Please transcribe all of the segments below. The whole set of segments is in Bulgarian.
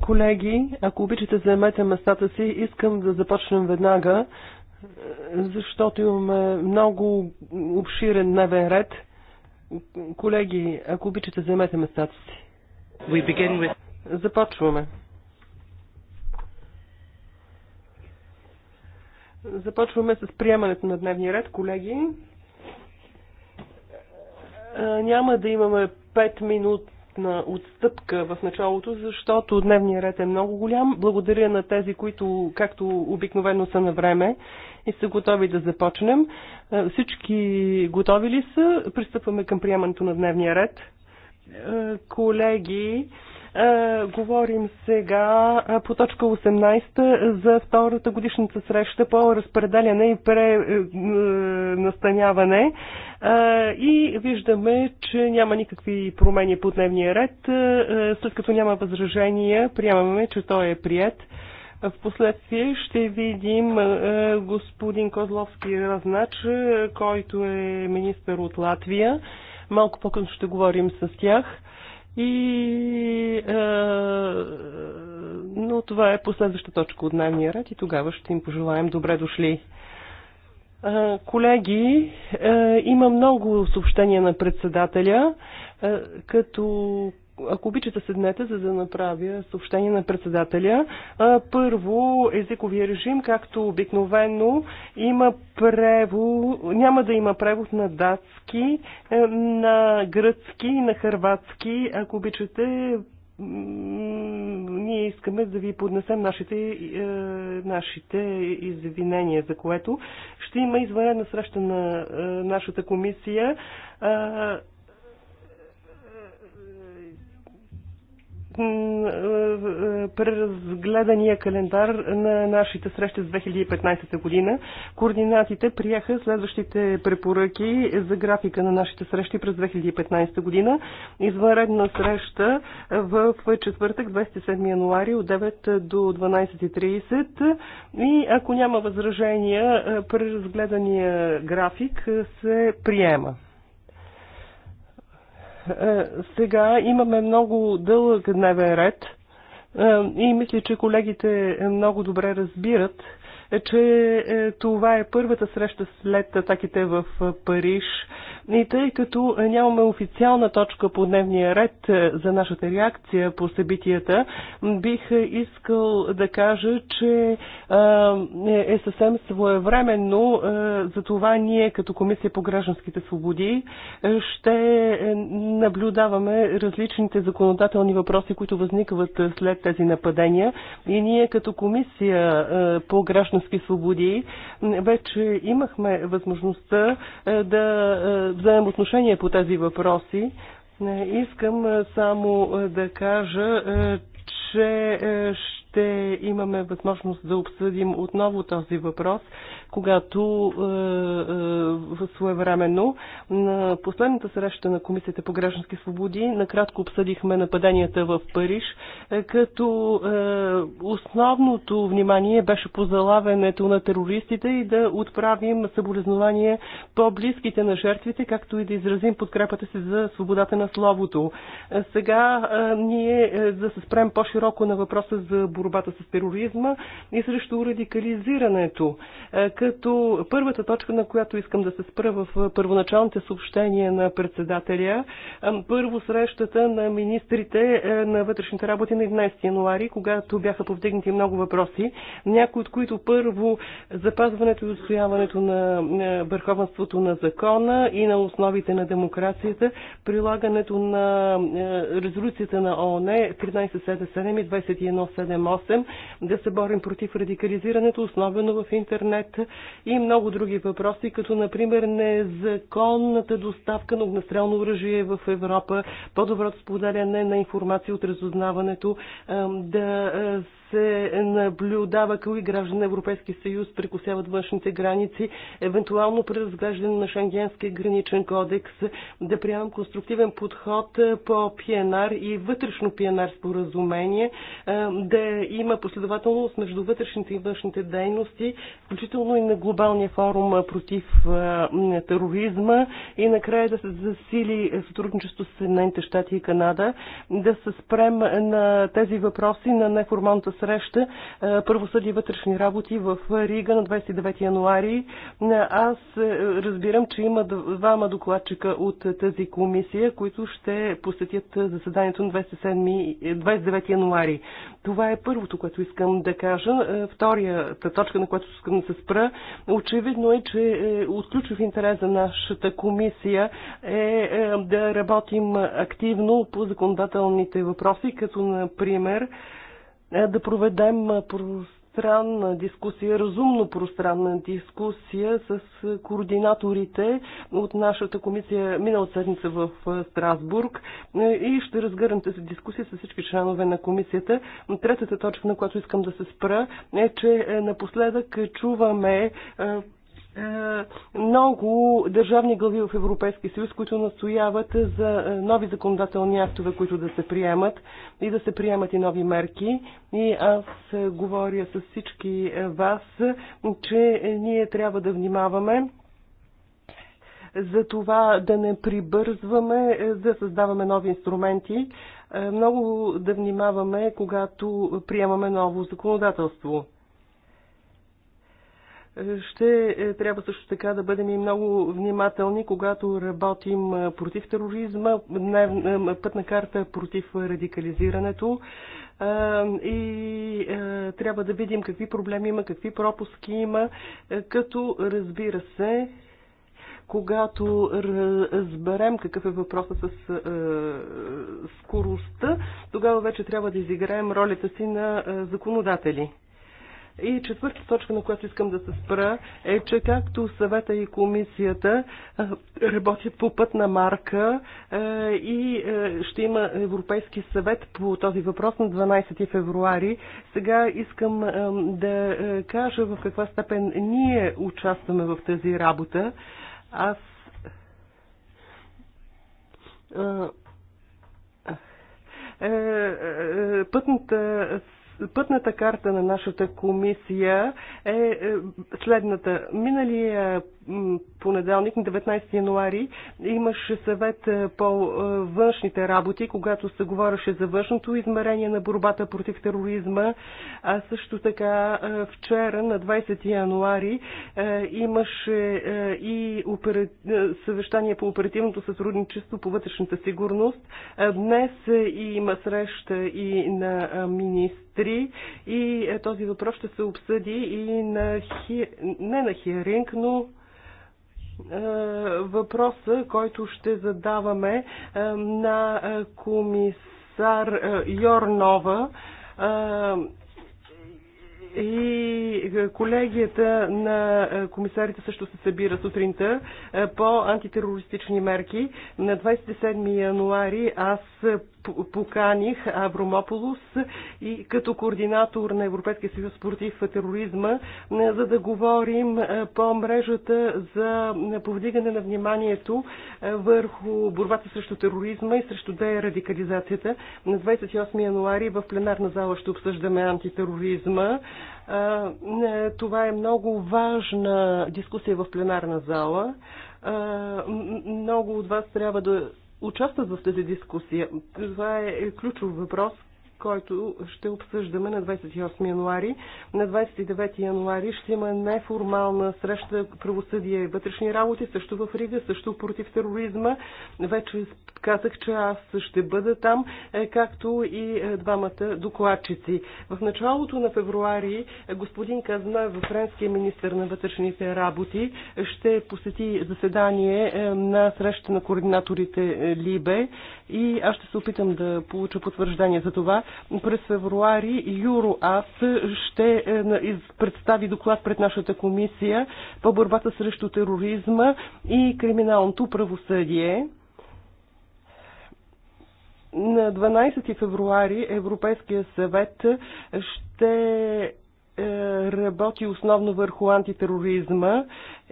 Колеги, ако обичате, заемете местата си. Искам да започнем веднага, е, защото имаме много обширен дневен ред. Колеги, ако обичате, заемете местата си. With... Започваме. Започваме с приемането на дневния ред, колеги. Е, няма да имаме 5 минути известна отстъпка в началото, защото дневният ред е много голям. Благодаря на тези, които, както обикновено, са на време и са готови да започнем. Всички готови ли са? Пристъпваме към приемането на дневния ред. Колеги, е, говорим сега е, по точка 18 за втората годишната среща по разпределяне и пренастаняване. Е, и виждаме, че няма никакви промени по дневния ред. След като няма възражения, приемаме, че той е прият. В последствие ще видим господин Козловски Разнач, който е министър от Латвия. Малко по-късно ще говорим с тях. И, е, но това е последваща точка от дневния ред и тогава ще им пожелаем добре дошли. Е, колеги, е, има много съобщения на председателя, е, като ако обичате, седнете, за да направя съобщение на председателя. Първо, езиковия режим, както обикновено, има прево... няма да има превод на датски, е, на гръцки, на хърватски. Ако обичате, ние искаме да ви поднесем нашите, е, нашите извинения, за което ще има извънредна среща на е, нашата комисия. Е, преразгледания календар на нашите срещи с 2015 година. Координатите приеха следващите препоръки за графика на нашите срещи през 2015 година. Извънредна среща в четвъртък, 27 януари от 9 до 12.30 и ако няма възражения, преразгледания график се приема. Е, сега имаме много дълъг дневен ред е, и мисля, че колегите много добре разбират, е, че това е първата среща след атаките в Париж. И тъй като нямаме официална точка по дневния ред е, за нашата реакция по събитията, бих искал да кажа, че е, е съвсем своевременно. Е, за това ние като Комисия по гражданските свободи ще наблюдаваме различните законодателни въпроси, които възникват след тези нападения. И ние като Комисия по граждански свободи вече имахме възможността да вземем отношение по тези въпроси. Е, искам е, само е, да кажа, че ще имаме възможност да обсъдим отново този въпрос когато е, е, своевременно на последната среща на Комисията по граждански свободи накратко обсъдихме нападенията в Париж, е, като е, основното внимание беше по залавянето на терористите и да отправим съболезнования по-близките на жертвите, както и да изразим подкрепата си за свободата на словото. Е, сега е, ние е, да се спрем по-широко на въпроса за борбата с тероризма и срещу радикализирането. Е, като първата точка, на която искам да се спра в първоначалните съобщения на председателя, първо срещата на министрите е, на вътрешните работи на 11 януари, когато бяха повдигнати много въпроси, някои от които първо запазването и отстояването на върховенството на закона и на основите на демокрацията, прилагането на е, резолюцията на ООН 1377 и 2178, да се борим против радикализирането, основено в интернет, и много други въпроси, като например незаконната доставка на огнестрелно оръжие в Европа, по-доброто споделяне на информация от разузнаването, да се наблюдава кои граждани на Европейския съюз прекусяват външните граници, евентуално преразглеждане на Шенгенския граничен кодекс, да приемам конструктивен подход по ПНР и вътрешно ПНР споразумение, да има последователност между вътрешните и външните дейности, включително и на глобалния форум против тероризма и накрая да се засили сътрудничество с Съединените щати и Канада, да се спрем на тези въпроси на неформалната среща Първосъди вътрешни работи в Рига на 29 януари. Аз разбирам, че има двама докладчика от тази комисия, които ще посетят заседанието на 27, 29 е, януари. Това е първото, което искам да кажа. Вторията точка, на която искам да се спра, Очевидно е, че е, от ключов интерес за нашата комисия е, е да работим активно по законодателните въпроси, като например е, да проведем пространна дискусия, разумно пространна дискусия с координаторите от нашата комисия миналата седмица в Страсбург и ще разгърнем тази дискусия с всички членове на комисията. Третата точка, на която искам да се спра, е, че е, напоследък чуваме е, е, много държавни глави в Европейския съюз, които настояват за е, нови законодателни актове, които да се приемат и да се приемат и нови мерки. И аз е, говоря с всички вас, че ние трябва да внимаваме за това да не прибързваме, да създаваме нови инструменти, много да внимаваме, когато приемаме ново законодателство. Ще е, трябва също така да бъдем и много внимателни, когато работим е, против тероризма, е, пътна карта против радикализирането и трябва да видим какви проблеми има, какви пропуски има, като разбира се, когато разберем какъв е въпроса с е, скоростта, тогава вече трябва да изиграем ролята си на законодатели. И четвърта точка, на която искам да се спра, е, че както съвета и комисията работят по път на марка и ще има Европейски съвет по този въпрос на 12 февруари. Сега искам да кажа в каква степен ние участваме в тази работа. Аз пътната Пътната карта на нашата комисия е, е следната. Миналия понеделник, 19 януари, имаше съвет е, по е, външните работи, когато се говореше за външното измерение на борбата против тероризма. А също така вчера, на 20 януари, имаше и съвещание по оперативното сътрудничество по вътрешната сигурност. Днес има среща и на министр три и е, този въпрос ще се обсъди и на хи... не на хиринг, но е, въпроса, който ще задаваме е, на комисар Йорнова и колегията на комисарите също се събира сутринта по антитерористични мерки. На 27 януари аз поканих Авромополос и като координатор на Европейския съюз против тероризма, за да говорим по мрежата за повдигане на вниманието върху борбата срещу тероризма и срещу дерадикализацията. На 28 януари в пленарна зала ще обсъждаме антитероризма. Това е много важна дискусия в пленарна зала. Много от вас трябва да участват в тази дискусия. Това е ключов въпрос, който ще обсъждаме на 28 януари. На 29 януари ще има неформална среща правосъдие и вътрешни работи, също в Рига, също против тероризма. Вече казах, че аз ще бъда там, е, както и е, двамата докладчици. В началото на февруари е, господин Казна, френския министр на вътрешните работи, ще посети заседание на среща на координаторите Либе и аз ще се опитам да получа потвърждение за това. През февруари Юроаст ще е, представи доклад пред нашата комисия по борбата срещу тероризма и криминалното правосъдие. На 12 февруари Европейския съвет ще е, работи основно върху антитероризма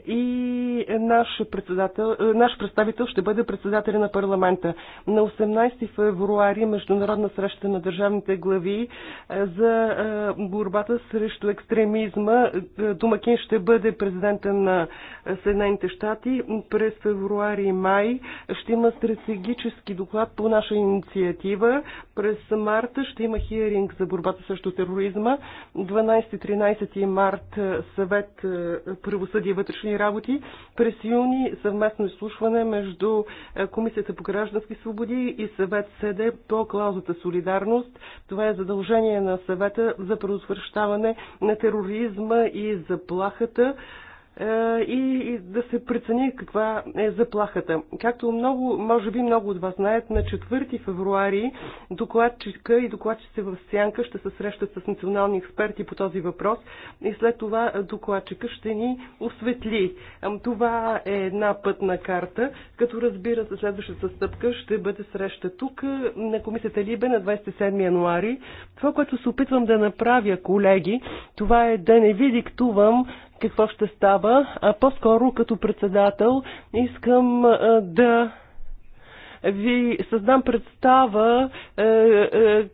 и наш, председател, е, наш представител ще бъде председателя на парламента. На 18 февруари международна среща на държавните глави е, за е, борбата срещу екстремизма. Домакин ще бъде президента на Съединените щати. През февруари и май ще има стратегически доклад по наша инициатива. През марта ще има хиеринг за борбата срещу тероризма. 12-13 март съвет правосъдие вътрешни вътрешни работи през юни съвместно изслушване между е, Комисията по граждански свободи и съвет СЕДЕ по клаузата солидарност. Това е задължение на съвета за предотвръщаване на тероризма и заплахата е, и, и да се прецени каква е заплахата. Както много, може би много от вас знаят, на 4 февруари докладчика и докладчици в Сянка ще се срещат с национални експерти по този въпрос и след това докладчика ще ни осветли. Това е една пътна карта, като разбира се следващата стъпка ще бъде среща тук на комисията Либе на 27 януари. Това, което се опитвам да направя, колеги, това е да не ви диктувам какво ще става, а по-скоро като председател искам да ви създам представа е, е,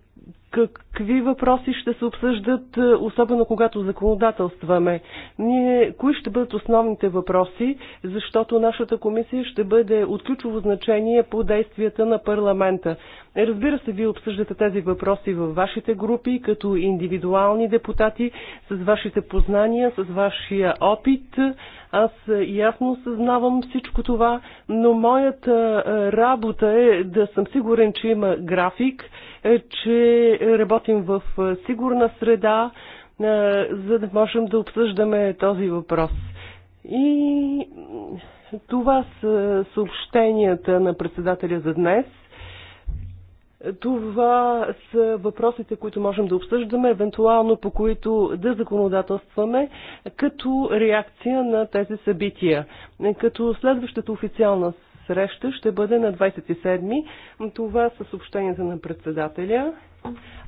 как какви въпроси ще се обсъждат, е, особено когато законодателстваме. Ние, кои ще бъдат основните въпроси, защото нашата комисия ще бъде от ключово значение по действията на парламента. Е, разбира се, вие обсъждате тези въпроси във вашите групи, като индивидуални депутати, с вашите познания, с вашия опит. Аз ясно съзнавам всичко това, но моята е, работа е да съм сигурен, че има график, че работа работим в сигурна среда, за да можем да обсъждаме този въпрос. И това са съобщенията на председателя за днес. Това са въпросите, които можем да обсъждаме, евентуално по които да законодателстваме като реакция на тези събития. Като следващата официална среща ще бъде на 27-ми. Това са съобщенията на председателя.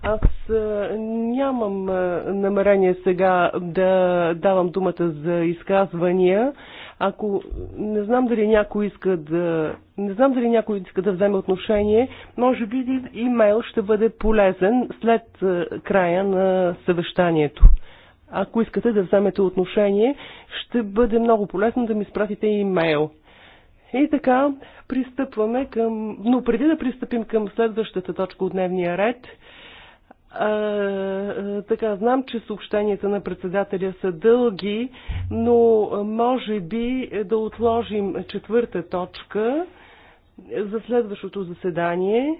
Аз е, нямам е, намерение сега да давам думата за изказвания. Ако не знам дали някой иска да не знам дали някой иска да вземе отношение, може би имейл ще бъде полезен след е, края на съвещанието. Ако искате да вземете отношение, ще бъде много полезно да ми спратите имейл. И така, пристъпваме към... Но преди да пристъпим към следващата точка от дневния ред, а, а, така, знам, че съобщенията на председателя са дълги, но може би да отложим четвърта точка за следващото заседание,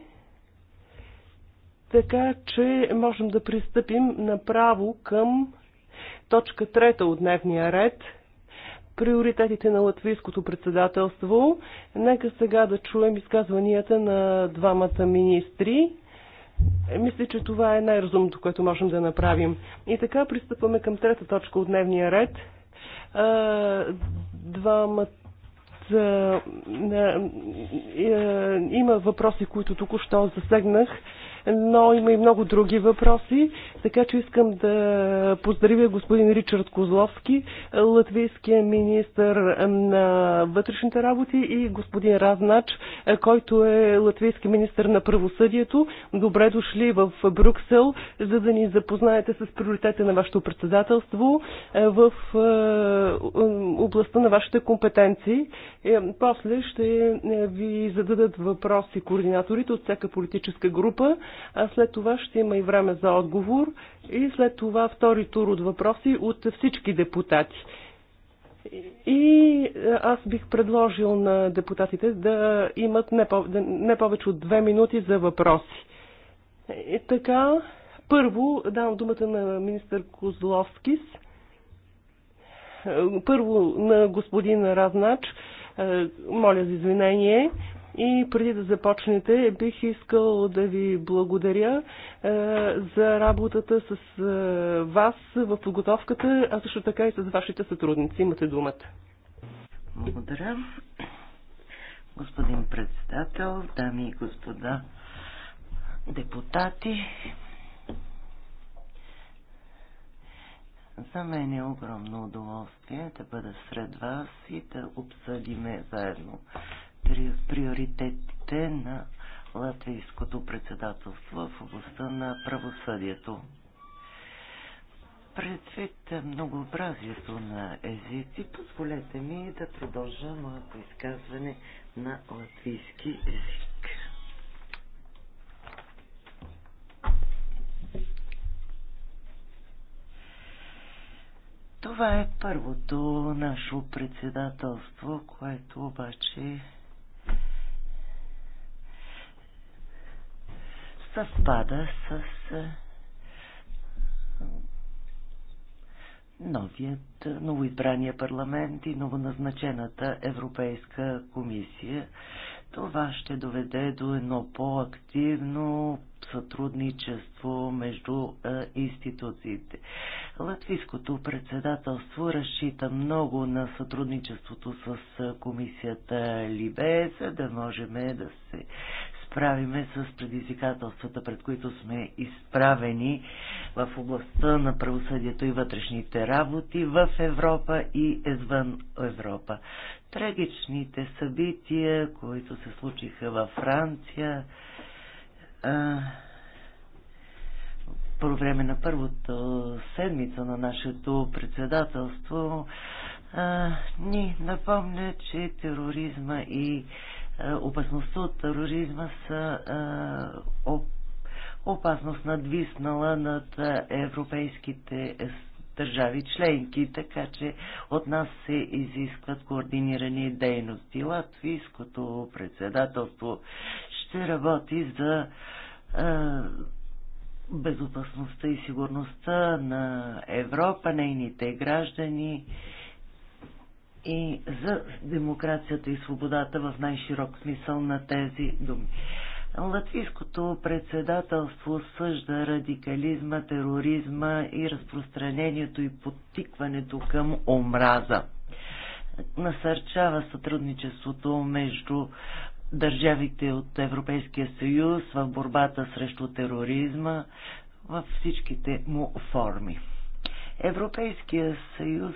така че можем да пристъпим направо към точка трета от дневния ред – приоритетите на латвийското председателство. Нека сега да чуем изказванията на двамата министри. Е, мисля, че това е най-разумното, което можем да направим. И така пристъпваме към трета точка от дневния ред. Двамата има въпроси, които току-що засегнах но има и много други въпроси, така че искам да поздравя господин Ричард Козловски, латвийския министр на вътрешните работи и господин Разнач, който е латвийски министр на правосъдието. Добре дошли в Брюксел, за да ни запознаете с приоритета на вашето председателство в е, областта на вашите компетенции. Е, после ще ви зададат въпроси координаторите от всяка политическа група а след това ще има и време за отговор и след това втори тур от въпроси от всички депутати. И е, аз бих предложил на депутатите да имат не, не повече от две минути за въпроси. И така, първо давам думата на министър Козловскис. Е, първо на господин Разнач. Е, моля за извинение. И преди да започнете, бих искал да ви благодаря е, за работата с е, вас в подготовката, а също така и с вашите сътрудници. Имате думата. Благодаря. Господин председател, дами и господа депутати, За мен е огромно удоволствие да бъда сред вас и да обсъдиме заедно приоритетите на латвийското председателство в областта на правосъдието. Предвид многообразието на езици, позволете ми да продължа моето изказване на латвийски език. Това е първото наше председателство, което обаче съвпада с новият, новоизбрания парламент и новоназначената Европейска комисия. Това ще доведе до едно по-активно сътрудничество между а, институциите. Латвийското председателство разчита много на сътрудничеството с комисията Либе, за да можем да се справиме с предизвикателствата, пред които сме изправени в областта на правосъдието и вътрешните работи в Европа и извън Европа. Трагичните събития, които се случиха във Франция, по време на първата седмица на нашето председателство, а, ни напомня, че тероризма и е, опасността от тероризма са е, опасност надвиснала над е, европейските държави членки, така че от нас се изискват координирани дейности. Латвийското председателство ще работи за безопасността и сигурността на Европа, нейните граждани и за демокрацията и свободата в най-широк смисъл на тези думи. Латвийското председателство осъжда радикализма, тероризма и разпространението и подтикването към омраза. Насърчава сътрудничеството между държавите от Европейския съюз в борбата срещу тероризма във всичките му форми. Европейския съюз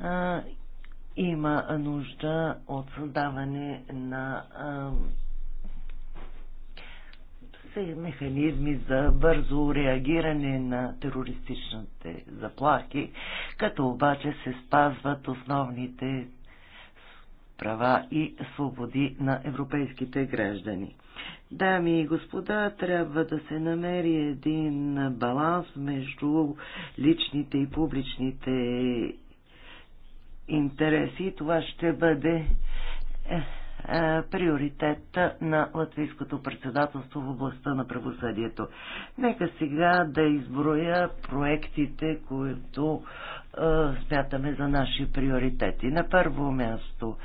а, има нужда от създаване на а, механизми за бързо реагиране на терористичните заплахи, като обаче се спазват основните права и свободи на европейските граждани. Дами и господа, трябва да се намери един баланс между личните и публичните интереси. Това ще бъде е, е, приоритет на латвийското председателство в областта на правосъдието. Нека сега да изброя проектите, които е, смятаме за наши приоритети. На първо място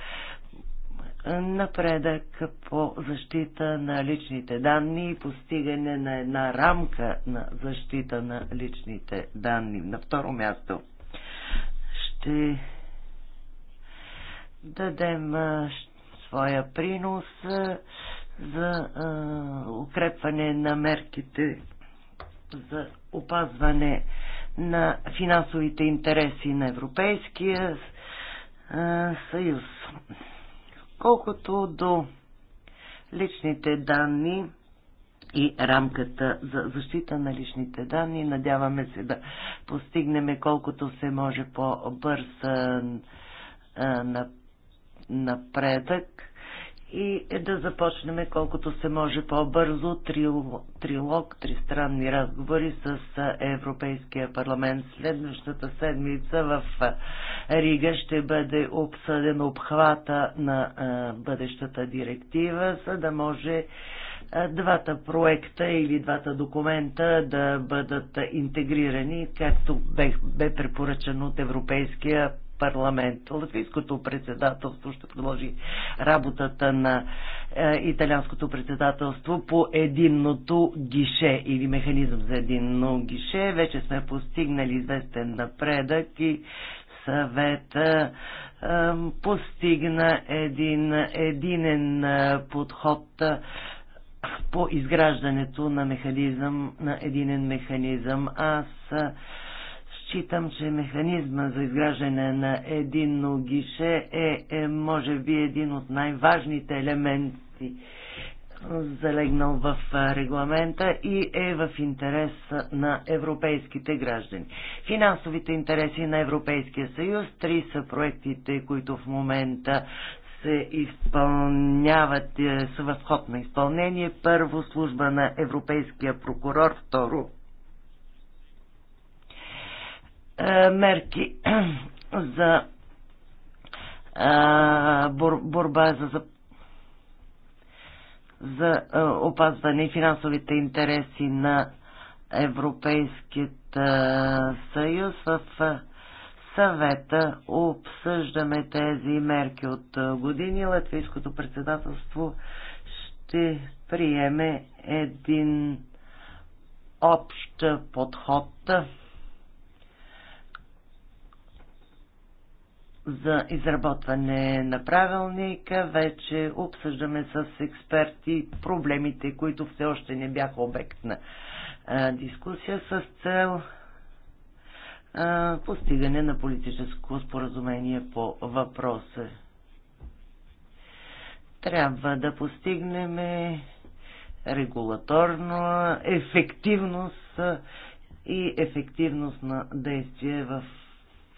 напредък по защита на личните данни и постигане на една рамка на защита на личните данни. На второ място ще дадем своя принос за укрепване на мерките за опазване на финансовите интереси на Европейския съюз. Колкото до личните данни и рамката за защита на личните данни, надяваме се да постигнем колкото се може по-бърз на напредък и е да започнем колкото се може по-бързо трилог, тристранни разговори с Европейския парламент. Следващата седмица в Рига ще бъде обсъден обхвата на бъдещата директива, за да може двата проекта или двата документа да бъдат интегрирани, както бе, бе препоръчено от Европейския парламент. Латвийското председателство ще продължи работата на е, италианското председателство по единното гише или механизъм за единно гише. Вече сме постигнали известен напредък и съвета е, постигна един единен е, подход е, по изграждането на механизъм, на единен механизъм. Аз е, Считам, че механизма за изграждане на единно гише е, е може би един от най-важните елементи, залегнал в регламента и е в интерес на европейските граждани. Финансовите интереси на Европейския съюз, три са проектите, които в момента се изпълняват, е, са в ход на изпълнение. Първо, служба на Европейския прокурор, второ, е, мерки за е, борба за, за, за е, опазване и финансовите интереси на Европейският съюз в съвета обсъждаме тези мерки от години. Латвийското председателство ще приеме един общ подход за изработване на правилника. Вече обсъждаме с експерти проблемите, които все още не бяха обект на а, дискусия с цел а, постигане на политическо споразумение по въпроса. Трябва да постигнем регулаторна ефективност и ефективност на действие в,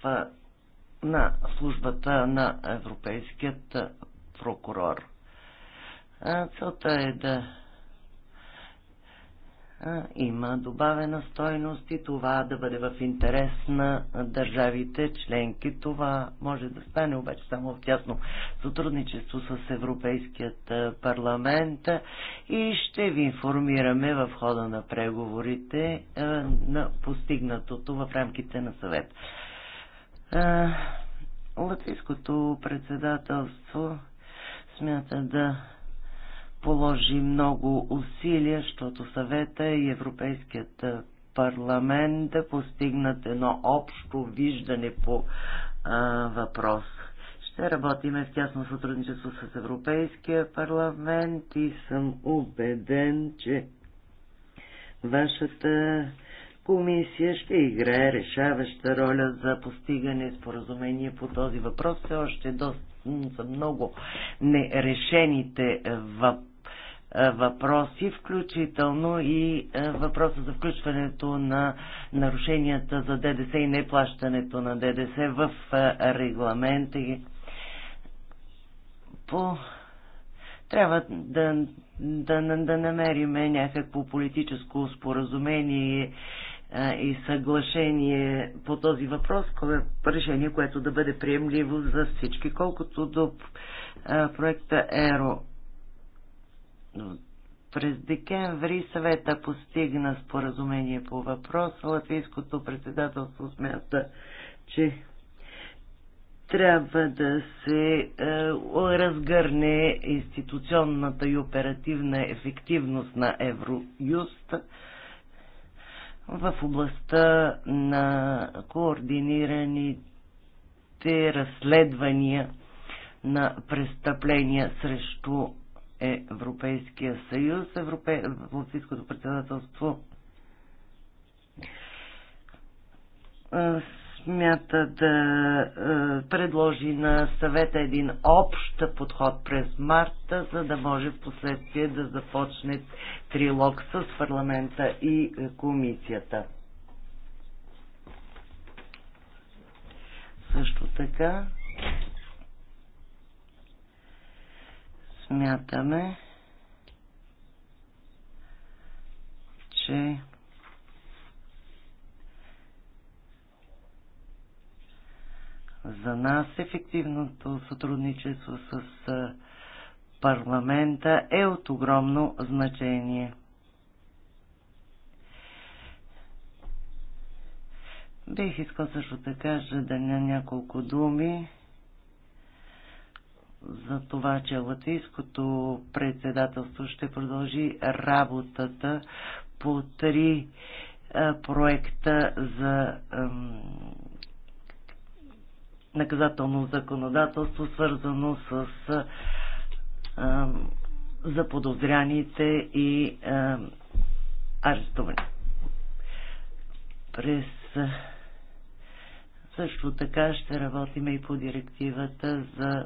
в на службата на Европейският прокурор. Целта е да има добавена стойност и това да бъде в интерес на държавите членки. Това може да стане обаче само в тясно сътрудничество с Европейският парламент и ще ви информираме в хода на преговорите на постигнатото в рамките на съвет. Латвийското председателство смята да положи много усилия, защото съвета и Европейският парламент да постигнат едно общо виждане по а, въпрос. Ще работиме в тясно сътрудничество с Европейския парламент и съм убеден, че вашата комисия ще играе решаваща роля за постигане споразумение по този въпрос. Все още доста, са много нерешените въпроси въпроси, включително и е, въпроса за включването на нарушенията за ДДС и неплащането на ДДС в е, регламента. По... Трябва да, да, да намериме някакво политическо споразумение и съглашение по този въпрос, решение, което да бъде приемливо за всички. Колкото до проекта ЕРО, през декември съвета постигна споразумение по въпрос, Латвийското председателство смята, че трябва да се е, разгърне институционната и оперативна ефективност на Евроюст. Е, в областта на координираните разследвания на престъпления срещу Европейския съюз. Европейското председателство смята да е, предложи на съвета един общ подход през марта, за да може в последствие да започне трилог с парламента и е, комисията. Също така смятаме, че За нас ефективното сътрудничество с парламента е от огромно значение. Бих искал също да кажа да ня няколко думи за това, че латвийското председателство ще продължи работата по три проекта за наказателно законодателство, свързано с а, заподозряните и а, арестувани. През също така ще работим и по директивата за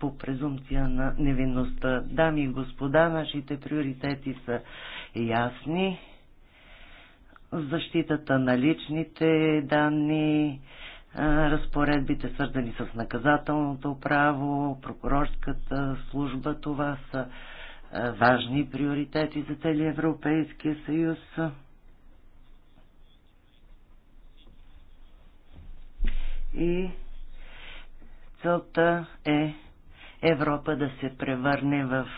по презумпция на невинността. Дами и господа, нашите приоритети са ясни. Защитата на личните данни, разпоредбите, свързани с наказателното право, прокурорската служба. Това са важни приоритети за целия Европейския съюз. И целта е Европа да се превърне в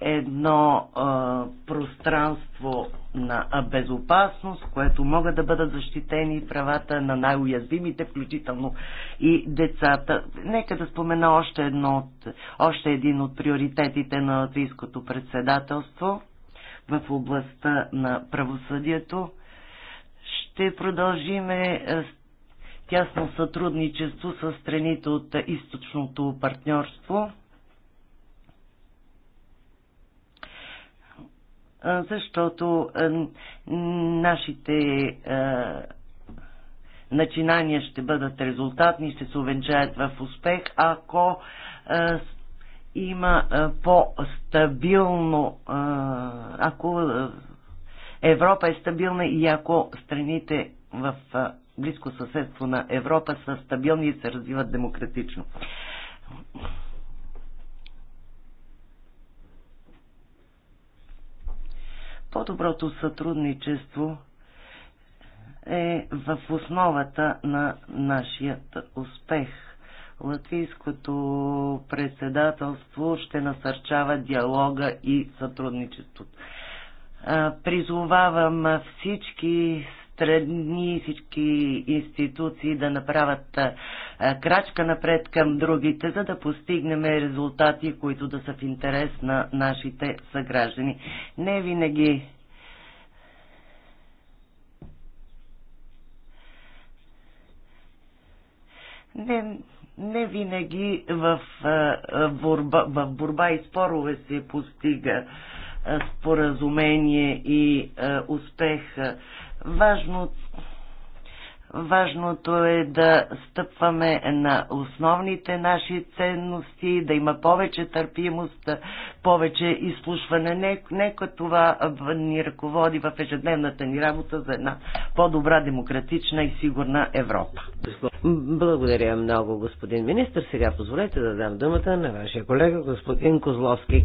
едно а, пространство на безопасност, което могат да бъдат защитени правата на най-уязвимите, включително и децата. Нека да спомена още, едно от, още един от приоритетите на латвийското председателство в областта на правосъдието. Ще продължиме тясно сътрудничество с страните от източното партньорство защото нашите начинания ще бъдат резултатни, ще се увенчаят в успех, ако има по-стабилно, ако Европа е стабилна и ако страните в близко съседство на Европа са стабилни и се развиват демократично. По-доброто сътрудничество е в основата на нашия успех. Латвийското председателство ще насърчава диалога и сътрудничеството. Призовавам всички страни всички институции да направят крачка напред към другите, за да постигнем резултати, които да са в интерес на нашите съграждани. Не винаги не, не винаги в, а, борба, в борба и спорове се постига а, споразумение и а, успех. Важно, важното е да стъпваме на основните наши ценности, да има повече търпимост, повече изслушване. Не, нека това ни ръководи в ежедневната ни работа за една по-добра, демократична и сигурна Европа. Благодаря много, господин министр. Сега позволете да дам думата на вашия колега, господин Козловски.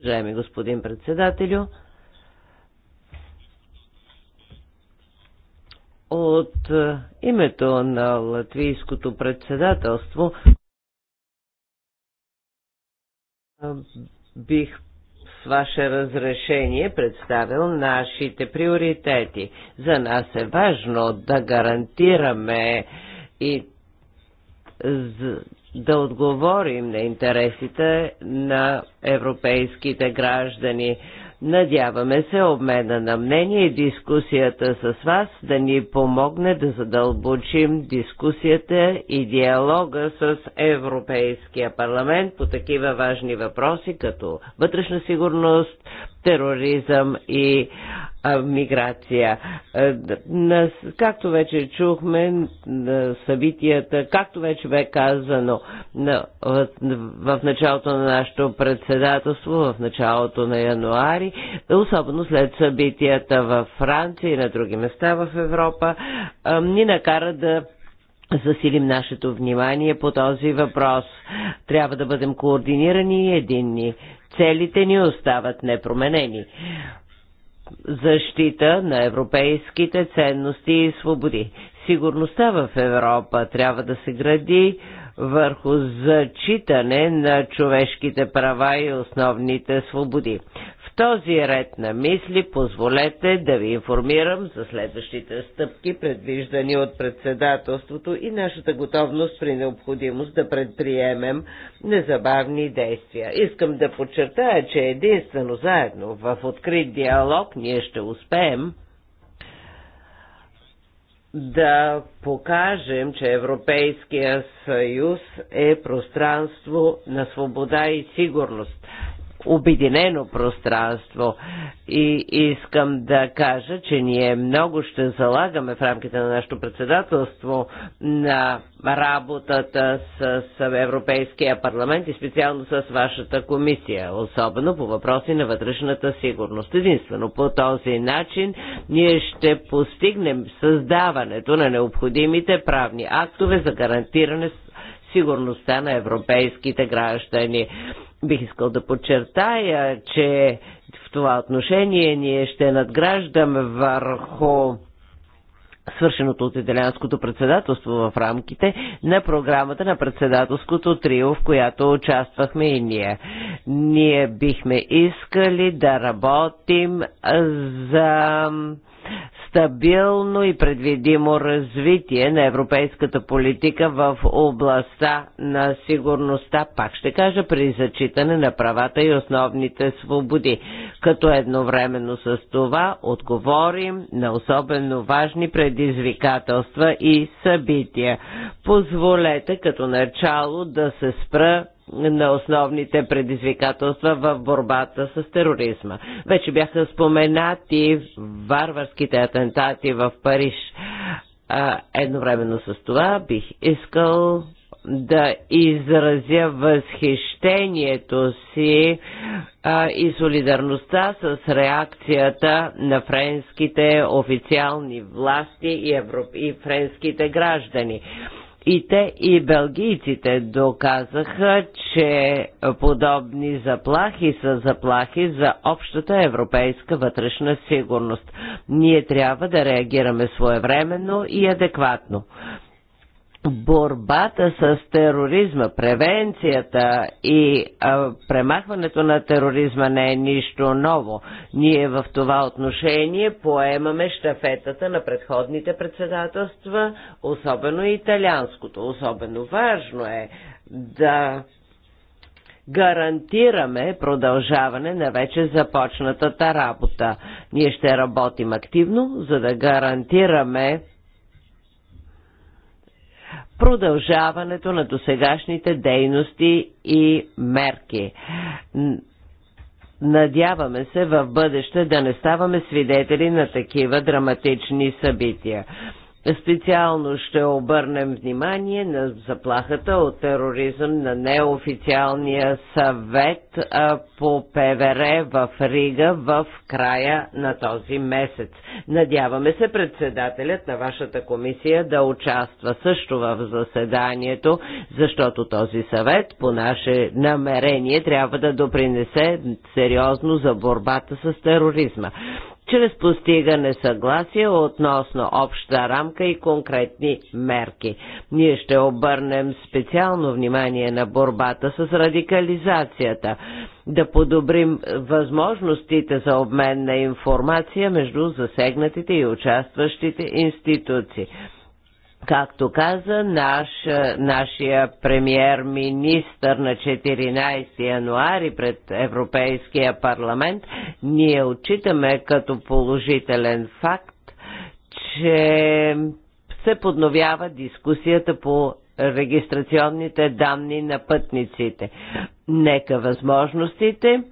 Уважаеми господин председателю, от е, името на латвийското председателство е, бих с ваше разрешение представил нашите приоритети. За нас е важно да гарантираме и да отговорим на интересите на европейските граждани. Надяваме се обмена на мнение и дискусията с вас да ни помогне да задълбочим дискусията и диалога с Европейския парламент по такива важни въпроси като вътрешна сигурност, тероризъм и миграция. Е, както вече чухме, събитията, както вече бе казано в началото на нашето председателство, в началото на януари, особено след събитията във Франция и на други места в Европа, е, ни накара да засилим нашето внимание по този въпрос. Трябва да бъдем координирани и единни. Целите ни остават непроменени. Защита на европейските ценности и свободи. Сигурността в Европа трябва да се гради върху зачитане на човешките права и основните свободи този ред на мисли позволете да ви информирам за следващите стъпки, предвиждани от председателството и нашата готовност при необходимост да предприемем незабавни действия. Искам да подчертая, че единствено заедно в открит диалог ние ще успеем да покажем, че Европейския съюз е пространство на свобода и сигурност, обединено пространство. И искам да кажа, че ние много ще залагаме в рамките на нашето председателство на работата с, с Европейския парламент и специално с вашата комисия, особено по въпроси на вътрешната сигурност. Единствено по този начин ние ще постигнем създаването на необходимите правни актове за гарантиране сигурността на европейските граждани. Бих искал да подчертая, че в това отношение ние ще надграждаме върху свършеното от италианското председателство в рамките на програмата на председателското трио, в която участвахме и ние. Ние бихме искали да работим за стабилно и предвидимо развитие на европейската политика в областта на сигурността, пак ще кажа, при зачитане на правата и основните свободи, като едновременно с това отговорим на особено важни предизвикателства и събития. Позволете като начало да се спра на основните предизвикателства в борбата с тероризма. Вече бяха споменати варварските атентати в Париж. Едновременно с това бих искал да изразя възхищението си и солидарността с реакцията на френските официални власти и, европ... и френските граждани. И те и белгийците доказаха, че подобни заплахи са заплахи за общата европейска вътрешна сигурност. Ние трябва да реагираме своевременно и адекватно борбата с тероризма, превенцията и а, премахването на тероризма не е нищо ново. Ние в това отношение поемаме штафетата на предходните председателства, особено италианското. Особено важно е да гарантираме продължаване на вече започнатата работа. Ние ще работим активно, за да гарантираме продължаването на досегашните дейности и мерки. Надяваме се в бъдеще да не ставаме свидетели на такива драматични събития. Специално ще обърнем внимание на заплахата от тероризъм на неофициалния съвет по ПВР в Рига в края на този месец. Надяваме се председателят на вашата комисия да участва също в заседанието, защото този съвет по наше намерение трябва да допринесе сериозно за борбата с тероризма чрез постигане съгласие относно обща рамка и конкретни мерки. Ние ще обърнем специално внимание на борбата с радикализацията, да подобрим възможностите за обмен на информация между засегнатите и участващите институции. Както каза наш, нашия премьер-министр на 14 януари пред Европейския парламент, ние отчитаме като положителен факт, че се подновява дискусията по регистрационните данни на пътниците. Нека възможностите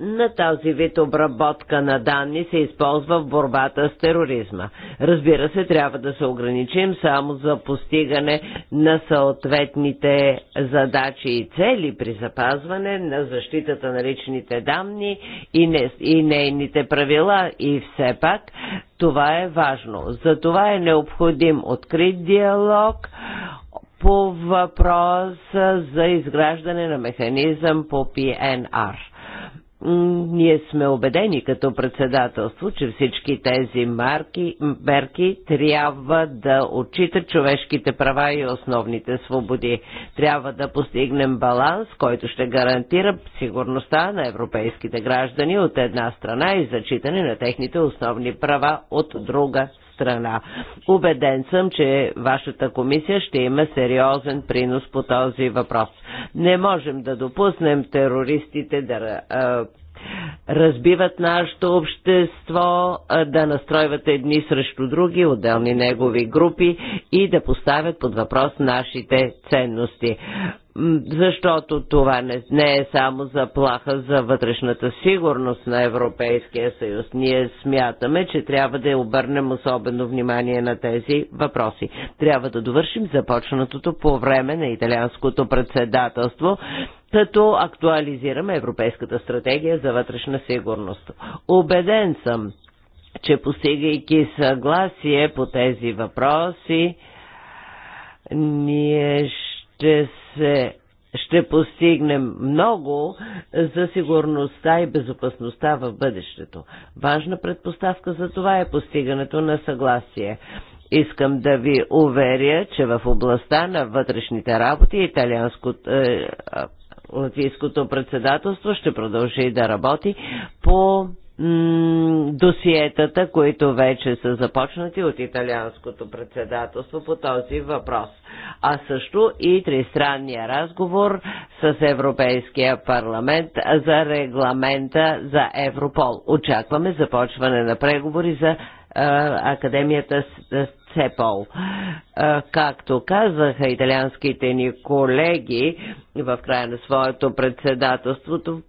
на този вид обработка на данни се използва в борбата с тероризма. Разбира се, трябва да се ограничим само за постигане на съответните задачи и цели при запазване на защитата на личните данни и, не, и нейните правила. И все пак това е важно. За това е необходим открит диалог, по въпроса за изграждане на механизъм по PNR ние сме убедени като председателство, че всички тези марки, мерки трябва да отчитат човешките права и основните свободи. Трябва да постигнем баланс, който ще гарантира сигурността на европейските граждани от една страна и зачитане на техните основни права от друга страна. Убеден съм, че вашата комисия ще има сериозен принос по този въпрос. Не можем да допуснем терористите да разбиват нашето общество, да настройват едни срещу други, отделни негови групи и да поставят под въпрос нашите ценности защото това не, не е само заплаха за вътрешната сигурност на Европейския съюз. Ние смятаме, че трябва да обърнем особено внимание на тези въпроси. Трябва да довършим започнатото по време на италианското председателство, като актуализираме Европейската стратегия за вътрешна сигурност. Обеден съм, че постигайки съгласие по тези въпроси, ние ще се ще постигнем много за сигурността и безопасността в бъдещето. Важна предпоставка за това е постигането на съгласие. Искам да ви уверя, че в областта на вътрешните работи италианското е, латвийското председателство ще продължи да работи по досиетата, които вече са започнати от италианското председателство по този въпрос. А също и тристранния разговор с Европейския парламент за регламента за Европол. Очакваме започване на преговори за е, Академията е, ЦЕПОЛ. Е, както казаха италианските ни колеги в края на своето председателството,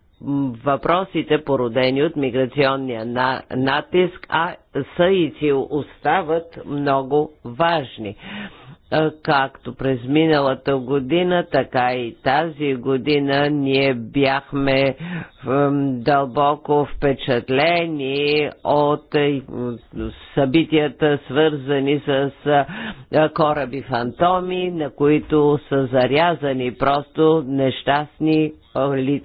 въпросите, породени от миграционния на, натиск, а са и си остават много важни. Както през миналата година, така и тази година ние бяхме дълбоко впечатлени от е, събитията, свързани с кораби фантоми, на които са зарязани просто нещастни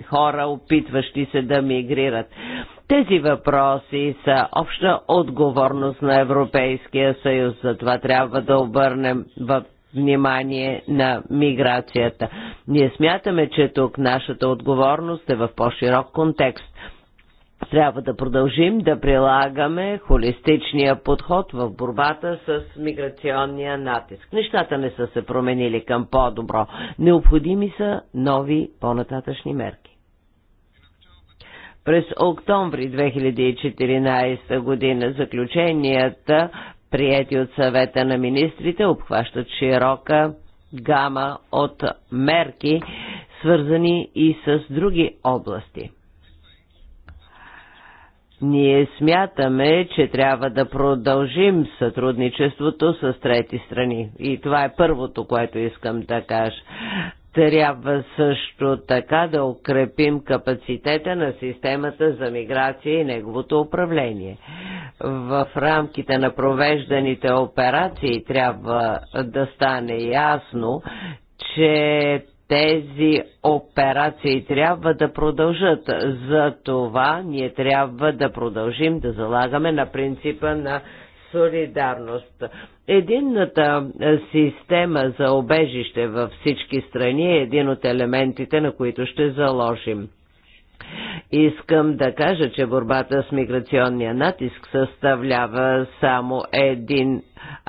хора, опитващи се да мигрират. Тези въпроси са обща отговорност на Европейския съюз, затова трябва да обърнем в внимание на миграцията. Ние смятаме, че тук нашата отговорност е в по-широк контекст. Трябва да продължим да прилагаме холистичния подход в борбата с миграционния натиск. Нещата не са се променили към по-добро. Необходими са нови по-нататъчни мерки. През октомври 2014 година заключенията, прияти от съвета на министрите, обхващат широка гама от мерки, свързани и с други области – ние смятаме, че трябва да продължим сътрудничеството с трети страни. И това е първото, което искам да кажа. Трябва също така да укрепим капацитета на системата за миграция и неговото управление. В рамките на провежданите операции трябва да стане ясно, че тези операции трябва да продължат. За това ние трябва да продължим да залагаме на принципа на солидарност. Единната е, система за обежище във всички страни е един от елементите, на които ще заложим. Искам да кажа, че борбата с миграционния натиск съставлява само един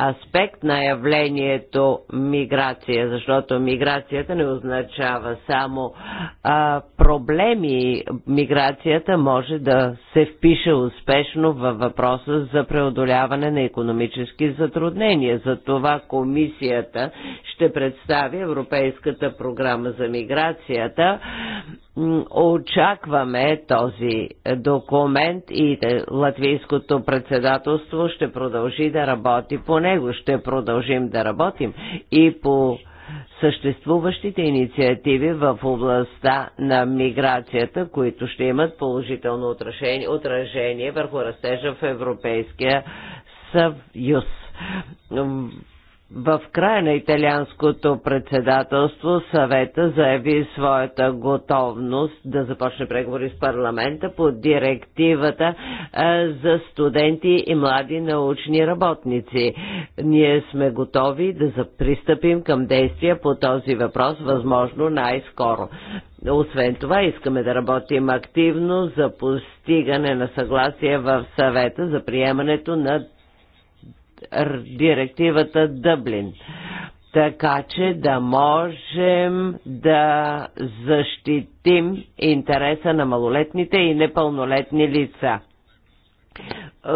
аспект на явлението миграция, защото миграцията не означава само а, проблеми. Миграцията може да се впише успешно във въпроса за преодоляване на економически затруднения. За това комисията ще представи Европейската програма за миграцията Очакваме този документ и латвийското председателство ще продължи да работи по него ще продължим да работим и по съществуващите инициативи в областта на миграцията, които ще имат положително отражение, отражение върху растежа в Европейския съюз. В края на италианското председателство съвета заяви своята готовност да започне преговори с парламента по директивата е, за студенти и млади научни работници. Ние сме готови да пристъпим към действия по този въпрос възможно най-скоро. Освен това, искаме да работим активно за постигане на съгласие в съвета за приемането на директивата Дъблин така че да можем да защитим интереса на малолетните и непълнолетни лица. Е,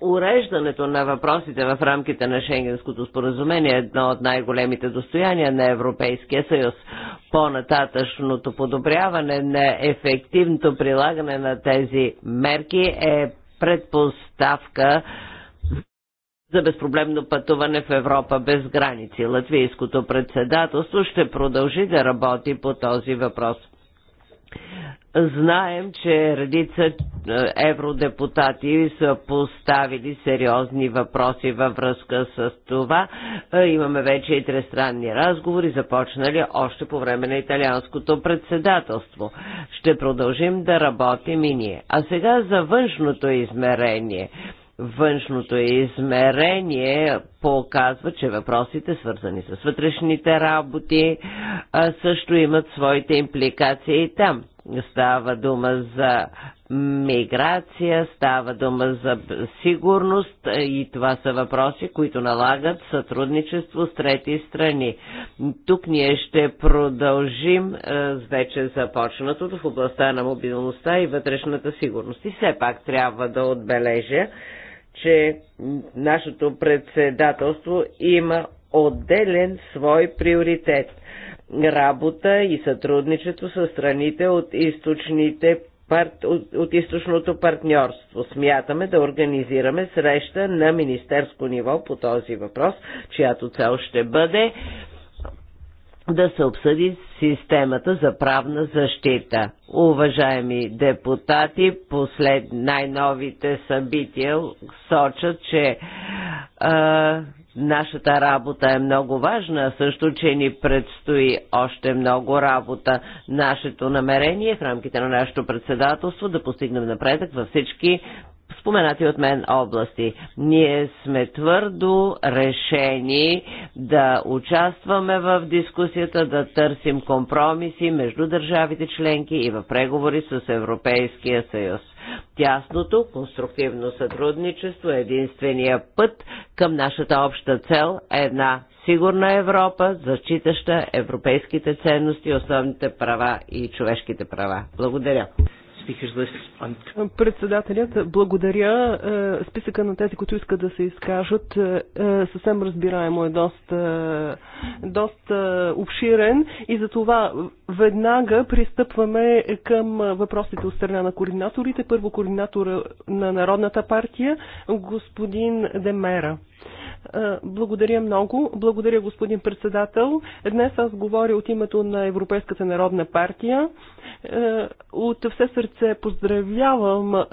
уреждането на въпросите в рамките на Шенгенското споразумение е едно от най-големите достояния на Европейския съюз. По-нататъчното подобряване на ефективното прилагане на тези мерки е предпоставка за безпроблемно пътуване в Европа без граници. Латвийското председателство ще продължи да работи по този въпрос. Знаем, че редица е, евродепутати са поставили сериозни въпроси във връзка с това. Е, имаме вече и тристранни разговори, започнали още по време на италианското председателство. Ще продължим да работим и ние. А сега за външното измерение. Външното измерение показва, че въпросите, свързани с вътрешните работи, също имат своите импликации и там. Става дума за миграция, става дума за сигурност и това са въпроси, които налагат сътрудничество с трети страни. Тук ние ще продължим с вече започнатото в областта на мобилността и вътрешната сигурност. И все пак трябва да отбележа, че нашето председателство има отделен свой приоритет работа и сътрудничество с страните от източните Парт, от, от източното партньорство. Смятаме да организираме среща на министерско ниво по този въпрос, чиято цел ще бъде да се обсъди системата за правна защита. Уважаеми депутати, послед най-новите събития сочат, че а, Нашата работа е много важна, също, че ни предстои още много работа. Нашето намерение в рамките на нашето председателство да постигнем напредък във всички споменати от мен области. Ние сме твърдо решени да участваме в дискусията, да търсим компромиси между държавите членки и в преговори с Европейския съюз. Тясното, конструктивно сътрудничество е единствения път към нашата обща цел е една сигурна Европа, зачитаща европейските ценности, основните права и човешките права. Благодаря. Председателят, благодаря. Е, списъка на тези, които искат да се изкажат, е, е, съвсем разбираемо е доста, доста обширен и за това веднага пристъпваме към въпросите от страна на координаторите. Първо координатора на Народната партия, господин Демера. Е, благодаря много. Благодаря, господин председател. Днес аз говоря от името на Европейската народна партия. Е, от все сърце поздравявам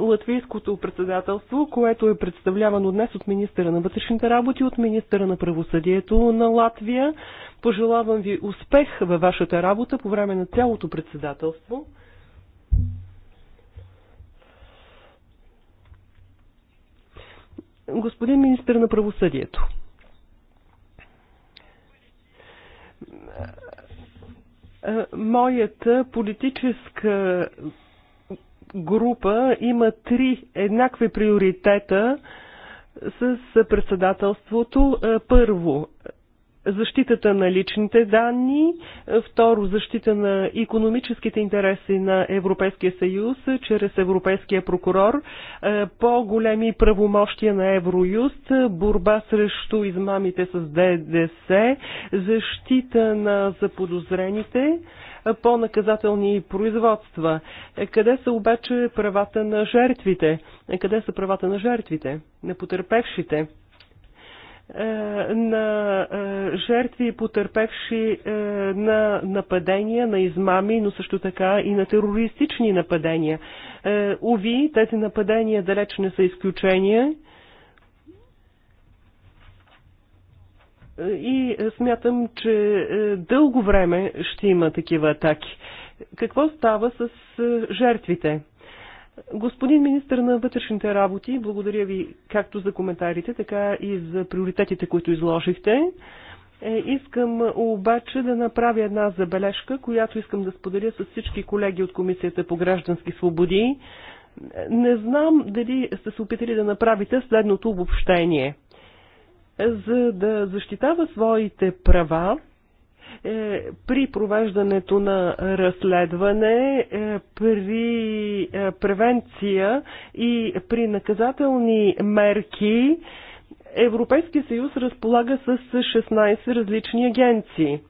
латвийското председателство, което е представлявано днес от министъра на вътрешните работи, от министъра на правосъдието на Латвия. Пожелавам ви успех във вашата работа по време на цялото председателство. Господин министр на правосъдието. Е, моята политическа група има три еднакви приоритета с председателството. Е, първо, защитата на личните данни, второ защита на економическите интереси на Европейския съюз чрез Европейския прокурор, е, по-големи правомощия на Евроюст, борба срещу измамите с ДДС, защита на заподозрените е, по наказателни производства. Е, къде са обаче правата на жертвите? Къде са правата на жертвите, на потерпевшите? Е, на е, жертви и потерпевши е, на нападения, на измами, но също така и на терористични нападения. Уви, тези нападения далеч не са изключения. И смятам, че дълго време ще има такива атаки. Какво става с жертвите? Господин министр на вътрешните работи, благодаря ви както за коментарите, така и за приоритетите, които изложихте. Е, искам обаче да направя една забележка, която искам да споделя с всички колеги от Комисията по граждански свободи. Не знам дали сте се опитали да направите следното обобщение. За да защитава своите права, е, при провеждането на разследване, е, при е, превенция и при наказателни мерки Европейския съюз разполага с 16 различни агенции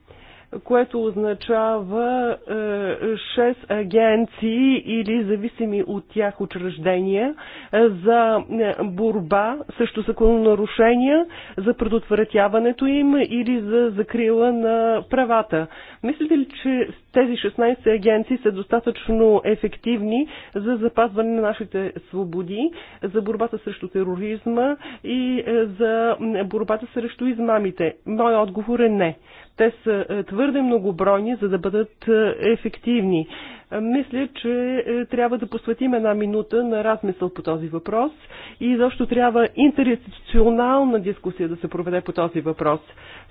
което означава 6 е, агенции или зависими от тях учреждения е, за е, борба срещу закононарушения, за предотвратяването им или за закрила на правата. Мислите ли, че тези 16 агенции са достатъчно ефективни за запазване на нашите свободи, за борбата срещу тероризма и за борбата срещу измамите? Мой отговор е не. Те са е, твърде многобройни, за да бъдат е, ефективни. Е, мисля, че трябва да посветим една минута на размисъл по този въпрос и защо трябва интерституционална дискусия да се проведе по този въпрос.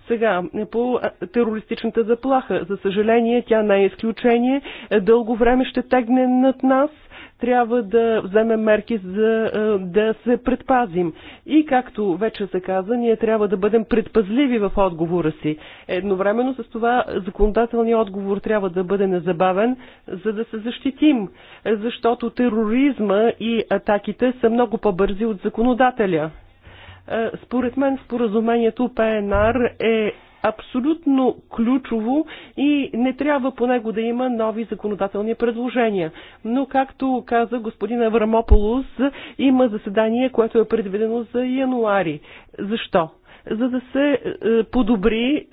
Сега, по терористичната заплаха. За съжаление, тя не е изключение. Дълго време ще тегне над нас трябва да вземем мерки за е, да се предпазим. И както вече се каза, ние трябва да бъдем предпазливи в отговора си. Едновременно с това законодателният отговор трябва да бъде незабавен, за да се защитим, защото тероризма и атаките са много по-бързи от законодателя. Е, според мен споразумението ПНР е абсолютно ключово и не трябва по него да има нови законодателни предложения. Но, както каза господин Аврамополос, има заседание, което е предвидено за януари. Защо? За да се е, подобри е,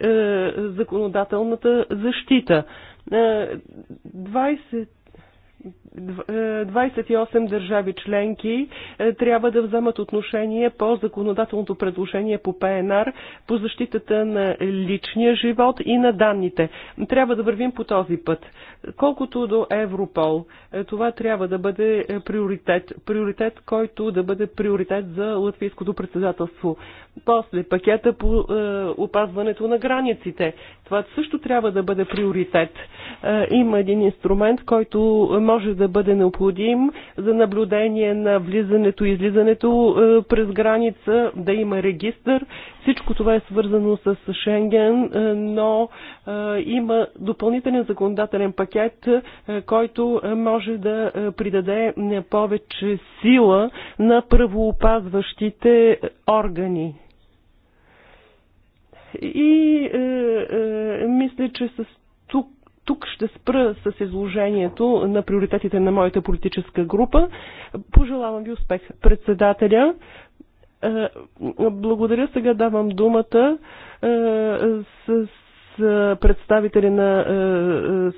законодателната защита. 20 е, 28 е, държави членки е, трябва да вземат отношение по законодателното предложение по ПНР по защитата на личния живот и на данните. Трябва да вървим по този път. Колкото до Европол, е, това трябва да бъде е, приоритет. Приоритет, който да бъде приоритет за латвийското председателство. После пакета по е, опазването на границите. Това също трябва да бъде приоритет. Е, има един инструмент, който може да бъде необходим за наблюдение на влизането и излизането е, през граница, да има регистър всичко това е свързано с Шенген, е, но е, има допълнителен законодателен пакет, е, който може да придаде повече сила на правоопазващите органи. И е, е, мисля, че с тук тук ще спра с изложението на приоритетите на моята политическа група. Пожелавам ви успех председателя. Е, благодаря, сега давам думата е, с представители на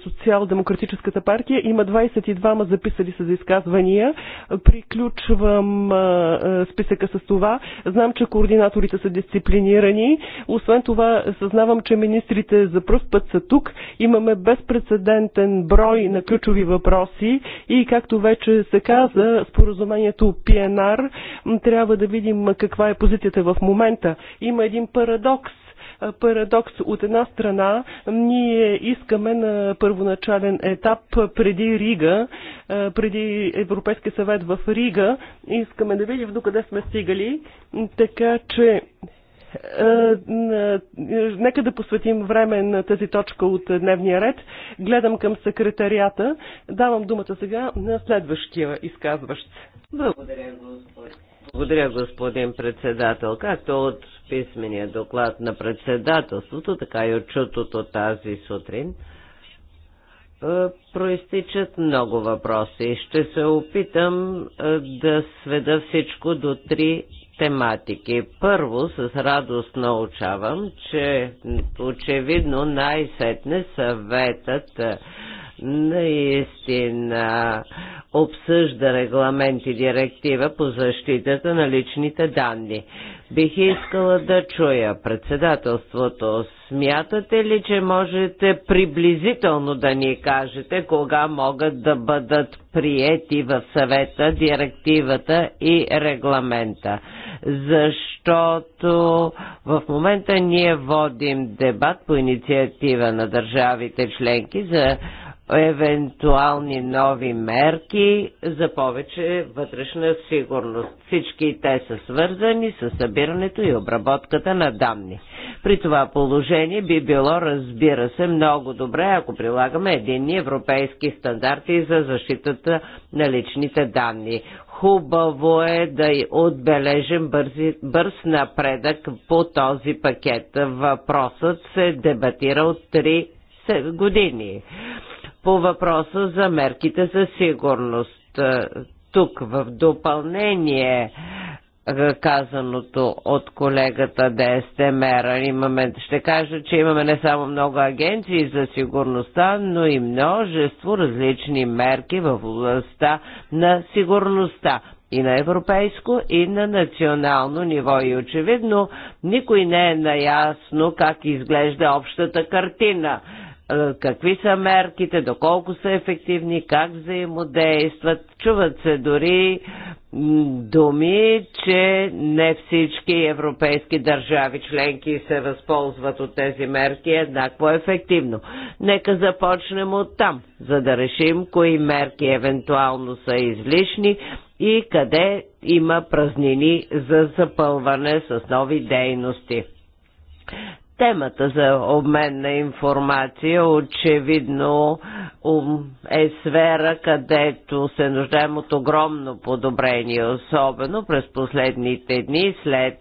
Социал-демократическата партия. Има 22 записали се за изказвания. Приключвам списъка с това. Знам, че координаторите са дисциплинирани. Освен това, съзнавам, че министрите за пръв път са тук. Имаме безпредседентен брой на ключови въпроси и, както вече се каза, споразумението ПНР трябва да видим каква е позицията в момента. Има един парадокс е, парадокс. От една страна ние искаме на първоначален етап преди Рига, е, преди Европейския съвет в Рига, искаме да видим до къде сме стигали, така че е, нека да посветим време на тази точка от дневния ред. Гледам към секретарията. Давам думата сега на следващия изказващ. Благодаря, господин. Благодаря, господин председател. Както от писмения доклад на председателството, така и от чутото тази сутрин, е, проистичат много въпроси. Ще се опитам е, да сведа всичко до три тематики. Първо, с радост научавам, че очевидно най-сетне съветът е, наистина обсъжда регламент и директива по защитата на личните данни. Бих искала да чуя председателството. Смятате ли, че можете приблизително да ни кажете кога могат да бъдат приети в съвета директивата и регламента? Защото в момента ние водим дебат по инициатива на държавите членки за евентуални нови мерки за повече вътрешна сигурност. Всички те са свързани с събирането и обработката на данни. При това положение би било, разбира се, много добре, ако прилагаме единни европейски стандарти за защитата на личните данни. Хубаво е да и отбележим бързи, бърз напредък по този пакет. Въпросът се дебатира от 3 години по въпроса за мерките за сигурност. Е, тук в допълнение е, казаното от колегата Дестемера. Имаме, ще кажа, че имаме не само много агенции за сигурността, но и множество различни мерки в областта на сигурността и на европейско, и на национално ниво. И очевидно никой не е наясно как изглежда общата картина. Е, какви са мерките, доколко са ефективни, как взаимодействат. Чуват се дори думи, че не всички европейски държави членки се възползват от тези мерки еднакво ефективно. Нека започнем от там, за да решим кои мерки евентуално са излишни и къде има празнини за запълване с нови дейности. Темата за обмен на информация очевидно е сфера, където се нуждаем от огромно подобрение, особено през последните дни след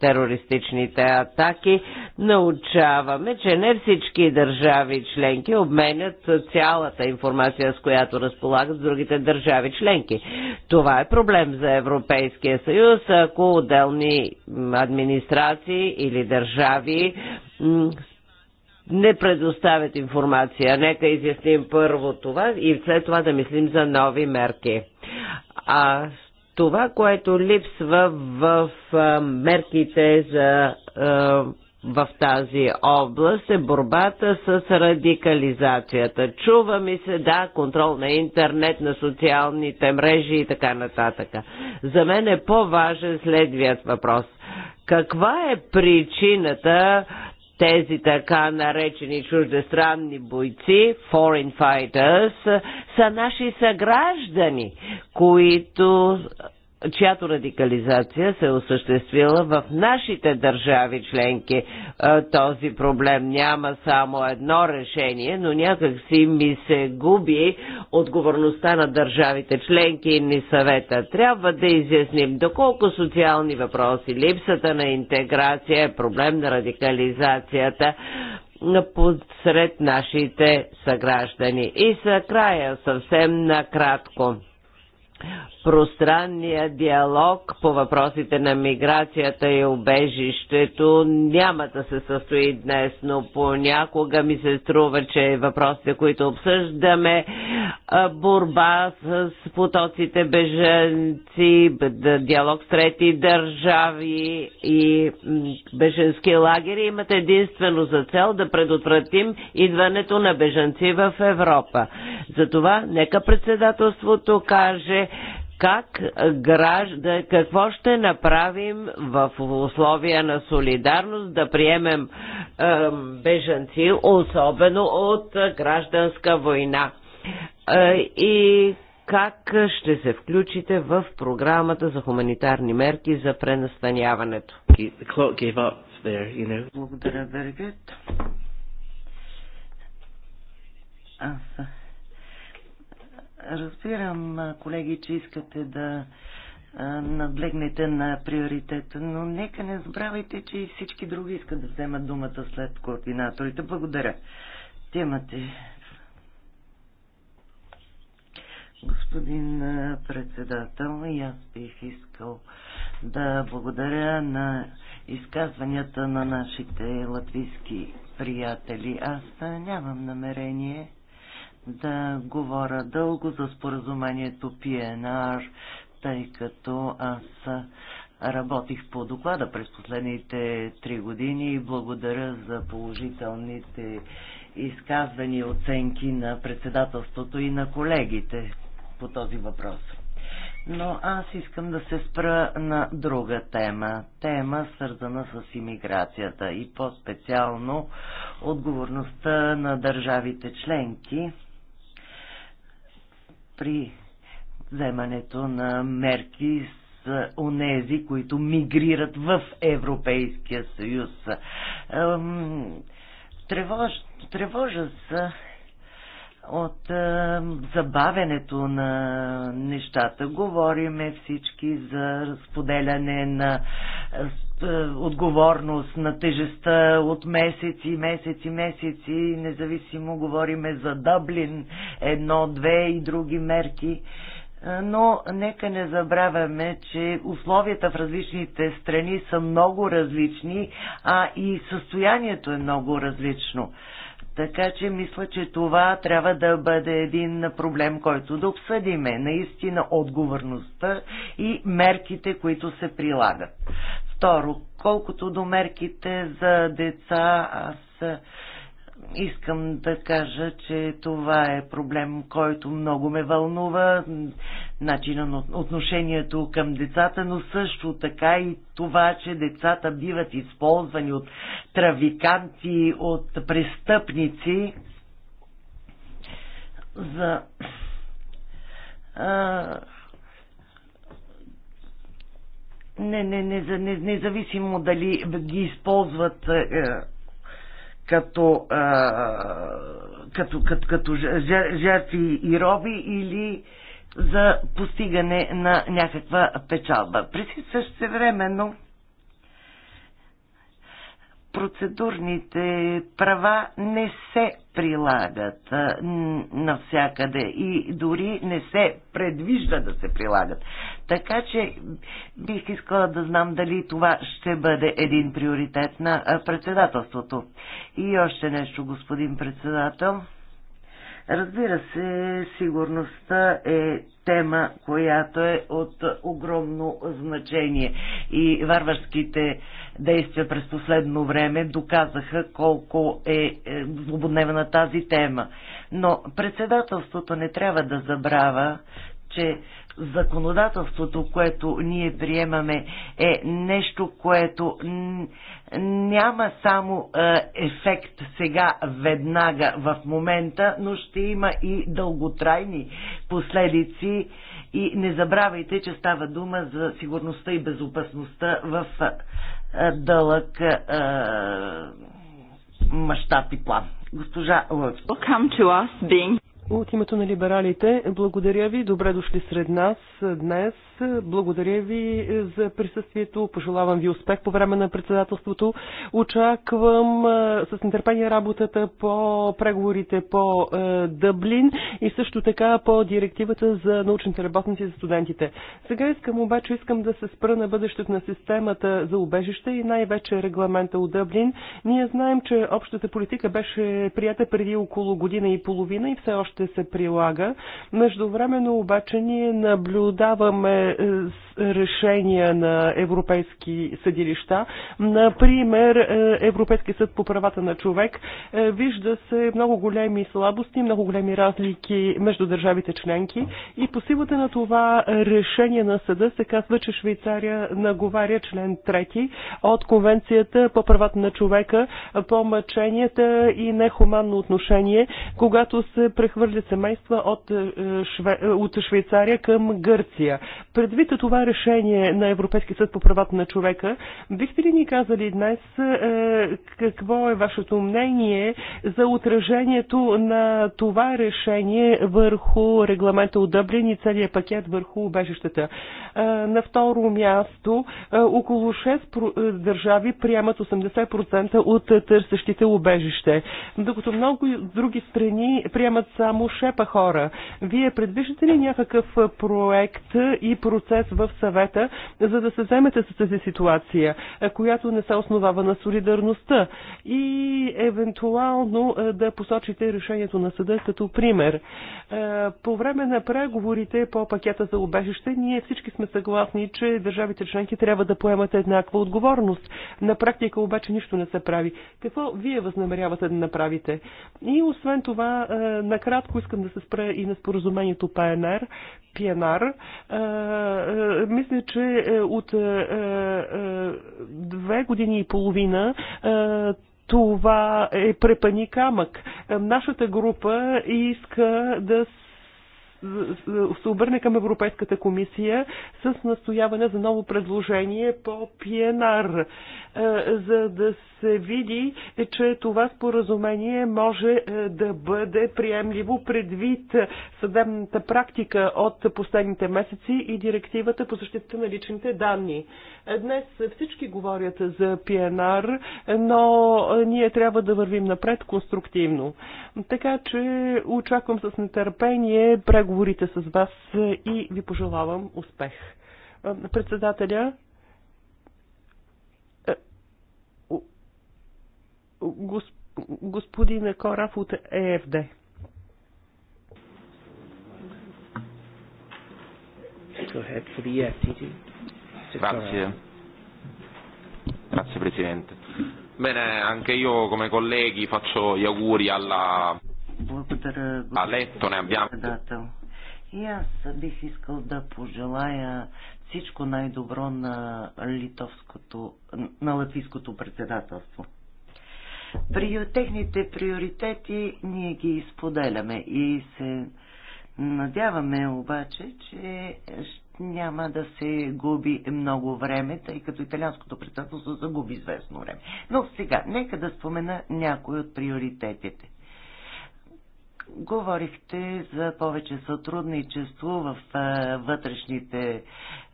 терористичните атаки. Научаваме, че не всички държави членки обменят цялата информация, с която разполагат с другите държави членки. Това е проблем за Европейския съюз, ако отделни администрации или държави не предоставят информация. Нека изясним първо това и след това да мислим за нови мерки. А това, което липсва в мерките за в тази област е борбата с радикализацията. Чува ми се, да, контрол на интернет, на социалните мрежи и така нататък. За мен е по-важен следвият въпрос. Каква е причината тези така наречени чуждестранни бойци, foreign fighters, са наши съграждани, които чиято радикализация се е осъществила в нашите държави членки. Е, този проблем няма само едно решение, но някак си ми се губи отговорността на държавите членки и ни съвета. Трябва да изясним доколко социални въпроси, липсата на интеграция е проблем на радикализацията сред нашите съграждани. И за края съвсем накратко пространния диалог по въпросите на миграцията и убежището няма да се състои днес, но понякога ми се струва, че въпросите, които обсъждаме, борба с потоците беженци, диалог с трети държави и беженски лагери имат единствено за цел да предотвратим идването на беженци в Европа. Затова нека председателството каже, как граждан, какво ще направим в условия на солидарност да приемем е, бежанци, особено от гражданска война. Е, и как ще се включите в програмата за хуманитарни мерки за пренастаняването? Благодаря, Бергет. Аз Разбирам, колеги, че искате да надлегнете на приоритета, но нека не забравяйте, че и всички други искат да вземат думата след координаторите. Благодаря. Темата е- Господин председател, и аз бих искал да благодаря на изказванията на нашите латвийски приятели. Аз нямам намерение да говоря дълго за споразумението PNR, тъй като аз работих по доклада през последните три години и благодаря за положителните изказвани оценки на председателството и на колегите по този въпрос. Но аз искам да се спра на друга тема. Тема свързана с иммиграцията и по-специално отговорността на държавите членки при вземането на мерки с онези, които мигрират в Европейския съюз. Тревож, тревожа се от е, забавянето на нещата. Говориме всички за разподеляне на е, отговорност на тежеста от месеци, месеци, месеци, независимо говориме за Дъблин, едно, две и други мерки. Е, но нека не забравяме, че условията в различните страни са много различни, а и състоянието е много различно. Така че мисля, че това трябва да бъде един проблем, който да обсъдиме. Наистина отговорността и мерките, които се прилагат. Второ, колкото до мерките за деца, аз искам да кажа, че това е проблем, който много ме вълнува, начина на отношението към децата, но също така и това, че децата биват използвани от травиканти, от престъпници за а, не, не, не, независимо дали ги използват е, като, а, като, като, като жертви и роби или за постигане на някаква печалба. При но процедурните права не се прилагат навсякъде и дори не се предвижда да се прилагат. Така че бих искала да знам дали това ще бъде един приоритет на председателството. И още нещо, господин председател. Разбира се, сигурността е тема, която е от огромно значение и варварските действия през последно време доказаха колко е, е злободневна тази тема. Но председателството не трябва да забравя, че законодателството, което ние приемаме, е нещо, което няма само е, ефект сега, веднага, в момента, но ще има и дълготрайни последици. И не забравяйте, че става дума за сигурността и безопасността в е, е, дълъг а, е, е, мащаб и план. Госпожа Лъв. От името на либералите, благодаря ви, добре дошли сред нас днес. Благодаря ви за присъствието. Пожелавам ви успех по време на председателството. Очаквам с нетърпение работата по преговорите по Дъблин и също така по директивата за научните работници и за студентите. Сега искам обаче искам да се спра на бъдещето на системата за убежище и най-вече регламента от Дъблин. Ние знаем, че общата политика беше прията преди около година и половина и все още се прилага. Междувременно обаче ние наблюдаваме е, решения на европейски съдилища. Например, е, Европейски съд по правата на човек. Е, вижда се много големи слабости, много големи разлики между държавите членки и по силата на това решение на съда се казва, че Швейцария наговаря член 3 от Конвенцията по правата на човека по мъченията и нехуманно отношение, когато се прехвърлят семейства от, Шве... от Швейцария към Гърция. Предвид това решение на Европейския съд по правата на човека, бихте ли ни казали днес е, какво е вашето мнение за отражението на това решение върху регламента от Дъблин и целият пакет върху убежищата? Е, на второ място, е, около 6 държави приемат 80% от търсещите убежище, докато много други страни приемат само шепа хора. Вие предвиждате ли някакъв проект и процес в съвета, за да се вземете с тази ситуация, която не се основава на солидарността и евентуално да посочите решението на съда като пример. По време на преговорите по пакета за обежище, ние всички сме съгласни, че държавите членки трябва да поемат еднаква отговорност. На практика обаче нищо не се прави. Какво вие възнамерявате да направите? И освен това, накратко искам да се спра и на споразумението ПНР, ПНР мисля, че е, от е, е, две години и половина това е препани камък. Нашата група иска да се обърне към Европейската комисия с настояване за ново предложение по ПНР, е, за да се види, че това споразумение може е, да бъде приемливо предвид съдебната практика от последните месеци и директивата по защита на личните данни. Днес всички говорят за ПНР, но ние трябва да вървим напред конструктивно. Така че очаквам с нетърпение преговори преговорите с вас и ви пожелавам успех. Е, председателя е, госп, господин Кораф от ЕФД. Go ahead for the EFTD. Grazie. Grazie Presidente. Bene, anche io come colleghi faccio gli auguri alla... Благодаря, а лето не обявам. И аз бих искал да пожелая всичко най-добро на литовското, на латвийското председателство. При техните приоритети ние ги изподеляме и се надяваме обаче, че няма да се губи много време, тъй като италианското председателство загуби известно време. Но сега, нека да спомена някои от приоритетите. Говорихте за повече сътрудничество в вътрешните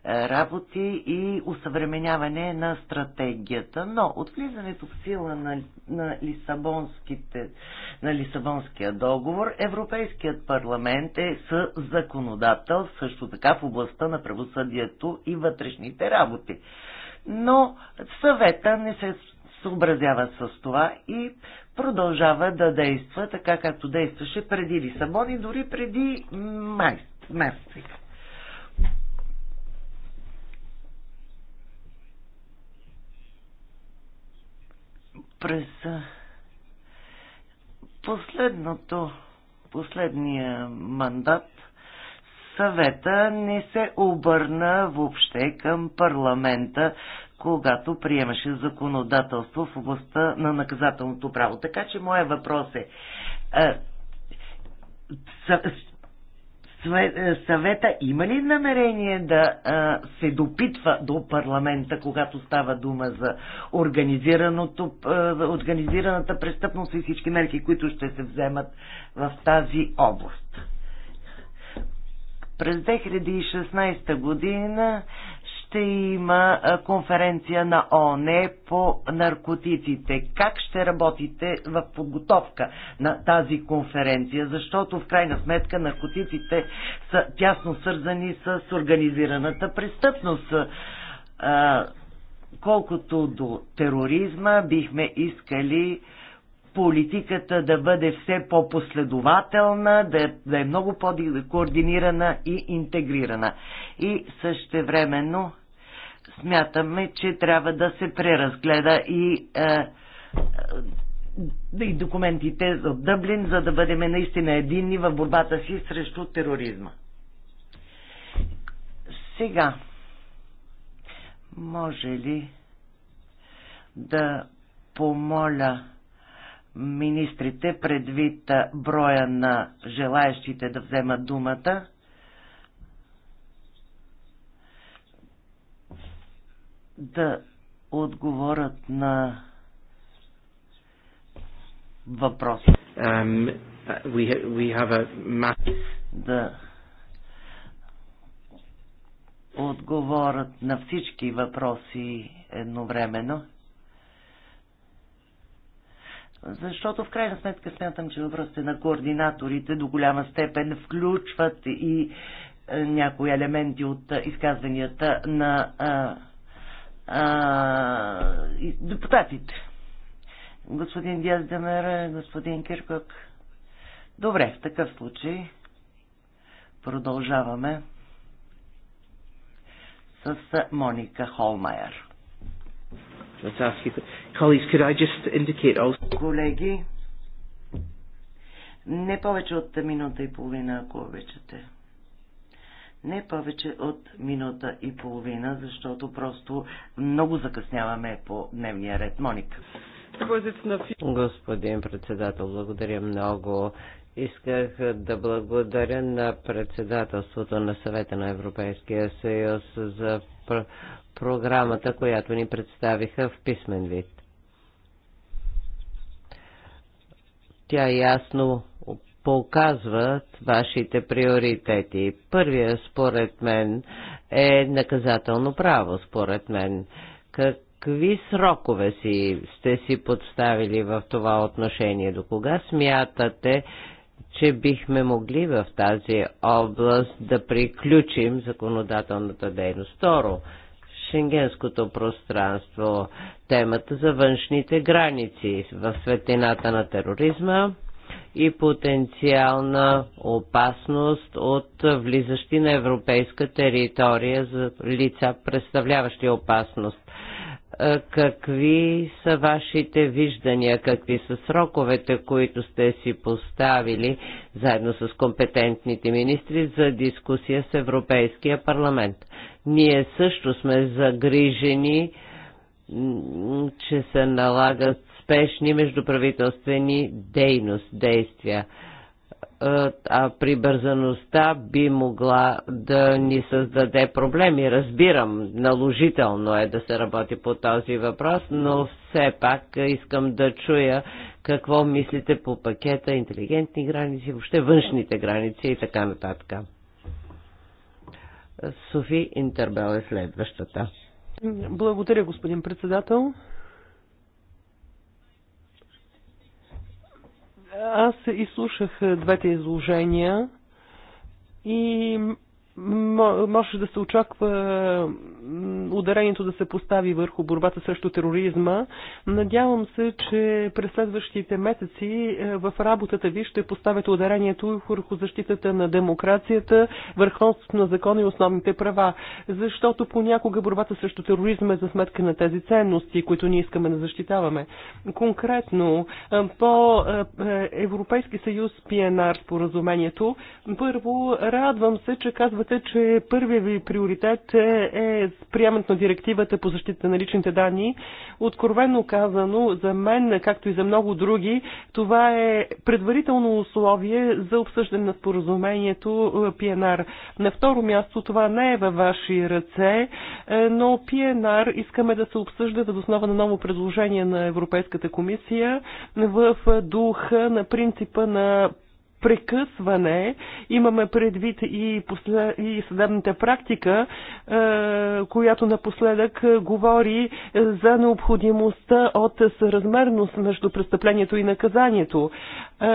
работи и усъвременяване на стратегията. Но от влизането в сила на, на, Лисабонските, на Лисабонския договор, Европейският парламент е с законодател също така в областта на правосъдието и вътрешните работи. Но съвета не се съобразява с това и продължава да действа така, както действаше преди Лисабон и дори преди май, Мерсик. През последното, последния мандат съвета не се обърна въобще към парламента когато приемаше законодателство в областта на наказателното право. Така че моя въпрос е, съвета има ли намерение да се допитва до парламента, когато става дума за организираната престъпност и всички мерки, които ще се вземат в тази област? През 2016 година ще има конференция на ООН по наркотиците. Как ще работите в подготовка на тази конференция? Защото в крайна сметка наркотиците са тясно свързани с организираната престъпност. Колкото до тероризма, бихме искали политиката да бъде все по-последователна, да, да е много по-координирана и интегрирана. И същевременно смятаме, че трябва да се преразгледа и, е, е и документите от Дъблин, за да бъдем наистина единни в борбата си срещу тероризма. Сега, може ли да помоля министрите предвид броя на желаящите да вземат думата? да отговорят на въпроси. Um, we, we have a... Да отговорят на всички въпроси едновременно. Защото в крайна сметка смятам, че въпросите на координаторите до голяма степен включват и е, някои елементи от е, изказванията на е, а, депутатите. Господин Диаз Демер, господин Киркок. Добре, в такъв случай продължаваме с Моника Холмайер. Колеги, не повече от минута и половина, ако обичате не повече от минута и половина, защото просто много закъсняваме по дневния ред. Моник. Господин председател, благодаря много. Исках да благодаря на председателството на съвета на Европейския съюз за пр- програмата, която ни представиха в писмен вид. Тя ясно показват вашите приоритети. Първия, според мен, е наказателно право, според мен. Какви срокове си сте си подставили в това отношение? До кога смятате, че бихме могли в тази област да приключим законодателната дейност? Второ, Шенгенското пространство, темата за външните граници в светлината на тероризма, и потенциална опасност от влизащи на европейска територия за лица, представляващи опасност. Е, какви са вашите виждания, какви са сроковете, които сте си поставили заедно с компетентните министри за дискусия с Европейския парламент? Ние също сме загрижени че се налагат успешни междуправителствени дейност, действия е, а прибързаността би могла да ни създаде проблеми. Разбирам, наложително е да се работи по този въпрос, но все пак искам да чуя какво мислите по пакета интелигентни граници, въобще външните граници и така нататък. Софи Интербел е следващата. Благодаря, господин председател. Аз изслушах е, двете изложения и може да се очаква ударението да се постави върху борбата срещу тероризма. Надявам се, че през следващите месеци е, в работата ви ще поставят ударението върху защитата на демокрацията, върховството на закона и основните права. Защото понякога борбата срещу тероризма е за сметка на тези ценности, които ние искаме да защитаваме. Конкретно е, по е, Европейски съюз ПНР споразумението, първо радвам се, че казвате, че първият ви приоритет е приемането на директивата по защита на личните данни. Откровенно казано, за мен, както и за много други, това е предварително условие за обсъждане на споразумението ПНР. Е, на второ място, това не е във ваши ръце, е, но ПНР искаме да се обсъжда въз основа на ново предложение на Европейската комисия в духа на принципа на прекъсване. Имаме предвид и, послед... и съдебната практика, е, която напоследък говори за необходимостта от съразмерност между престъплението и наказанието.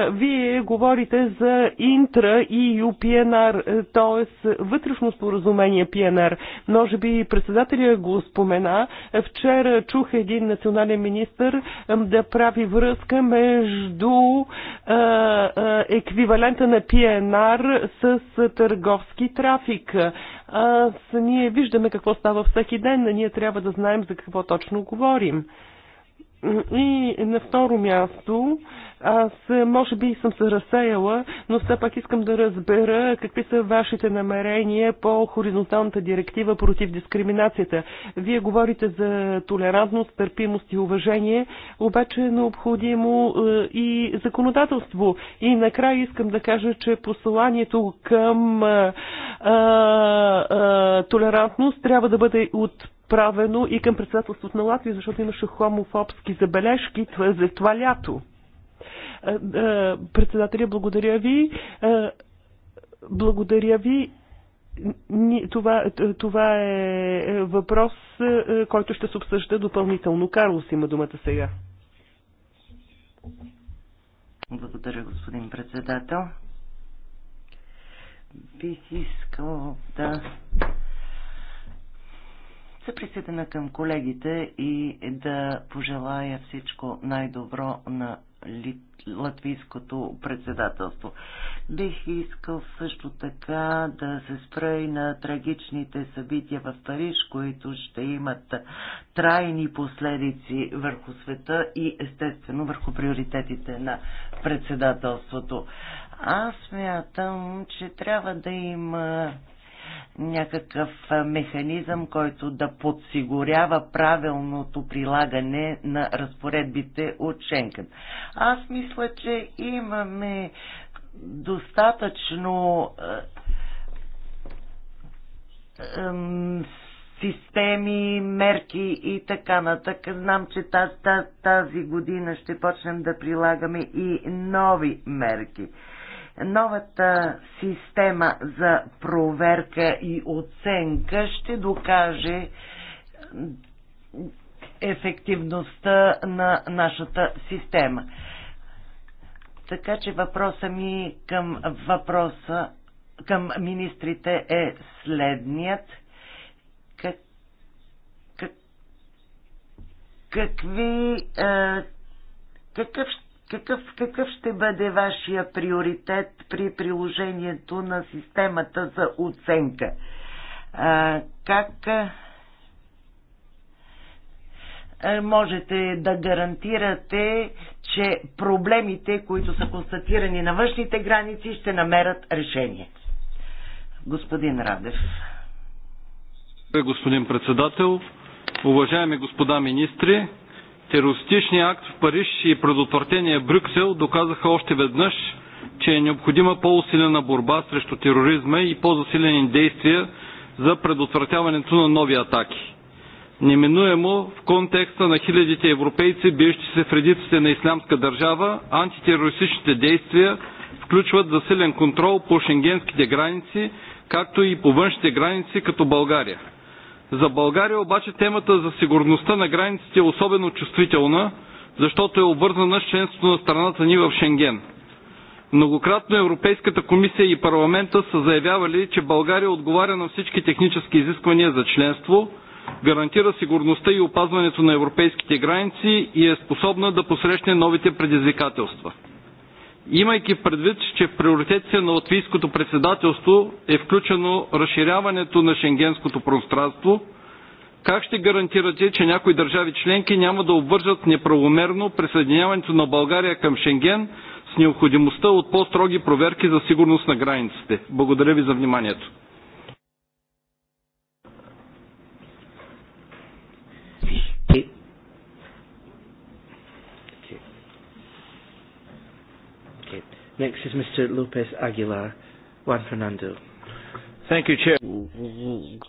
Вие говорите за интра и ЮПНР, т.е. вътрешно споразумение ПНР. Може би председателя го спомена. Вчера чух един национален министр да прави връзка между еквивалента на ПНР с търговски трафик. Аз ние виждаме какво става всеки ден, ние трябва да знаем за какво точно говорим. И на второ място, аз е, може би съм се разсеяла, но все пак искам да разбера какви са вашите намерения по хоризонталната директива против дискриминацията. Вие говорите за толерантност, търпимост и уважение, обаче е необходимо е, и законодателство. И накрая искам да кажа, че посланието към а, е, а, толерантност трябва да бъде от отправено и към председателството на Латвия, защото имаше хомофобски забележки за това лято. Е, е, председателя, благодаря ви. Е, благодаря ви. Това, това е въпрос, който ще се обсъжда допълнително. Карлос има думата сега. Благодаря, господин председател. Бих искал да се присъединя към колегите и да пожелая всичко най-добро на латвийското председателство. Бих искал също така да се спра и на трагичните събития в Париж, които ще имат трайни последици върху света и естествено върху приоритетите на председателството. Аз мятам, че трябва да има някакъв механизъм, който да подсигурява правилното прилагане на разпоредбите от Шенкен. Аз мисля, че имаме достатъчно системи, мерки и така нататък. Знам, че тази, тази година ще почнем да прилагаме и нови мерки. Новата система за проверка и оценка ще докаже ефективността на нашата система. Така че въпроса ми към въпроса към министрите е следният. Как, как, какви, е, какъв, какъв, какъв ще бъде вашия приоритет при приложението на системата за оценка? А, как а, можете да гарантирате, че проблемите, които са констатирани на външните граници, ще намерят решение? Господин Радев. Господин председател, уважаеми господа министри, Терористичният акт в Париж и предотвратения Брюксел доказаха още веднъж, че е необходима по-усилена борба срещу тероризма и по-засилени действия за предотвратяването на нови атаки. Неминуемо в контекста на хилядите европейци, биещи се в редиците на ислямска държава, антитерористичните действия включват засилен контрол по шенгенските граници, както и по външните граници като България. За България обаче темата за сигурността на границите е особено чувствителна, защото е обвързана с членството на страната ни в Шенген. Многократно Европейската комисия и парламента са заявявали, че България отговаря на всички технически изисквания за членство, гарантира сигурността и опазването на европейските граници и е способна да посрещне новите предизвикателства имайки предвид, че в приоритетите на латвийското председателство е включено разширяването на шенгенското пространство, как ще гарантирате, че някои държави членки няма да обвържат неправомерно присъединяването на България към Шенген с необходимостта от по-строги проверки за сигурност на границите? Благодаря ви за вниманието. Next is Mr. Lopez Aguilar, Juan Fernando. Thank you, Chair.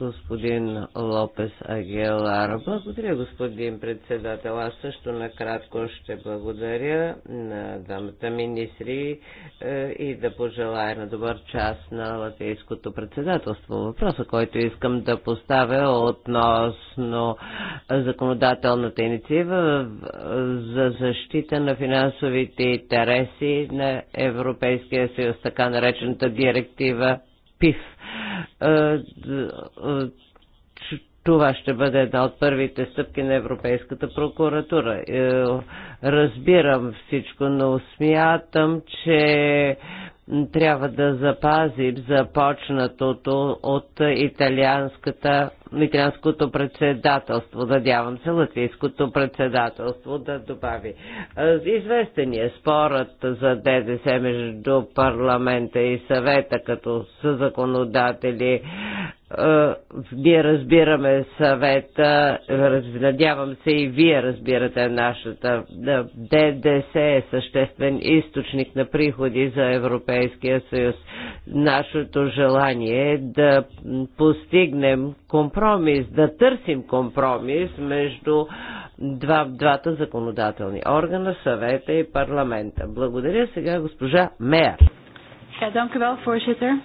Господин Лопес Агелар. Благодаря, господин председател. Аз също накратко ще благодаря на дамата министри е, и да пожелая на добър час на латвийското председателство. Въпроса, който искам да поставя относно законодателната инициатива за защита на финансовите интереси на Европейския съюз, така наречената директива Пив. Това ще бъде една от първите стъпки на Европейската прокуратура. Е, разбирам всичко, но смятам, че трябва да запазим започнатото от италианската италианското председателство, надявам се латвийското председателство да добави. Известен е спорът за ДДС между парламента и съвета като съзаконодатели ние разбираме съвета, надявам се и вие разбирате нашата. ДДС е съществен източник на приходи за Европейския съюз. Нашето желание е да постигнем компромис, да търсим компромис между два, двата законодателни органа, съвета и парламента. Благодаря сега госпожа Мер. Yeah,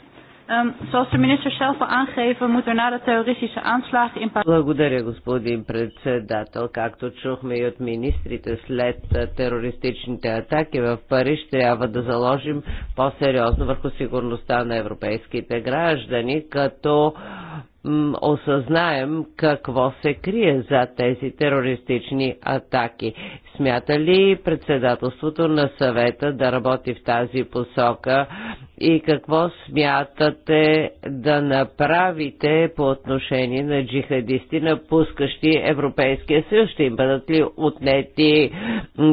Um, zoals de minister zelf al aangegeven, moeten we na de terroristische aanslagen in Благодаря, господин председател. Както чухме и от министрите, след е, терористичните атаки в Париж трябва да заложим по-сериозно върху сигурността на европейските граждани, като осъзнаем какво се крие за тези терористични атаки. Смята ли председателството на съвета да работи в тази посока и какво смятате да направите по отношение на джихадисти, напускащи Европейския съюз? Ще им бъдат ли отнети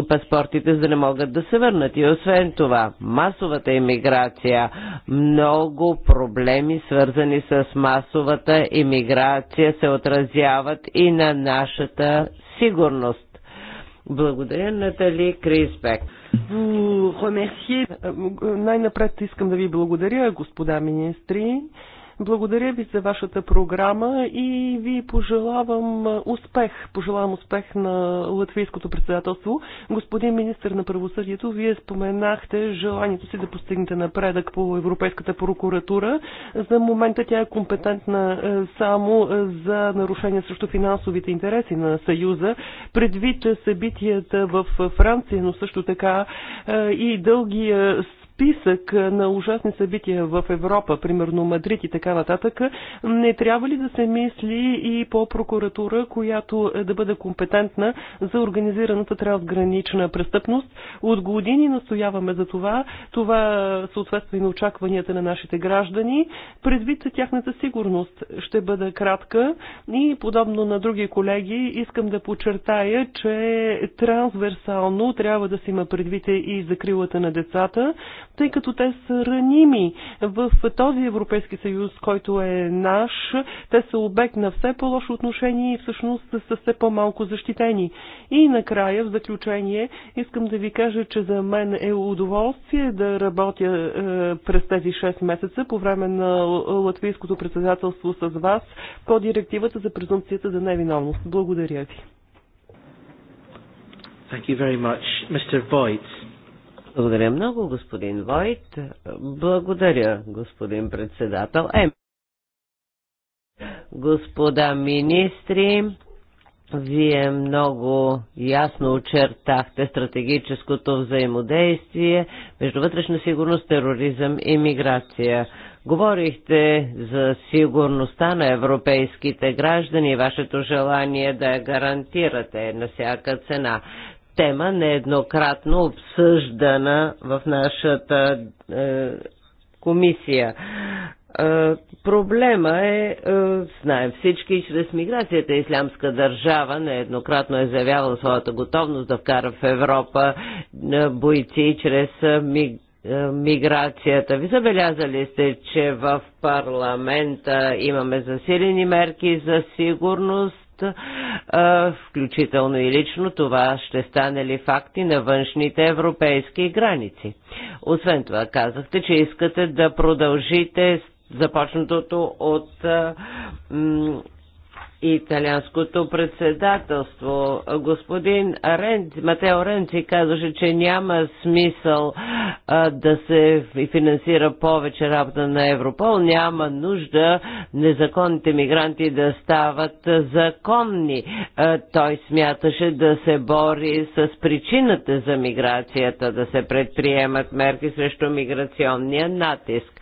паспортите, за да не могат да се върнат? И освен това, масовата иммиграция, много проблеми свързани с масовата трудовата иммиграция се отразяват и на нашата сигурност. Благодаря, Натали Крисбек. Най-напред искам да ви благодаря, господа министри. Благодаря ви за вашата програма и ви пожелавам успех. Пожелавам успех на латвийското председателство. Господин министр на правосъдието, вие споменахте желанието си да постигнете напредък по Европейската прокуратура. За момента тя е компетентна само за нарушения срещу финансовите интереси на Съюза, предвид събитията в Франция, но също така и дългия списък на ужасни събития в Европа, примерно Мадрид и така нататък, не трябва ли да се мисли и по прокуратура, която е, да бъде компетентна за организираната трансгранична престъпност? От години настояваме за това. Това съответства и на очакванията на нашите граждани. Предвид тяхната сигурност ще бъда кратка и подобно на други колеги искам да подчертая, че трансверсално трябва да се има предвид и закрилата на децата, тъй като те са раними. В този Европейски съюз, който е наш, те са обект на все по-лошо отношение и всъщност са все по-малко защитени. И накрая, в заключение, искам да ви кажа, че за мен е удоволствие да работя е, през тези 6 месеца по време на латвийското председателство с вас по директивата за презумпцията за невиновност. Благодаря ви. Thank you very much. Mr. Voigt. Благодаря много, господин Войт. Благодаря, господин председател. Е, господа министри, вие много ясно очертахте стратегическото взаимодействие между вътрешна сигурност, тероризъм и миграция. Говорихте за сигурността на европейските граждани и вашето желание да я гарантирате на всяка цена тема, нееднократно обсъждана в нашата е, комисия. Е, проблема е, е, знаем всички, чрез миграцията Ислямска държава нееднократно е заявявала своята готовност да вкара в Европа е, бойци чрез е, е миграцията. Ви забелязали сте, че в парламента имаме засилени мерки за сигурност включително и лично това ще стане ли факти на външните европейски граници. Освен това, казахте, че искате да продължите започнатото от италианското председателство. Господин Ренци, Матео Ренци казваше, че няма смисъл а, да се финансира повече работа на Европол. Няма нужда незаконните мигранти да стават законни. А, той смяташе да се бори с причината за миграцията, да се предприемат мерки срещу миграционния натиск.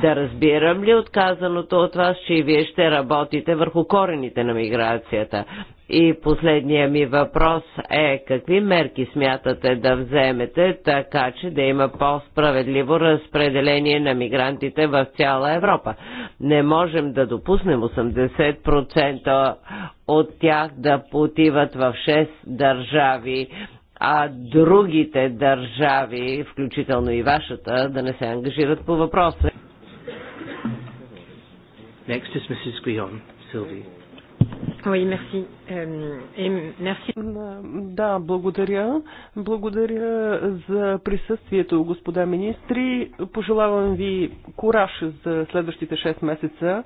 Да разбирам ли отказаното от вас, че и вие ще работите върху корените на миграцията. И последният ми въпрос е какви мерки смятате да вземете, така че да има по-справедливо разпределение на мигрантите в цяла Европа. Не можем да допуснем 80% от тях да потиват в 6 държави, а другите държави, включително и вашата, да не се ангажират по въпроса. Next is Mrs. Guillaume, Sylvie. Oui, euh, merci. Да, благодаря. Благодаря за присъствието, господа министри. Пожелавам ви кураж за следващите 6 месеца.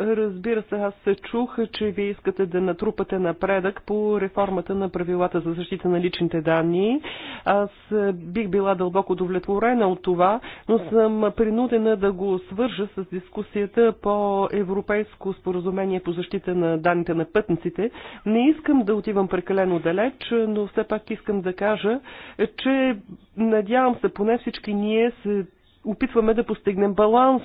Разбира се, аз се чух, че вие искате да натрупате напредък по реформата на правилата за защита на личните данни. Аз бих била дълбоко удовлетворена от това, но съм принудена да го свържа с дискусията по Европейско споразумение по защита на данните на пътниците. Не искам да отивам прекалено далеч, но все пак искам да кажа, че надявам се поне всички ние се опитваме да постигнем баланс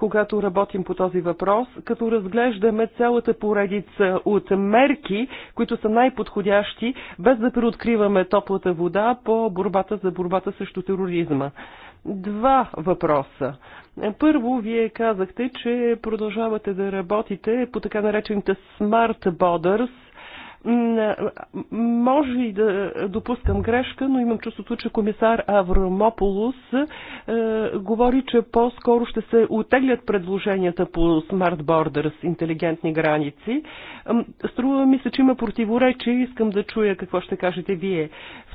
когато работим по този въпрос, като разглеждаме цялата поредица от мерки, които са най-подходящи, без да преоткриваме топлата вода по борбата за борбата срещу тероризма. Два въпроса. Първо, вие казахте, че продължавате да работите по така наречените Smart Borders, може и да допускам грешка, но имам чувството, че комисар Аврамополус е, говори, че по-скоро ще се отеглят предложенията по Smart Borders, интелигентни граници. Струва ми се, че има противоречие. Искам да чуя какво ще кажете вие.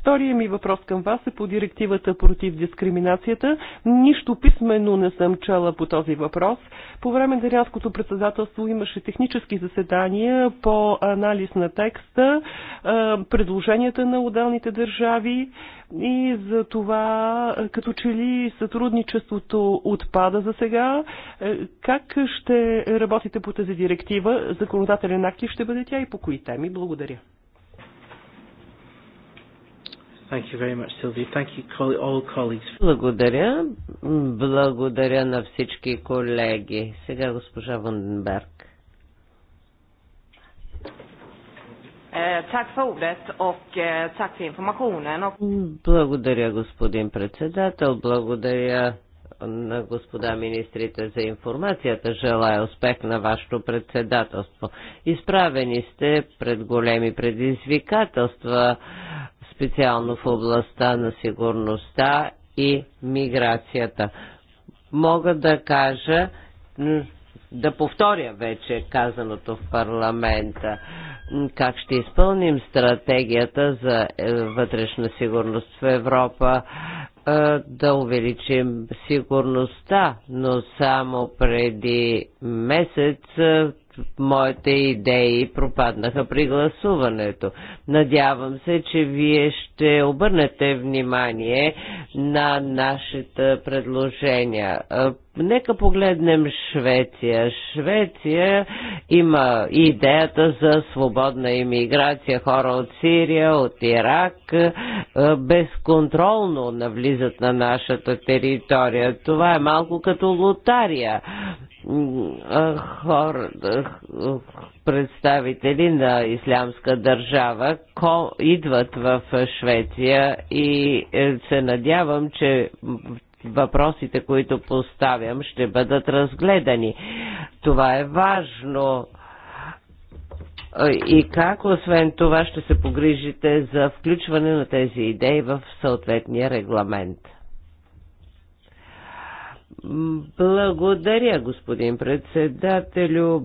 Втория ми въпрос към вас е по директивата против дискриминацията. Нищо писменно не съм чела по този въпрос. По време на Дерянското председателство имаше технически заседания по анализ на текста, предложенията на отделните държави и за това като че ли сътрудничеството отпада за сега. Как ще работите по тази директива? Законодателен акт ще бъде тя и по кои теми? Благодаря. Thank you very much, Sylvie. Thank you all colleagues. Благодаря. Благодаря на всички колеги. Сега госпожа Ванденберг. Eh, tack för ordet och eh, tack för informationen. Благодаря, господин председател. Благодаря на господа министрите за информацията. Желая успех на вашето председателство. Изправени сте пред големи предизвикателства, специално в областта на сигурността и миграцията. Мога да кажа, да повторя вече казаното в парламента, как ще изпълним стратегията за е, вътрешна сигурност в Европа да увеличим сигурността, но само преди месец моите идеи пропаднаха при гласуването. Надявам се, че вие ще обърнете внимание на нашите предложения. Нека погледнем Швеция. Швеция има идеята за свободна иммиграция. Хора от Сирия, от Ирак е, безконтролно навлизат на нашата територия. Това е малко като лотария хор, представители на ислямска държава ко, идват в Швеция и е, се надявам, че въпросите, които поставям, ще бъдат разгледани. Това е важно. И как, освен това, ще се погрижите за включване на тези идеи в съответния регламент? Благодаря, господин председателю.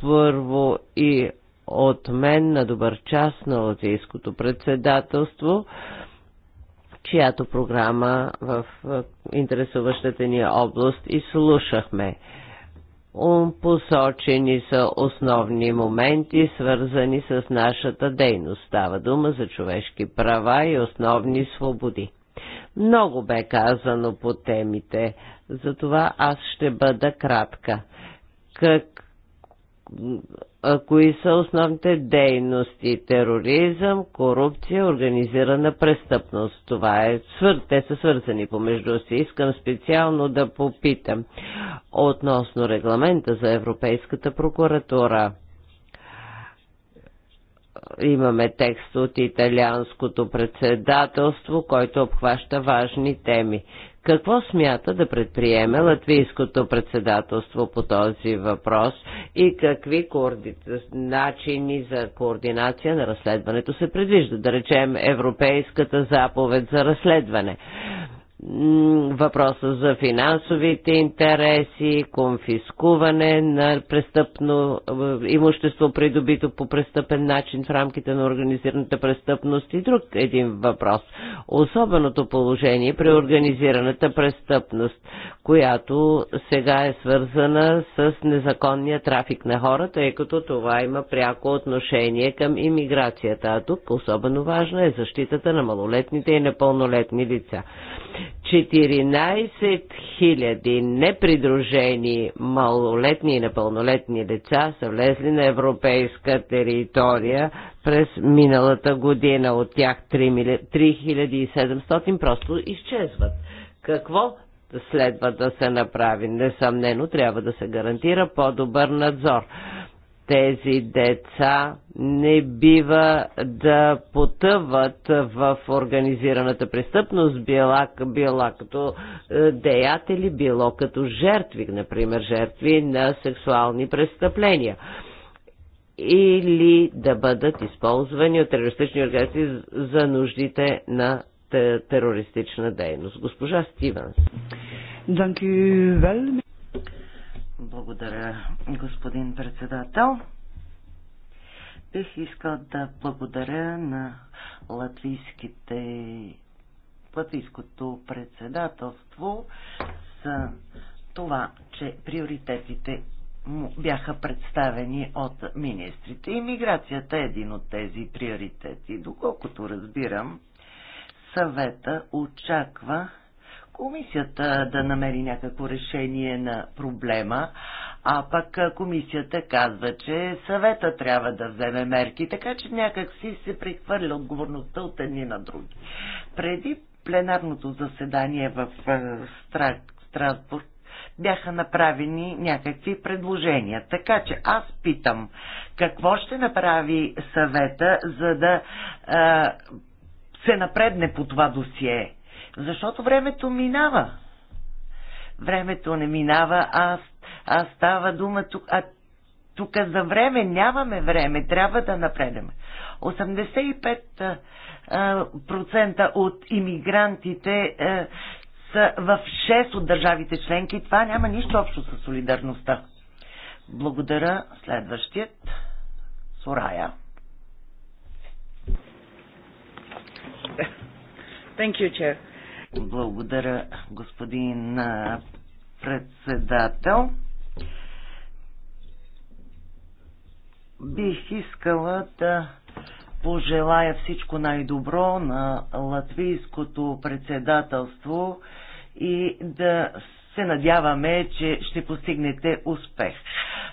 Първо и от мен на добър час на латвийското председателство чиято програма в интересуващата ни област и слушахме. Посочени са основни моменти, свързани с нашата дейност. Става дума за човешки права и основни свободи. Много бе казано по темите, затова аз ще бъда кратка. Как кои са основните дейности. Тероризъм, корупция, организирана престъпност. Това е, свър... те са свързани помежду си. Искам специално да попитам относно регламента за Европейската прокуратура имаме текст от италианското председателство, който обхваща важни теми. Какво смята да предприеме латвийското председателство по този въпрос и какви коорди... начини за координация на разследването се предвижда? Да речем Европейската заповед за разследване въпроса за финансовите интереси, конфискуване на престъпно е, имущество, придобито по престъпен начин в рамките на организираната престъпност и друг един въпрос. Особеното положение при организираната престъпност, която сега е свързана с незаконния трафик на хората, тъй като това има пряко отношение към иммиграцията. А тук особено важна е защитата на малолетните и непълнолетни лица. 14 000 непридружени малолетни и непълнолетни деца са влезли на европейска територия през миналата година. От тях 3 700 просто изчезват. Какво следва да се направи? Несъмнено трябва да се гарантира по-добър надзор тези деца не бива да потъват в организираната престъпност, била, била като е, деятели, било като жертви, например, жертви на сексуални престъпления или да бъдат използвани от терористични организации за нуждите на терористична дейност. Госпожа Стивенс. Благодаря, господин председател. Бих искал да благодаря на латвийските, латвийското председателство за това, че приоритетите му бяха представени от министрите. Имиграцията е един от тези приоритети. Доколкото разбирам, съвета очаква комисията да намери някакво решение на проблема, а пък комисията казва, че съвета трябва да вземе мерки, така че някак си се прехвърля отговорността от едни на други. Преди пленарното заседание в Страсбург бяха направени някакви предложения. Така че аз питам, какво ще направи съвета, за да се напредне по това досие? Защото времето минава. Времето не минава, а, а става дума тук, а тук за време нямаме време, трябва да напредем. 85% от иммигрантите са в 6 от държавите членки. Това няма нищо общо с солидарността. Благодаря. Следващият. Сурая. Thank you, Chair. Благодаря, господин председател. Бих искала да пожелая всичко най-добро на латвийското председателство и да се надяваме, че ще постигнете успех.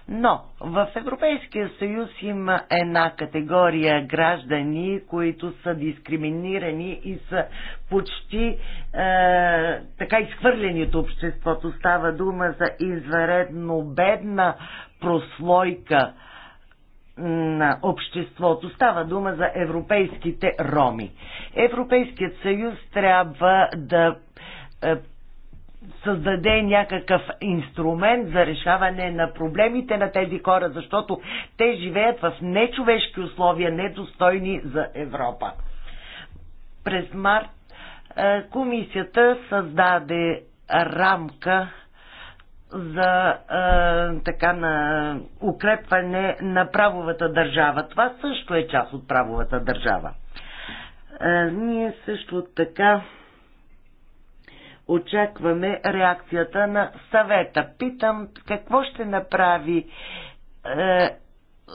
Но в Европейския съюз има една категория граждани, които са дискриминирани и са почти е, така изхвърлени от обществото. Става дума за изваредно бедна прослойка на обществото. Става дума за европейските роми. Европейският съюз трябва да е, създаде някакъв инструмент за решаване на проблемите на тези хора, защото те живеят в нечовешки условия, недостойни за Европа. През март е, комисията създаде рамка за е, така на укрепване на правовата държава. Това също е част от правовата държава. Е, ние също така очакваме реакцията на съвета. Питам какво ще направи е,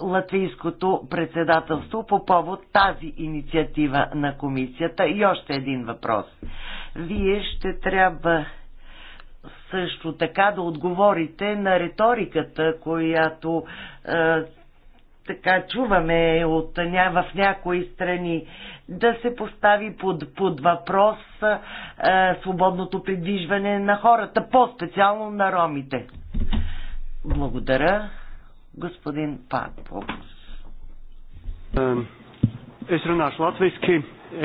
латвийското председателство по повод тази инициатива на комисията. И още един въпрос. Вие ще трябва също така да отговорите на риториката, която е, така чуваме от, в някои страни да се постави под, под въпрос а, свободното придвижване на хората, по-специално на ромите. Благодаря, господин Пакпов. Es runāšu latviski.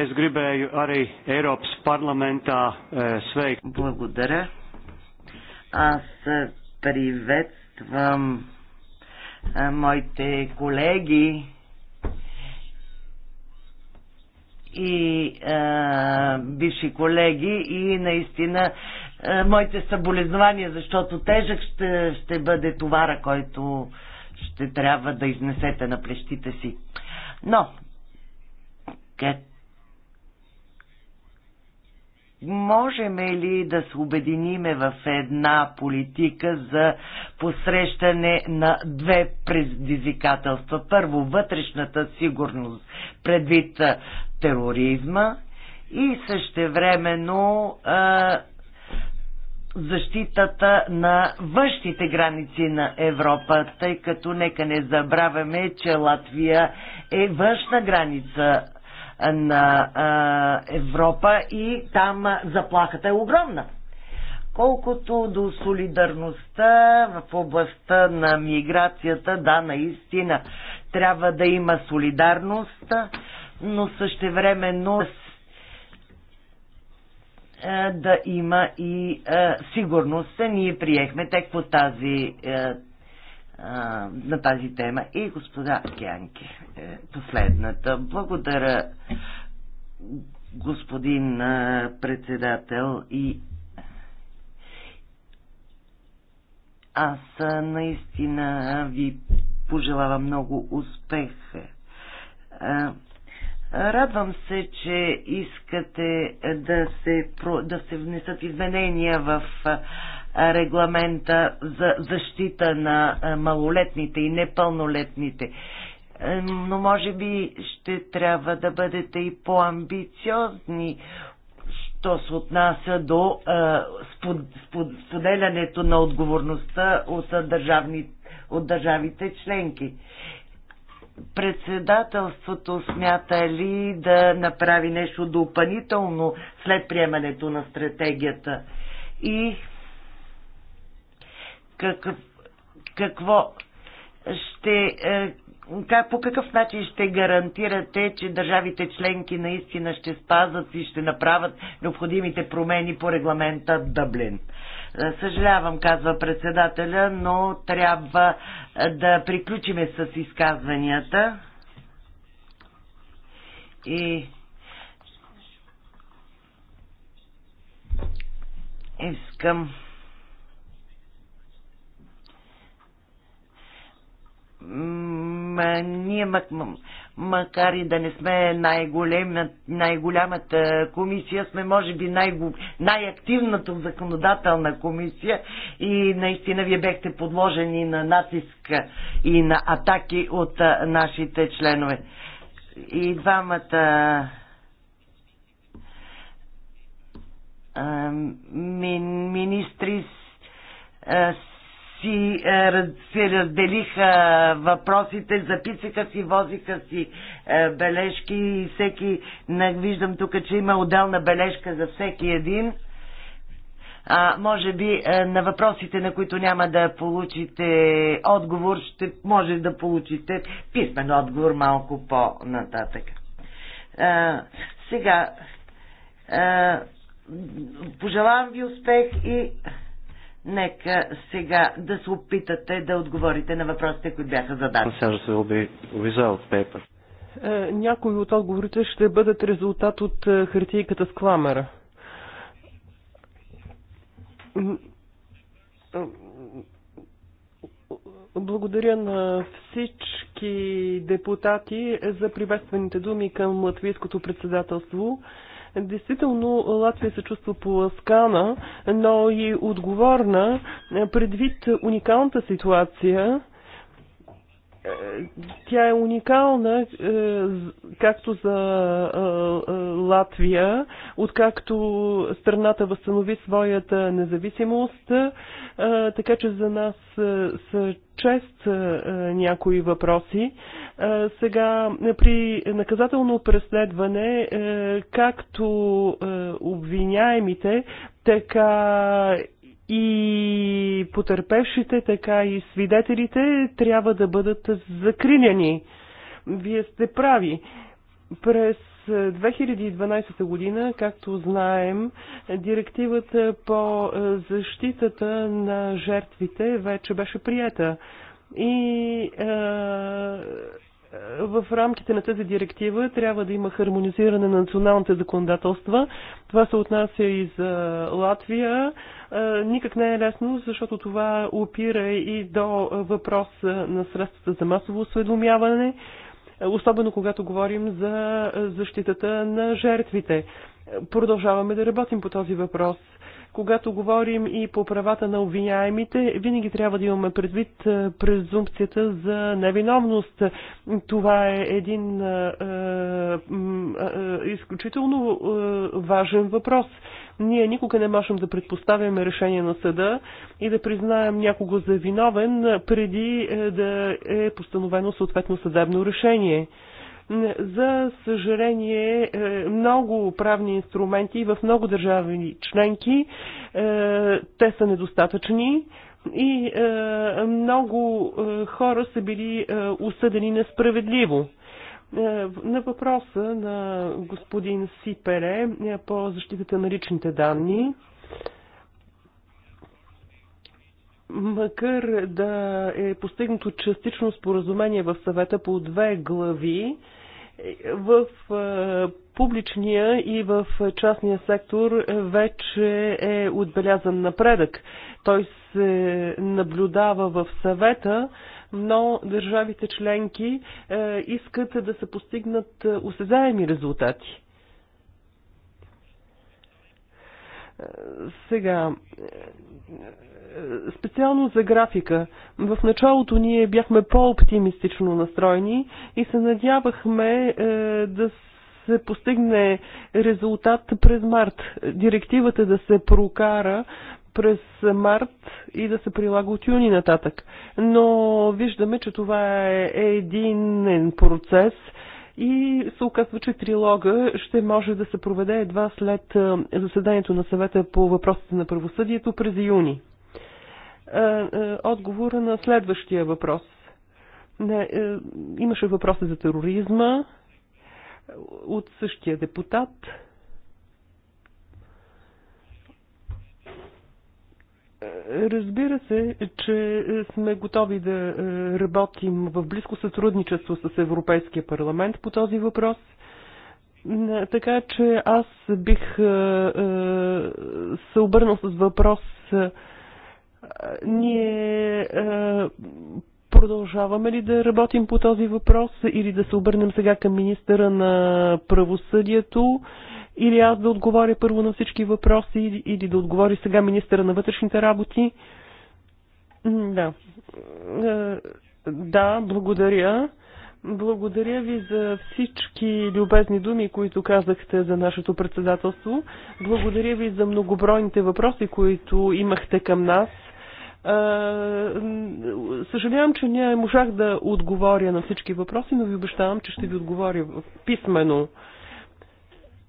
Es gribēju arī Eiropas parlamentā e, sveikt. Благодаря. Аз е, приветствам моите колеги и а, бивши колеги и наистина а, моите съболезнования, защото тежък ще, ще бъде товара, който ще трябва да изнесете на плещите си. Но, как можем ли да се обединиме в една политика за посрещане на две предизвикателства? Първо, вътрешната сигурност предвид тероризма и същевременно а, защитата на външните граници на Европа, тъй като нека не забравяме, че Латвия е външна граница на а, Европа и там заплахата е огромна. Колкото до солидарността в областта на миграцията, да, наистина трябва да има солидарност, но същевременно да има и сигурност. Ние приехме текво по тази а, на тази тема. И господа Кянки, е, последната. Благодаря, господин а, председател и аз а, наистина ви пожелавам много успех. А, Радвам се, че искате да се, да се внесат изменения в регламента за защита на малолетните и непълнолетните. Е, но може би ще трябва да бъдете и по-амбициозни, що се отнася до споделянето на отговорността от, държавни, от държавите членки председателството смята ли да направи нещо допълнително след приемането на стратегията? И какъв, какво ще, е, как, по какъв начин ще гарантирате, че държавите членки наистина ще спазват и ще направят необходимите промени по регламента Дъблин? Е, съжалявам, казва председателя, но трябва е, да приключиме с изказванията. И искам ние, макар и да не сме най най-голямата комисия, сме може би най- най-активната законодателна комисия и наистина вие бехте подложени на натиск и на атаки от нашите членове. И двамата министри си, е, си разделиха въпросите, записаха си, возиха си е, бележки и всеки, виждам тук, че има отделна бележка за всеки един. А, може би е, на въпросите, на които няма да получите отговор, ще може да получите писмен отговор малко по-нататък. сега, а, пожелавам ви успех и Нека сега да се опитате да отговорите на въпросите, които бяха зададени. Е, някои от отговорите ще бъдат резултат от е, хартийката с кламера. Е, благодаря на всички депутати за приветствените думи към латвийското председателство. Действително Латвия се чувства поласкана, но и отговорна е, предвид уникалната ситуация е, тя е уникална е, както за е, Латвия, откакто страната възстанови своята независимост, така че за нас са чест някои въпроси. Сега, при наказателно преследване, както обвиняемите, така и потърпевшите, така и свидетелите трябва да бъдат закриляни. Вие сте прави. През 2012 година, както знаем, директивата по защитата на жертвите вече беше приета. И е, в рамките на тази директива трябва да има хармонизиране на националните законодателства. Това се отнася и за Латвия. Никак не е лесно, защото това опира и до въпрос на средствата за масово осведомяване, особено когато говорим за защитата на жертвите. Продължаваме да работим по този въпрос когато говорим и по правата на обвиняемите, винаги трябва да имаме предвид презумпцията за невиновност. Това е един е, е, изключително е, важен въпрос. Ние никога не можем да предпоставяме решение на съда и да признаем някого за виновен преди да е постановено съответно съдебно решение. За съжаление, е, много правни инструменти в много държави членки е, те са недостатъчни и е, много хора са били осъдени несправедливо. На въпроса на господин Сипере по защитата на личните данни, Макар да е постигнато частично споразумение в съвета по две глави, в е, публичния и в частния сектор вече е отбелязан напредък. Той се наблюдава в съвета, но държавите членки е, искат да се постигнат осезаеми резултати. Сега, специално за графика. В началото ние бяхме по-оптимистично настроени и се надявахме е, да се постигне резултат през март. Директивата да се прокара през март и да се прилага от юни нататък. Но виждаме, че това е един процес – и се оказва, че трилога ще може да се проведе едва след е, заседанието на съвета по въпросите на правосъдието през юни. Е, е, Отговора на следващия въпрос. Не, имаше въпроса за тероризма от същия депутат. Разбира се, че е, сме готови да е, работим в близко сътрудничество с Европейския парламент по този въпрос. Така че аз бих е, се обърнал с въпрос. Ние продължаваме ли да работим по този въпрос или да се обърнем сега към министъра на правосъдието или аз да отговоря първо на всички въпроси, или да отговори сега министъра на вътрешните работи. Да. Е, да, благодаря. Благодаря ви за всички любезни думи, които казахте за нашето председателство. Благодаря ви за многобройните въпроси, които имахте към нас. Е, съжалявам, че не можах да отговоря на всички въпроси, но ви обещавам, че ще ви отговоря писменно.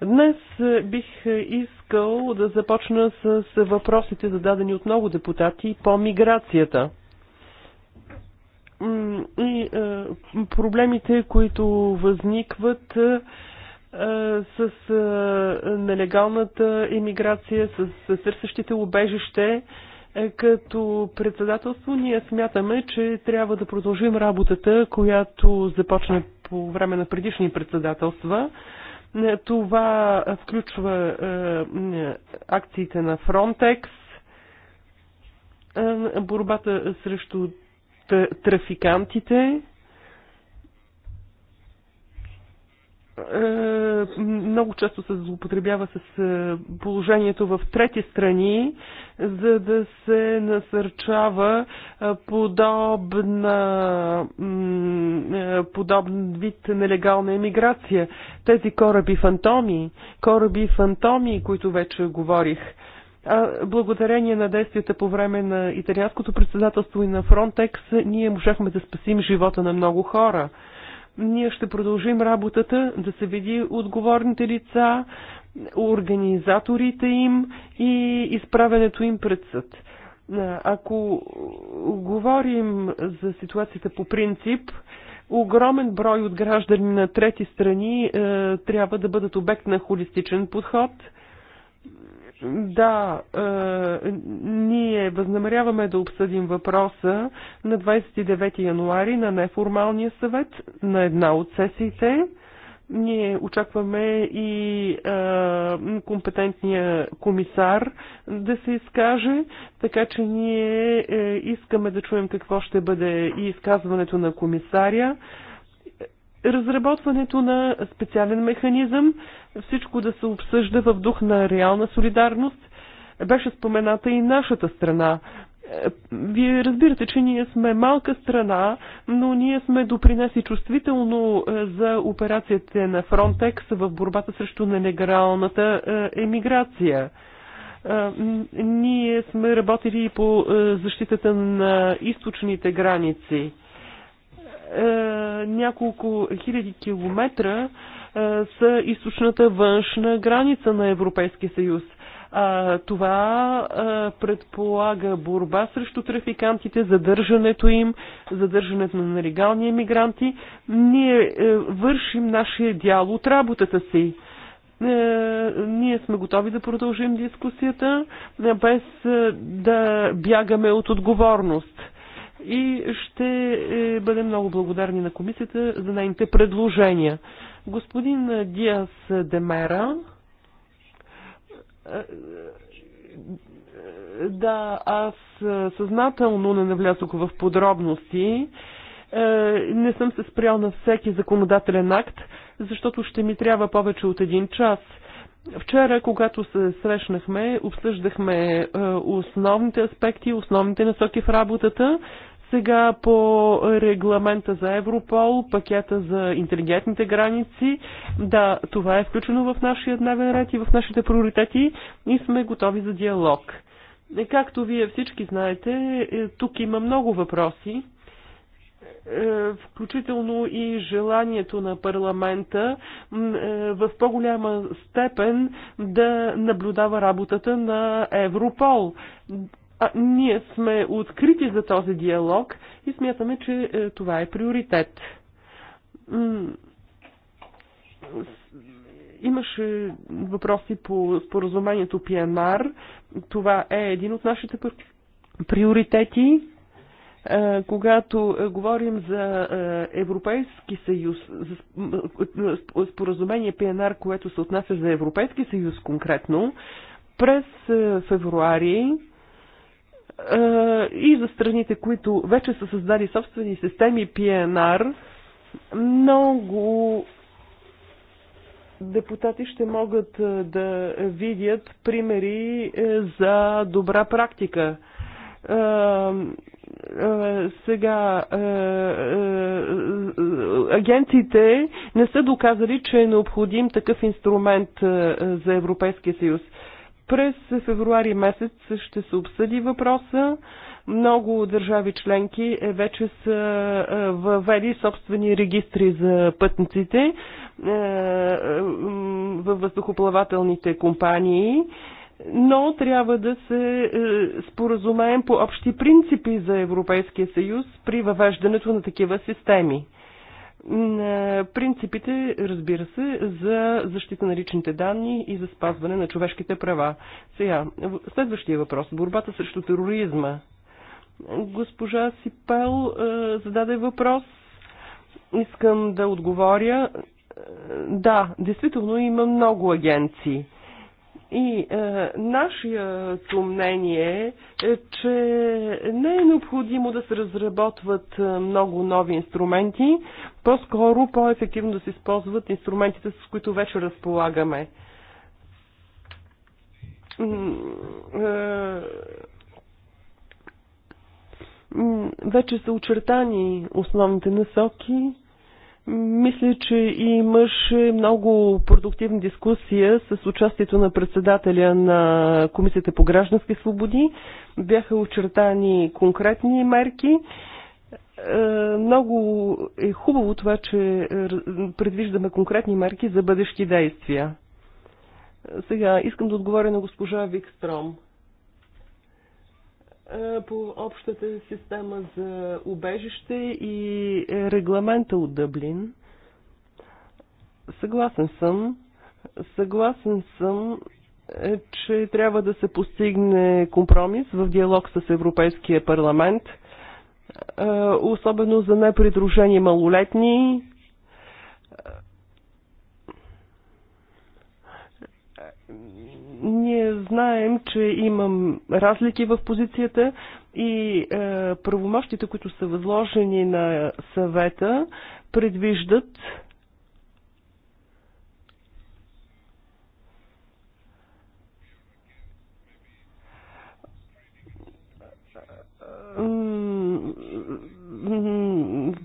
Днес е, бих е, искал да започна с въпросите зададени от много депутати по миграцията и е, проблемите, които възникват с нелегалната емиграция, с търсещите убежище. Като председателство ние смятаме, че трябва да продължим работата, която започна по време на предишни председателства. Това включва е, акциите на Frontex, е, борбата срещу трафикантите, Е, много често се злоупотребява с е, положението в трети страни, за да се насърчава е, подобна, подобен вид нелегална емиграция. Тези кораби фантоми, кораби фантоми, които вече говорих, а благодарение на действията по време на италианското председателство и на Фронтекс, ние можахме да спасим живота на много хора. Ние ще продължим работата да се види отговорните лица, организаторите им и изправенето им пред съд. Ако говорим за ситуацията по принцип, огромен брой от граждани на трети страни е, трябва да бъдат обект на холистичен подход. Да, е, ние възнамеряваме да обсъдим въпроса на 29 януари на неформалния съвет на една от сесиите. Ние очакваме и е, компетентния комисар да се изкаже, така че ние е, искаме да чуем какво ще бъде и изказването на комисаря. Е, разработването на специален механизъм, всичко да се обсъжда в дух на реална солидарност. Беше спомената и нашата страна. Вие разбирате, че ние сме малка страна, но ние сме допринеси чувствително е, за операцията на Frontex в борбата срещу нелегалната е, емиграция. Е, ние сме работили по защитата на източните граници е, няколко хиляди километра е, са източната външна граница на Европейския съюз. А, това а, е, предполага борба срещу трафикантите, задържането им, задържането на нелегални емигранти. Ние а, вършим нашия дял от работата си. А, ние сме готови да продължим дискусията, без а, да бягаме от отговорност и ще е, бъдем много благодарни на комисията за нейните предложения. Господин Диас Демера, е, е, да, аз съзнателно не навлязох в подробности. Не съм се спрял на всеки законодателен акт, защото ще ми трябва повече от един час. Вчера, когато се срещнахме, обсъждахме основните аспекти, основните насоки в работата. Сега по регламента за Европол, пакета за интелигентните граници, да, това е включено в нашия дневен ред и в нашите приоритети и сме готови за диалог. Както вие всички знаете, е, тук има много въпроси, е, включително и желанието на парламента е, в по-голяма степен да наблюдава работата на Европол. А, ние сме открити за този диалог и смятаме, че е, това е приоритет. Имаше въпроси по споразумението ПНР. Това е един от нашите приоритети е, когато е, говорим за е, Европейски съюз, за споразумение ПНР, което се отнася за Европейски съюз конкретно, през февруари е, и за страните, които вече са създали собствени системи PNR, много депутати ще могат е, да видят примери е, за добра практика. Сега, агенциите не са доказали, че е необходим такъв инструмент за Европейския съюз. През февруари месец ще се обсъди въпроса. Много държави членки е, вече са е, въвели собствени регистри за пътниците е, във въздухоплавателните компании но трябва да се споразумеем по общи принципи за Европейския съюз при въвеждането на такива системи на принципите, разбира се, за защита на личните данни и за спазване на човешките права. Сега, следващия въпрос. Борбата срещу тероризма. Госпожа Сипел е, зададе въпрос. Искам да отговоря. Е, да, действително има много агенции. И е, нашия съмнение е, че не е необходимо да се разработват е, много нови инструменти, по-скоро по-ефективно да се използват инструментите, с които вече разполагаме. Е, вече са очертани основните насоки, мисля, че имаше много продуктивна дискусия с участието на председателя на Комисията по граждански свободи. Бяха очертани конкретни мерки. Е, много е хубаво това, че предвиждаме конкретни мерки за бъдещи действия. Сега искам да отговоря на госпожа Викстром. Е, по общата система за убежище и регламента от Дъблин. Съгласен съм. Съгласен съм, е, че трябва да се постигне компромис в диалог с Европейския парламент, е, особено за непридружени малолетни, Ние знаем, че имам разлики в позицията и е, правомощите, които са възложени на съвета, предвиждат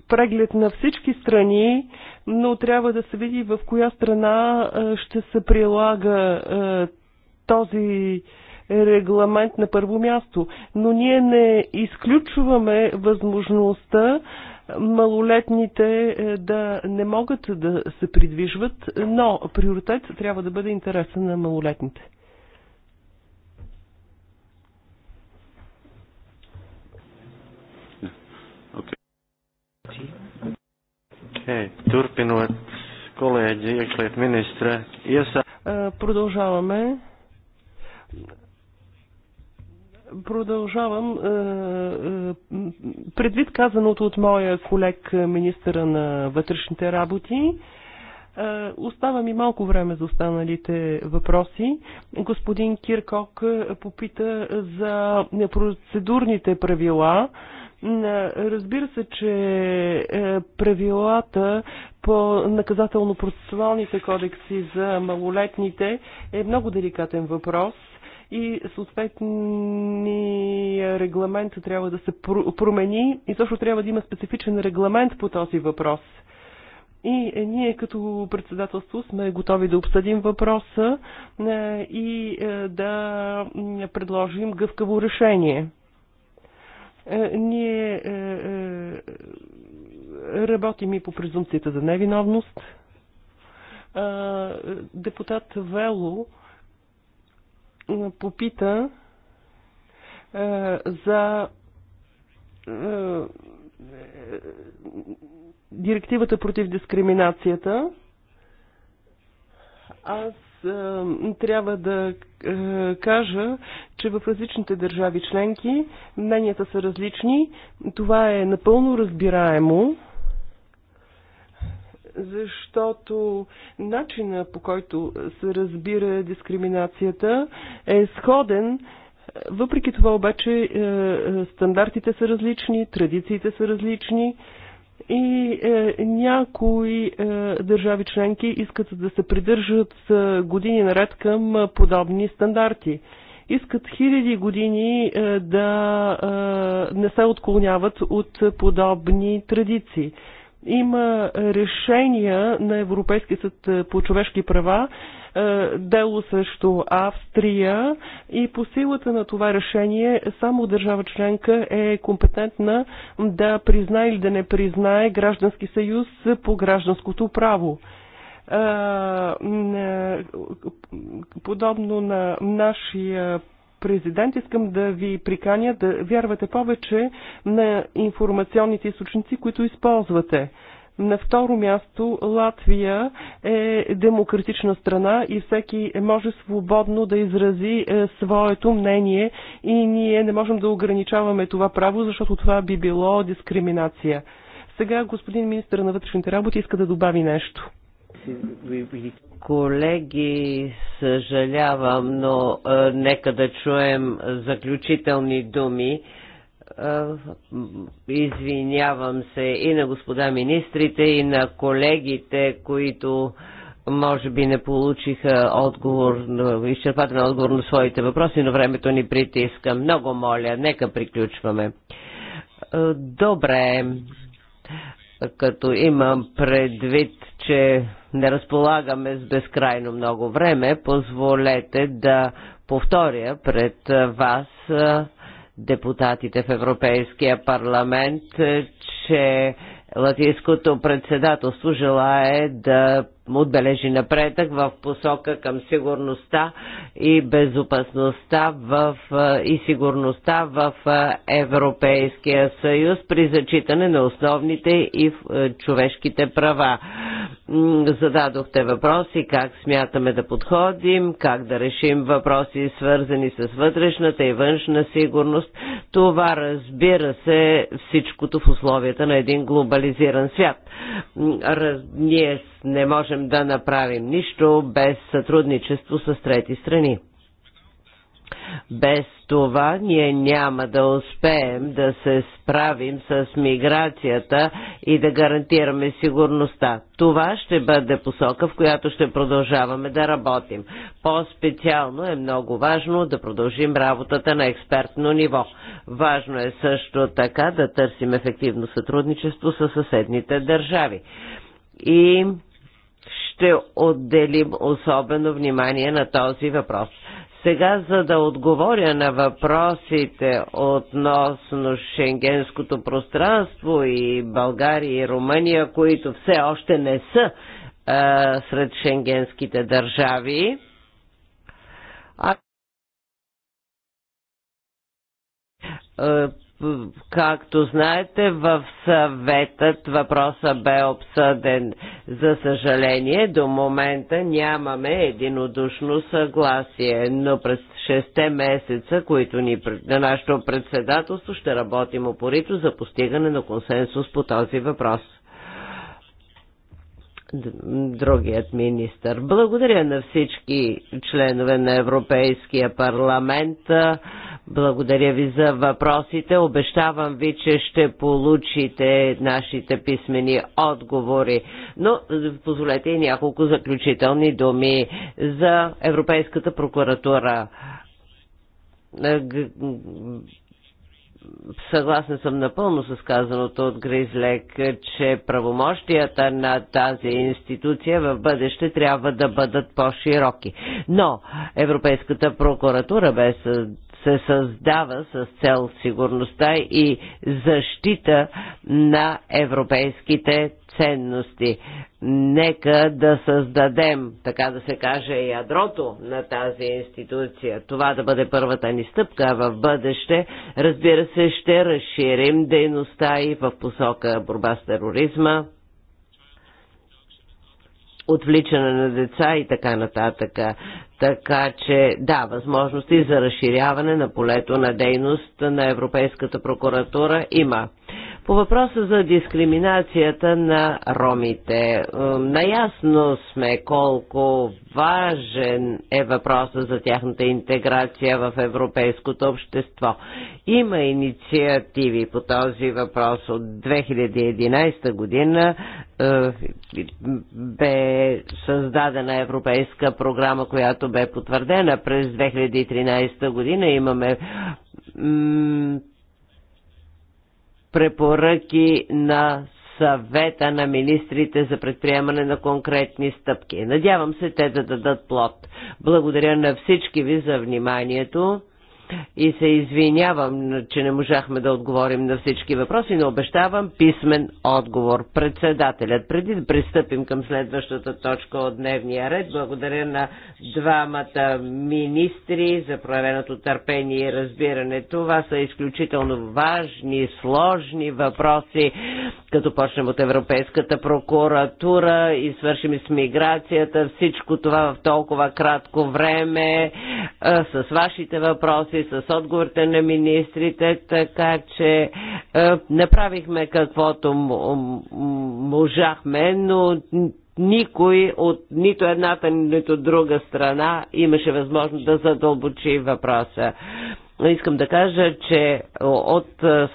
преглед на всички страни, но трябва да се види в коя страна е, ще се прилага е, този регламент на първо място. Но ние не изключваме възможността малолетните е, да не могат да се придвижват, но приоритет трябва да бъде интереса на малолетните. Hei, колеги, kolēģi, министра и iesā... Е, продължаваме. Продължавам. Е, е, предвид казаното от моя колег, е, министъра на вътрешните работи, Остава ми малко време за останалите въпроси. Господин Киркок попита за процедурните правила. Разбира се, че правилата по наказателно-процесуалните кодекси за малолетните е много деликатен въпрос – и съответния регламент трябва да се промени и също трябва да има специфичен регламент по този въпрос. И е, ние като председателство сме готови да обсъдим въпроса е, и е, да предложим гъвкаво решение. Ние работим и по презумцията за невиновност. Депутат Вело попита е, за е, директивата против дискриминацията. Аз е, трябва да кажа, че в различните държави членки мненията са различни. Това е напълно разбираемо защото начина по който се разбира дискриминацията е сходен. Въпреки това обаче е, е, стандартите са различни, традициите са различни и е, някои държави членки искат да се придържат години наред към подобни стандарти. Искат хиляди години да не се отклоняват от подобни традиции. Има решения на Европейския съд е, по човешки права, е, дело срещу Австрия и по силата на това решение само държава членка е компетентна да признае или да не признае граждански съюз по гражданското право е, подобно на нашия президент, искам да ви приканя да вярвате повече на информационните източници, които използвате. На второ място Латвия е демократична страна и всеки може свободно да изрази е, своето мнение и ние не можем да ограничаваме това право, защото това би било дискриминация. Сега господин министър на вътрешните работи иска да добави нещо. Колеги, съжалявам, но е, нека да чуем заключителни думи. Е, извинявам се и на господа министрите, и на колегите, които може би не получиха отговор, изчерпателен отговор на своите въпроси, но времето ни притиска. Много моля, нека приключваме. Е, добре, като имам предвид, че не разполагаме с безкрайно много време, позволете да повторя пред вас, депутатите в Европейския парламент, че латинското председателство желае да отбележи напредък в посока към сигурността и безопасността в, и сигурността в Европейския съюз при зачитане на основните и човешките права. Зададохте въпроси как смятаме да подходим, как да решим въпроси свързани с вътрешната и външна сигурност. Това разбира се всичкото в условията на един глобализиран свят. Раз... Ние не можем можем да направим нищо без сътрудничество с трети страни. Без това ние няма да успеем да се справим с миграцията и да гарантираме сигурността. Това ще бъде посока, в която ще продължаваме да работим. По-специално е много важно да продължим работата на експертно ниво. Важно е също така да търсим ефективно сътрудничество с съседните държави. И ще отделим особено внимание на този въпрос. Сега, за да отговоря на въпросите относно шенгенското пространство и България и Румъния, които все още не са а, сред шенгенските държави, а, Както знаете, в съветът въпроса бе обсъден. За съжаление, до момента нямаме единодушно съгласие, но през 6 месеца, които ни, на нашето председателство, ще работим опорито за постигане на консенсус по този въпрос другият министр. Благодаря на всички членове на Европейския парламент благодаря ви за въпросите. Обещавам ви, че ще получите нашите писмени отговори. Но е, позволете и няколко заключителни думи за Европейската прокуратура. Е, съгласна съм напълно с казаното от Гризлек, че правомощията на тази институция в бъдеще трябва да бъдат по-широки. Но Европейската прокуратура бе се създава с цел сигурността и защита на европейските ценности. Нека да създадем, така да се каже, ядрото на тази институция. Това да бъде първата ни стъпка в бъдеще. Разбира се, ще разширим дейността и в посока борба с тероризма, отвличане на деца и така нататък. Така че да, възможности за разширяване на полето на дейност на Европейската прокуратура има. По въпроса за дискриминацията на ромите, е, наясно сме колко важен е въпросът за тяхната интеграция в европейското общество. Има инициативи по този въпрос от 2011 година. Е, бе създадена европейска програма, която бе потвърдена през 2013 година. Имаме препоръки на съвета на министрите за предприемане на конкретни стъпки. Надявам се те да дадат плод. Благодаря на всички ви за вниманието и се извинявам, че не можахме да отговорим на всички въпроси, но обещавам писмен отговор. Председателят, преди да пристъпим към следващата точка от дневния ред, благодаря на двамата министри за проявеното търпение и разбиране. Това са изключително важни, сложни въпроси, като почнем от Европейската прокуратура и свършим с миграцията. Всичко това в толкова кратко време с вашите въпроси работи с отговорите на министрите, така че е, направихме каквото можахме, но никой от нито едната, нито друга страна имаше възможност да задълбочи въпроса искам да кажа, че от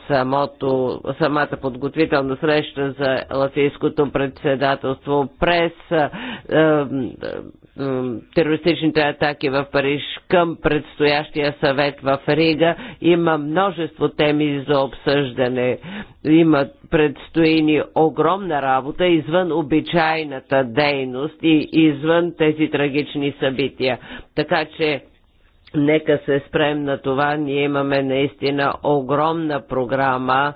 самото, самата подготвителна среща за латвийското председателство през е, е, е, терористичните атаки в Париж към предстоящия съвет в Рига има множество теми за обсъждане. Има предстои ни огромна работа извън обичайната дейност и извън тези трагични събития. Така че Нека се спрем на това. Ние имаме наистина огромна програма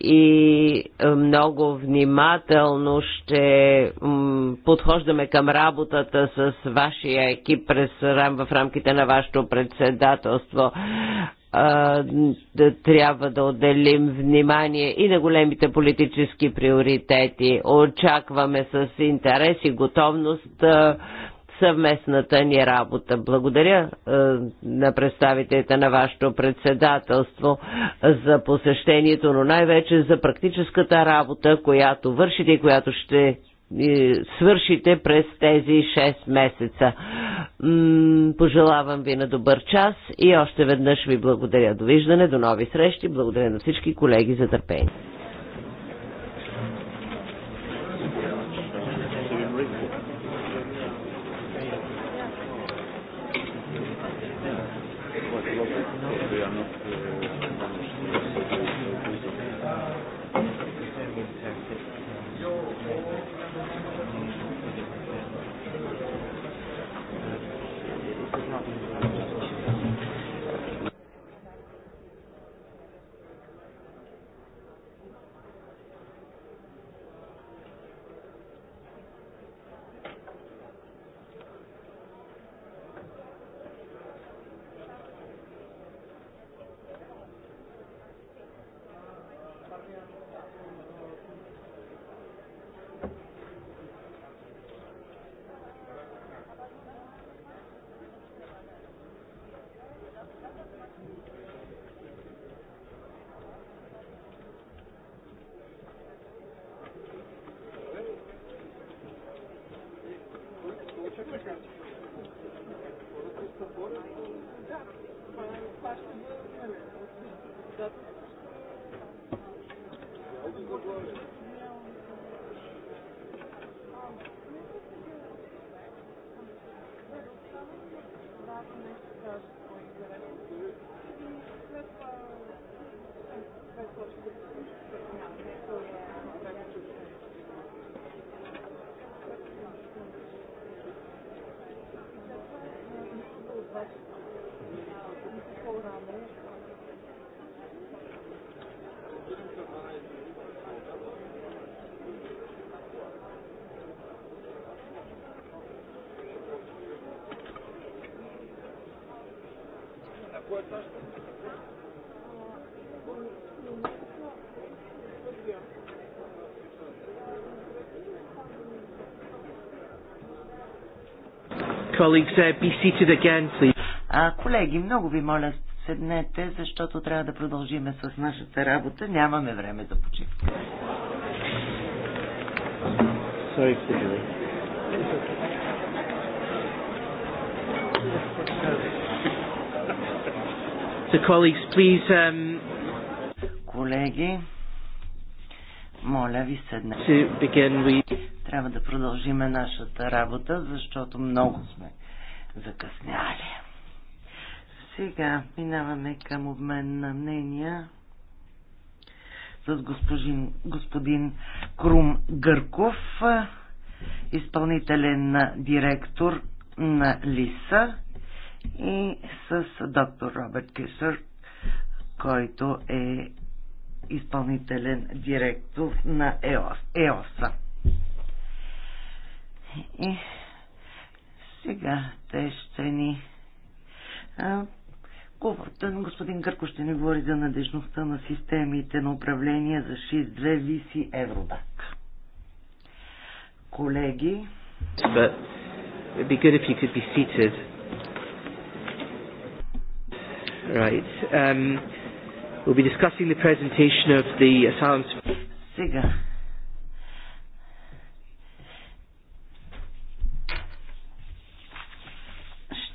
и е, много внимателно ще подхождаме към работата с вашия екип през, в рамките на вашето председателство е, трябва да отделим внимание и на големите политически приоритети. Очакваме с интерес и готовност е, съвместната ни работа. Благодаря е, на представителите на вашето председателство за посещението, но най-вече за практическата работа, която вършите и която ще е, свършите през тези 6 месеца. Пожелавам ви на добър час и още веднъж ви благодаря. Довиждане, до нови срещи. Благодаря на всички колеги за търпение. colleagues uh, be seated again, please. А, колеги, много ви моля, седнете, защото трябва да продължиме с нашата работа. Нямаме време за почивка. Sorry So colleagues, please, um... Колеги, моля ви седнете. Трябва да продължиме нашата работа, защото много сме Сега минаваме към обмен на мнения с господин, господин Крум Гърков, изпълнителен директор на ЛИСА и с доктор Роберт Кисър, който е изпълнителен директор на ЕОС, ЕОСА. И сега те ще ни Господин Гърко ще ни говори за надежността на системите на управление за 6-2 ВИСИ Евродак. Колеги, be good if you could be seated. Right. Um, we'll be discussing the presentation of the asylum. Сега.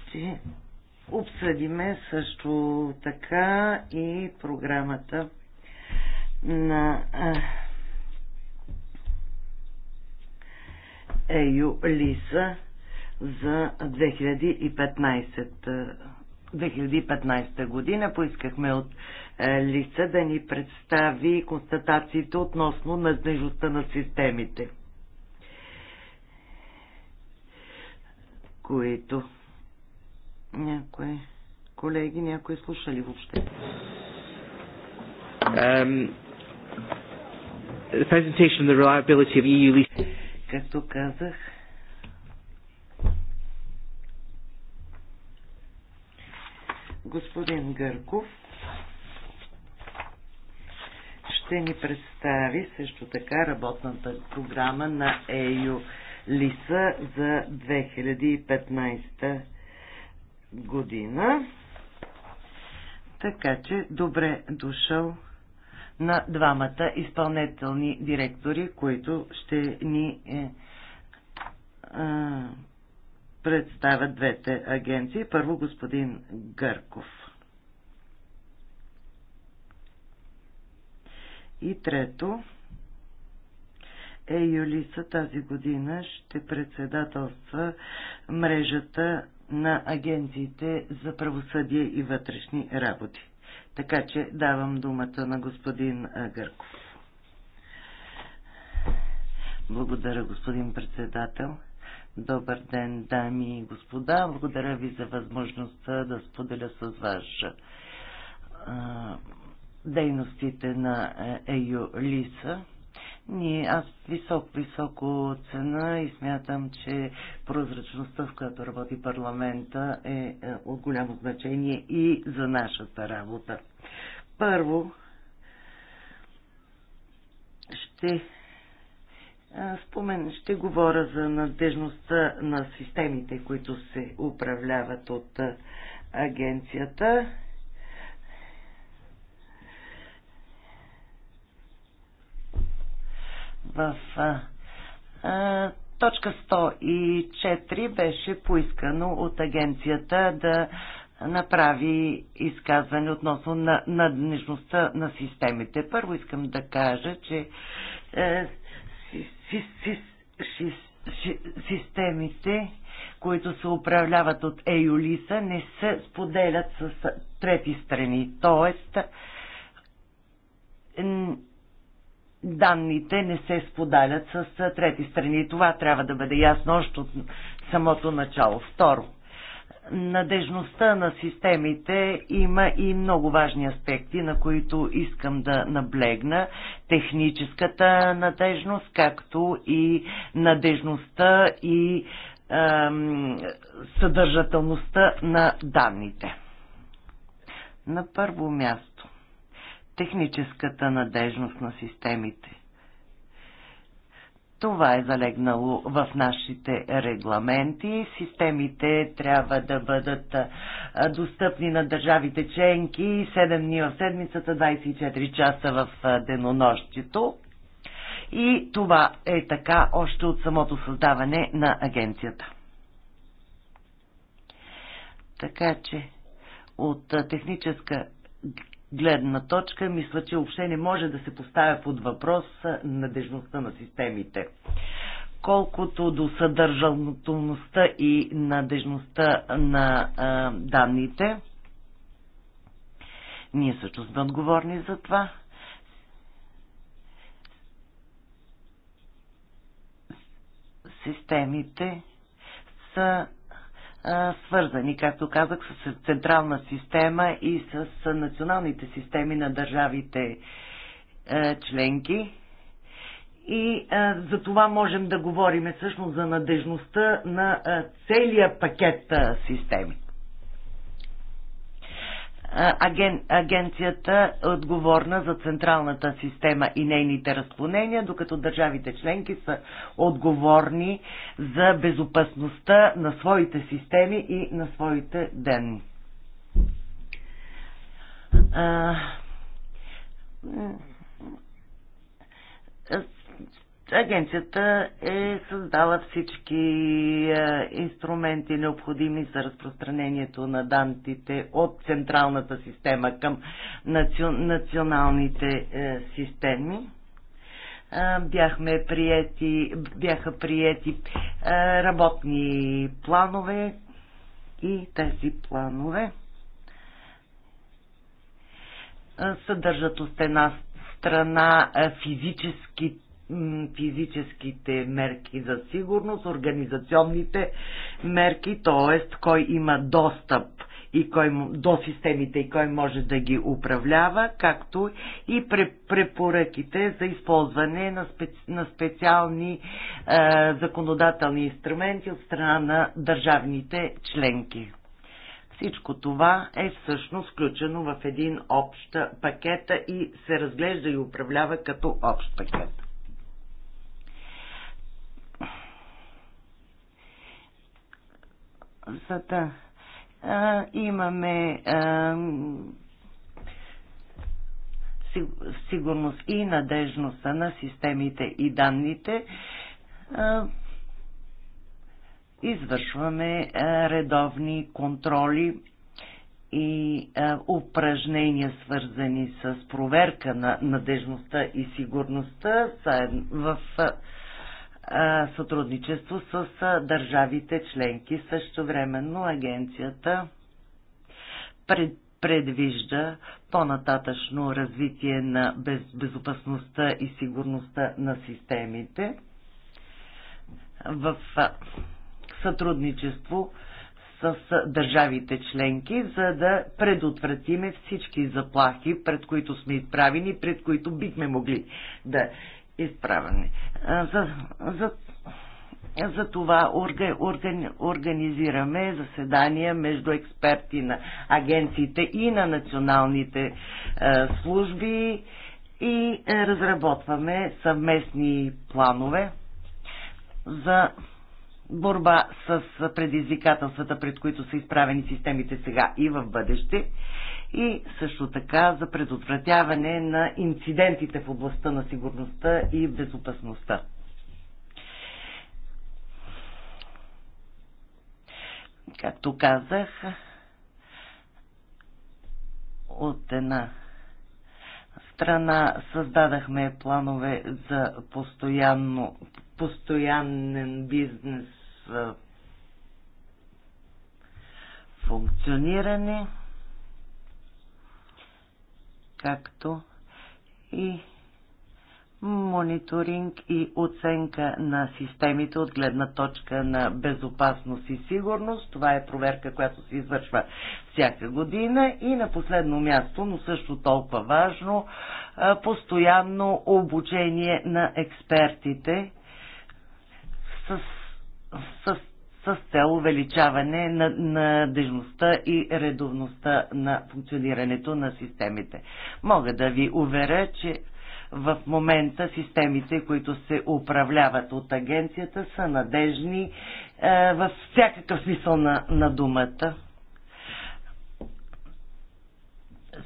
Ще обсъдиме също така и програмата на ЕЮ Лиса за 2015, 2015 година. Поискахме от Лиса да ни представи констатациите относно надежността на системите, които някои колеги, някои слушали въобще. Um, the presentation of the reliability of EU Както казах, господин Гърков ще ни представи също така работната програма на ЕЮ e Лиса за 2015 година. Така че добре дошъл на двамата изпълнителни директори, които ще ни е, е, представят двете агенции. Първо господин Гърков. И трето, е Юлиса тази година ще председателства мрежата на агенциите за правосъдие и вътрешни работи. Така че давам думата на господин Гърков. Благодаря, господин председател. Добър ден, дами и господа. Благодаря ви за възможността да споделя с вас дейностите на ЕЮ Лиса. Ние, аз висок, високо цена и смятам, че прозрачността, в която работи парламента, е, е от голямо значение и за нашата работа. Първо, ще спомен, ще говоря за надежността на системите, които се управляват от агенцията в а, точка 104 беше поискано от агенцията да направи изказване относно на наднежността на системите. Първо искам да кажа, че е, си, си, си, си, си, системите, които се управляват от Еюлиса, не се споделят с трети страни. Тоест, данните не се споделят с трети страни. Това трябва да бъде ясно още от самото начало. Второ, надежността на системите има и много важни аспекти, на които искам да наблегна. Техническата надежност, както и надежността и ем, съдържателността на данните. На първо място техническата надежност на системите. Това е залегнало в нашите регламенти. Системите трябва да бъдат достъпни на държавите членки 7 дни в седмицата, 24 часа в денонощието. И това е така още от самото създаване на агенцията. Така че от техническа гледна точка, мисля, че въобще не може да се поставя под въпрос надежността на системите. Колкото до съдържателността и надежността на а, данните, ние също сме отговорни за това. Системите са свързани, както казах, с централна система и с националните системи на държавите е, членки. И а, е, за това можем да говорим всъщност за надежността на а, е, целия пакет а, системи аген, агенцията е отговорна за централната система и нейните разклонения, докато държавите членки са отговорни за безопасността на своите системи и на своите данни. Агенцията е създала всички е, инструменти необходими за разпространението на данните от централната система към националните е, системи. Е, бяхме приети, бяха приети работни планове и тези планове съдържат от една страна физическите физическите мерки за сигурност, организационните мерки, т.е. кой има достъп и кой, до системите и кой може да ги управлява, както и препоръките за използване на, специ, на специални е, законодателни инструменти от страна на държавните членки. Всичко това е всъщност включено в един общ пакет и се разглежда и управлява като общ пакет. съда. Имаме сигурност и надежността на системите и данните. Извършваме редовни контроли и а, упражнения, свързани с проверка на надежността и сигурността в а, сътрудничество с държавите членки. Също времено агенцията пред, предвижда по-нататъчно развитие на без, безопасността и сигурността на системите в сътрудничество с държавите членки, за да предотвратиме всички заплахи, пред които сме изправени, пред които бихме могли да изправени. За, за, за това органи, организираме заседания между експерти на агенциите и на националните е, служби и е, разработваме съвместни планове за борба с предизвикателствата, пред които са изправени системите сега и в бъдеще и също така за предотвратяване на инцидентите в областта на сигурността и безопасността. Както казах, от една страна създадахме планове за постоянно, постоянен бизнес функциониране както и мониторинг и оценка на системите от гледна точка на безопасност и сигурност. Това е проверка, която се извършва всяка година. И на последно място, но също толкова важно, постоянно обучение на експертите с, с с цел увеличаване на надежността и редовността на функционирането на системите. Мога да ви уверя, че в момента системите, които се управляват от агенцията, са надежни е, във всякакъв смисъл на, на думата.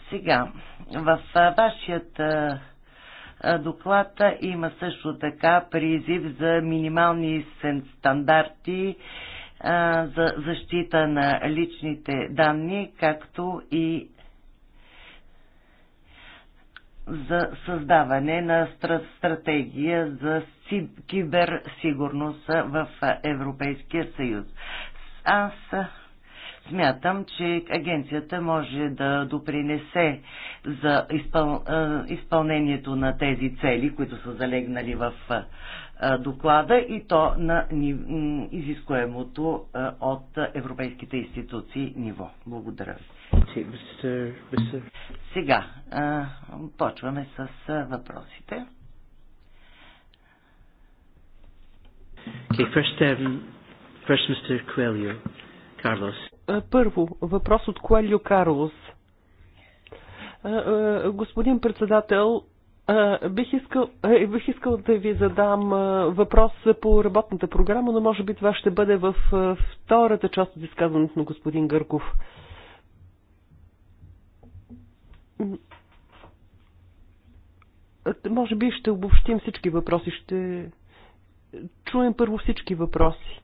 Сега, в е, вашият е, доклада има също така призив за минимални стандарти за защита на личните данни, както и за създаване на стратегия за киберсигурност в Европейския съюз. Аз Смятам, че агенцията може да допринесе за изпъл... изпълнението на тези цели, които са залегнали в доклада и то на изискуемото от европейските институции ниво. Благодаря ви. Сега почваме с въпросите. Okay, first, um, first Mr. Coelho, Carlos. Е, първо, въпрос от Коелио Карлос. Е, е, господин председател, бих искал, бих искал да ви задам въпрос по работната програма, но може би това ще бъде в втората част от изказването на господин Гърков. Може би ще обобщим всички въпроси, ще чуем първо всички въпроси.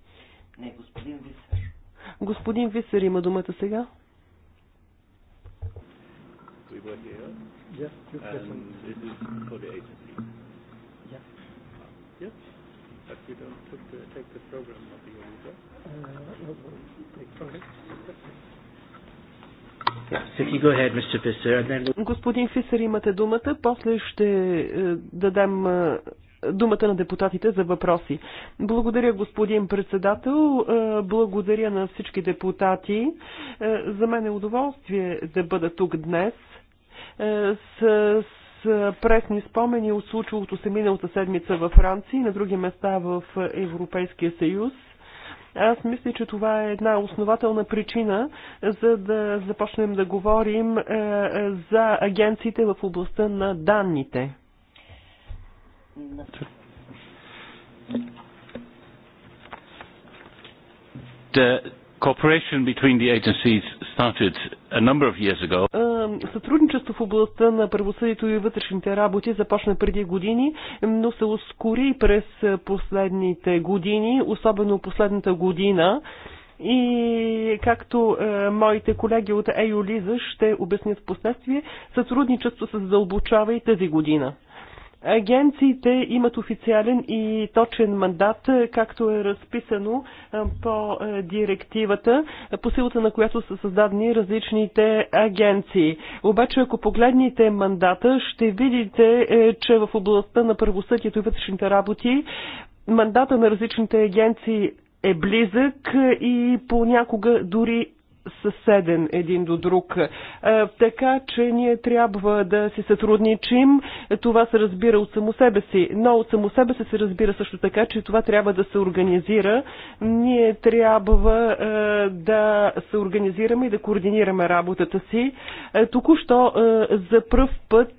Не, господин Вис Господин Висер има думата сега. Господин Фисер, имате думата. После ще е, дадем е, думата на депутатите за въпроси. Благодаря, господин председател. Е, благодаря на всички депутати. Е, за мен е удоволствие да бъда тук днес е, с пресни спомени от случилото се миналата седмица във Франция и на други места в Европейския съюз. Аз мисля, че това е една основателна причина, за да започнем да говорим за агенциите в областта на данните. The cooperation between the agencies started a number of years ago. Е, сътрудничество в областта на правосъдието и вътрешните работи започна преди години, но се ускори през последните години, особено последната година. И както е, моите колеги от Ейолиза ще обяснят в последствие, сътрудничество се задълбочава и тази година. Агенциите имат официален и точен мандат, както е разписано по директивата, по силата на която са създадени различните агенции. Обаче, ако погледнете мандата, ще видите, е, че в областта на правосъдието и вътрешните работи мандата на различните агенции е близък и понякога дори съседен един до друг. Е, така, че ние трябва да си сътрудничим. Това се разбира от само себе си, но от само себе си се разбира също така, че това трябва да се организира. Ние трябва е, да се организираме и да координираме работата си. Е, току-що за пръв път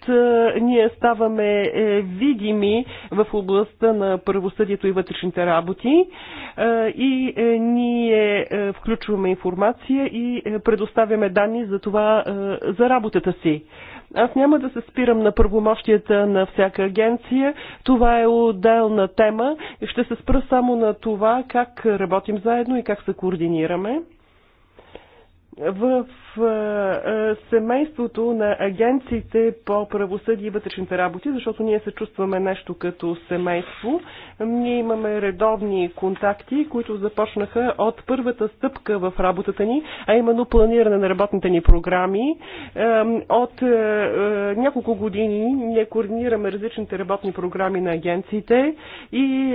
ние ставаме видими в областта на правосъдието и вътрешните работи и ние включваме информация и и е, предоставяме данни за това, е, за работата си. Аз няма да се спирам на първомощията на всяка агенция. Това е отделна тема. Ще се спра само на това как работим заедно и как се координираме. В е, семейството на агенциите по правосъдие и вътрешните работи, защото ние се чувстваме нещо като семейство. Ние имаме редовни контакти, които започнаха от първата стъпка в работата ни, а именно планиране на работните ни програми. Е, от е, няколко години ние координираме различните работни програми на агенциите и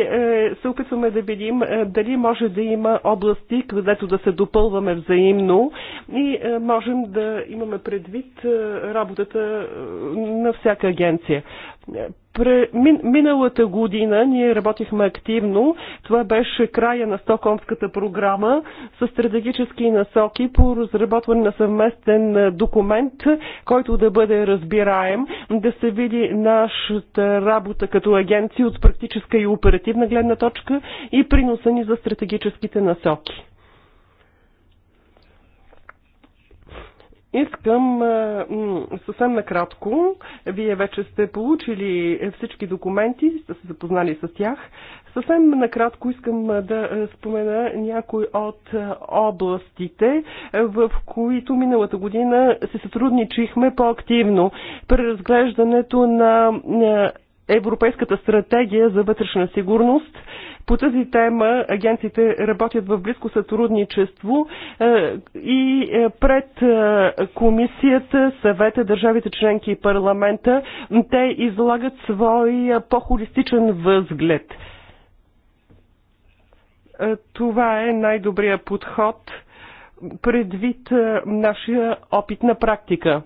се опитваме да видим дали може да има области, където да се допълваме взаимно и може можем да имаме предвид е, работата е, на всяка агенция. Миналата година ние работихме активно. Това беше края на Стокхолмската програма с стратегически насоки по разработване на съвместен е, документ, който да бъде разбираем, да се види нашата работа като агенция от практическа и оперативна гледна точка и приноса ни за стратегическите насоки. Искам съвсем накратко, вие вече сте получили всички документи, сте се запознали с тях. Съвсем накратко искам да спомена някои от областите, в които миналата година се сътрудничихме по-активно. Преразглеждането на Европейската стратегия за вътрешна сигурност – по тази тема агенциите работят в близко сътрудничество е, и е, пред е, комисията, съвета, държавите членки и парламента те излагат свой по-холистичен възглед. Това е най-добрият подход предвид нашия опит на практика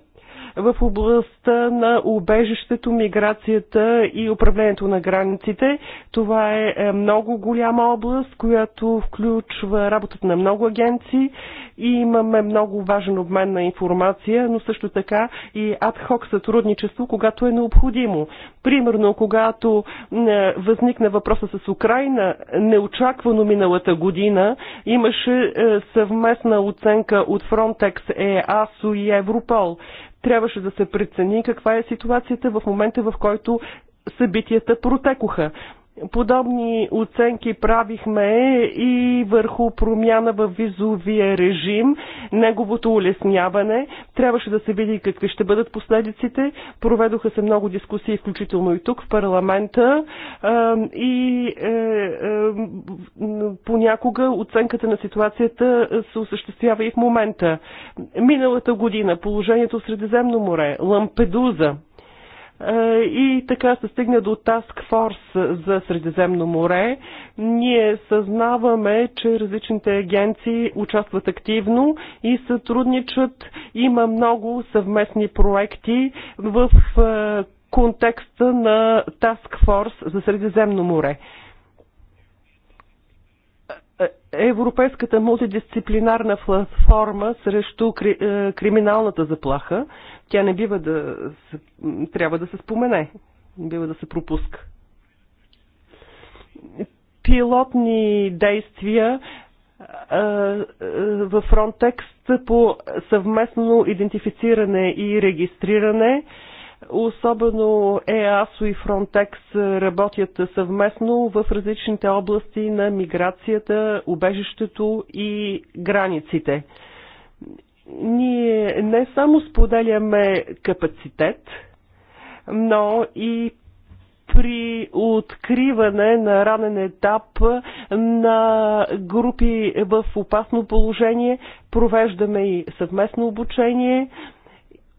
в областта на убежището, миграцията и управлението на границите. Това е, е много голяма област, която включва работата на много агенции и имаме много важен обмен на информация, но също така и адхок сътрудничество, когато е необходимо. Примерно, когато е, възникна въпроса с Украина, неочаквано миналата година имаше е, съвместна оценка от Frontex, EASO и Европол трябваше да се прецени каква е ситуацията в момента, в който събитията протекоха. Подобни оценки правихме и върху промяна в визовия режим, неговото улесняване. Трябваше да се види какви ще бъдат последиците. Проведоха се много дискусии, включително и тук в парламента. И е, е, понякога оценката на ситуацията се осъществява и в момента. Миналата година положението в Средиземно море, Лампедуза, е, и така се стигна до Task Force за Средиземно море. Ние съзнаваме, че различните агенции участват активно и сътрудничат. Има много съвместни проекти в е, контекста на Task Force за Средиземно море. Европейската мултидисциплинарна платформа срещу кри, е, криминалната заплаха. Тя не бива да се, трябва да се спомене, не бива да се пропуска. Пилотни действия е, е, във фронтекст по съвместно идентифициране и регистриране е, Особено ЕАСО и Фронтекс работят съвместно в различните области на миграцията, убежището и границите. Ние не само споделяме капацитет, но и при откриване на ранен етап на групи в опасно положение. Провеждаме и съвместно обучение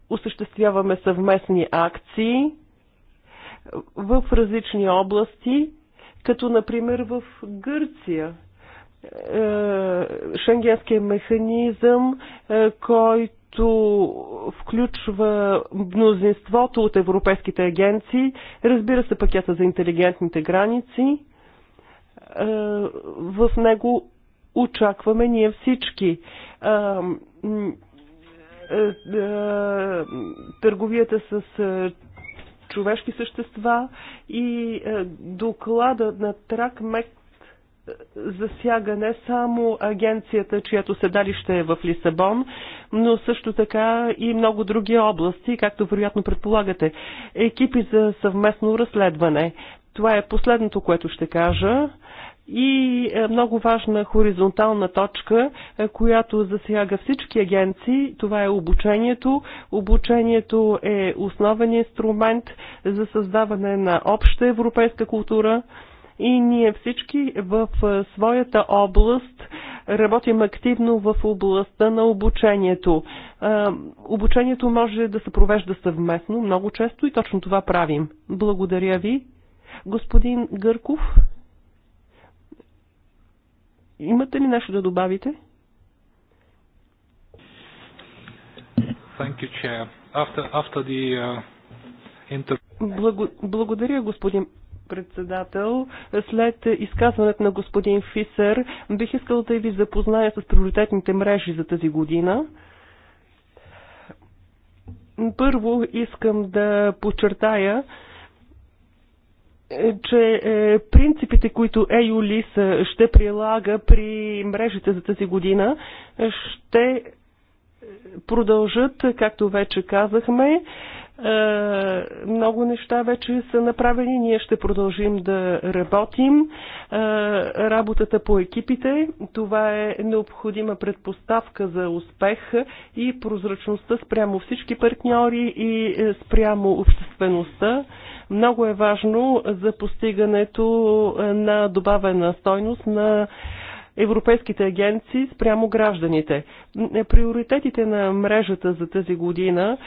осъществяваме съвместни акции в различни области, като например в Гърция. Е, Шенгенския механизъм, е, който включва мнозинството от европейските агенции, разбира се пакета за интелигентните граници. Е, в него очакваме ние всички. Е, е, търговията с е, човешки същества и доклада на Тракмек засяга не само агенцията, чието седалище е в Лисабон, но също така и много други области, както вероятно предполагате. Екипи за съвместно разследване. Това е последното, което ще кажа и е, много важна хоризонтална точка, е, която засяга всички агенции. Това е обучението. Обучението е основен инструмент за създаване на обща европейска култура и ние всички в е, своята област работим активно в областта на обучението. Обучението може да се провежда съвместно много често и точно това правим. Благодаря ви. Господин Гърков, Имате ли нещо да добавите? Thank you, Chair. After, after the, uh, inter... Благо, благодаря, господин председател. След изказването на господин Фисер, бих искал да ви запозная с приоритетните мрежи за тази година. Първо искам да подчертая, е, че е, принципите, които ЕЮЛИС ще прилага при мрежите за тази година, ще е, продължат, както вече казахме. Много неща вече са направени. Ние ще продължим да работим. Работата по екипите, това е необходима предпоставка за успех и прозрачността спрямо всички партньори и спрямо обществеността много е важно за постигането е, на добавена стойност на европейските агенции спрямо гражданите. Приоритетите на мрежата за тази година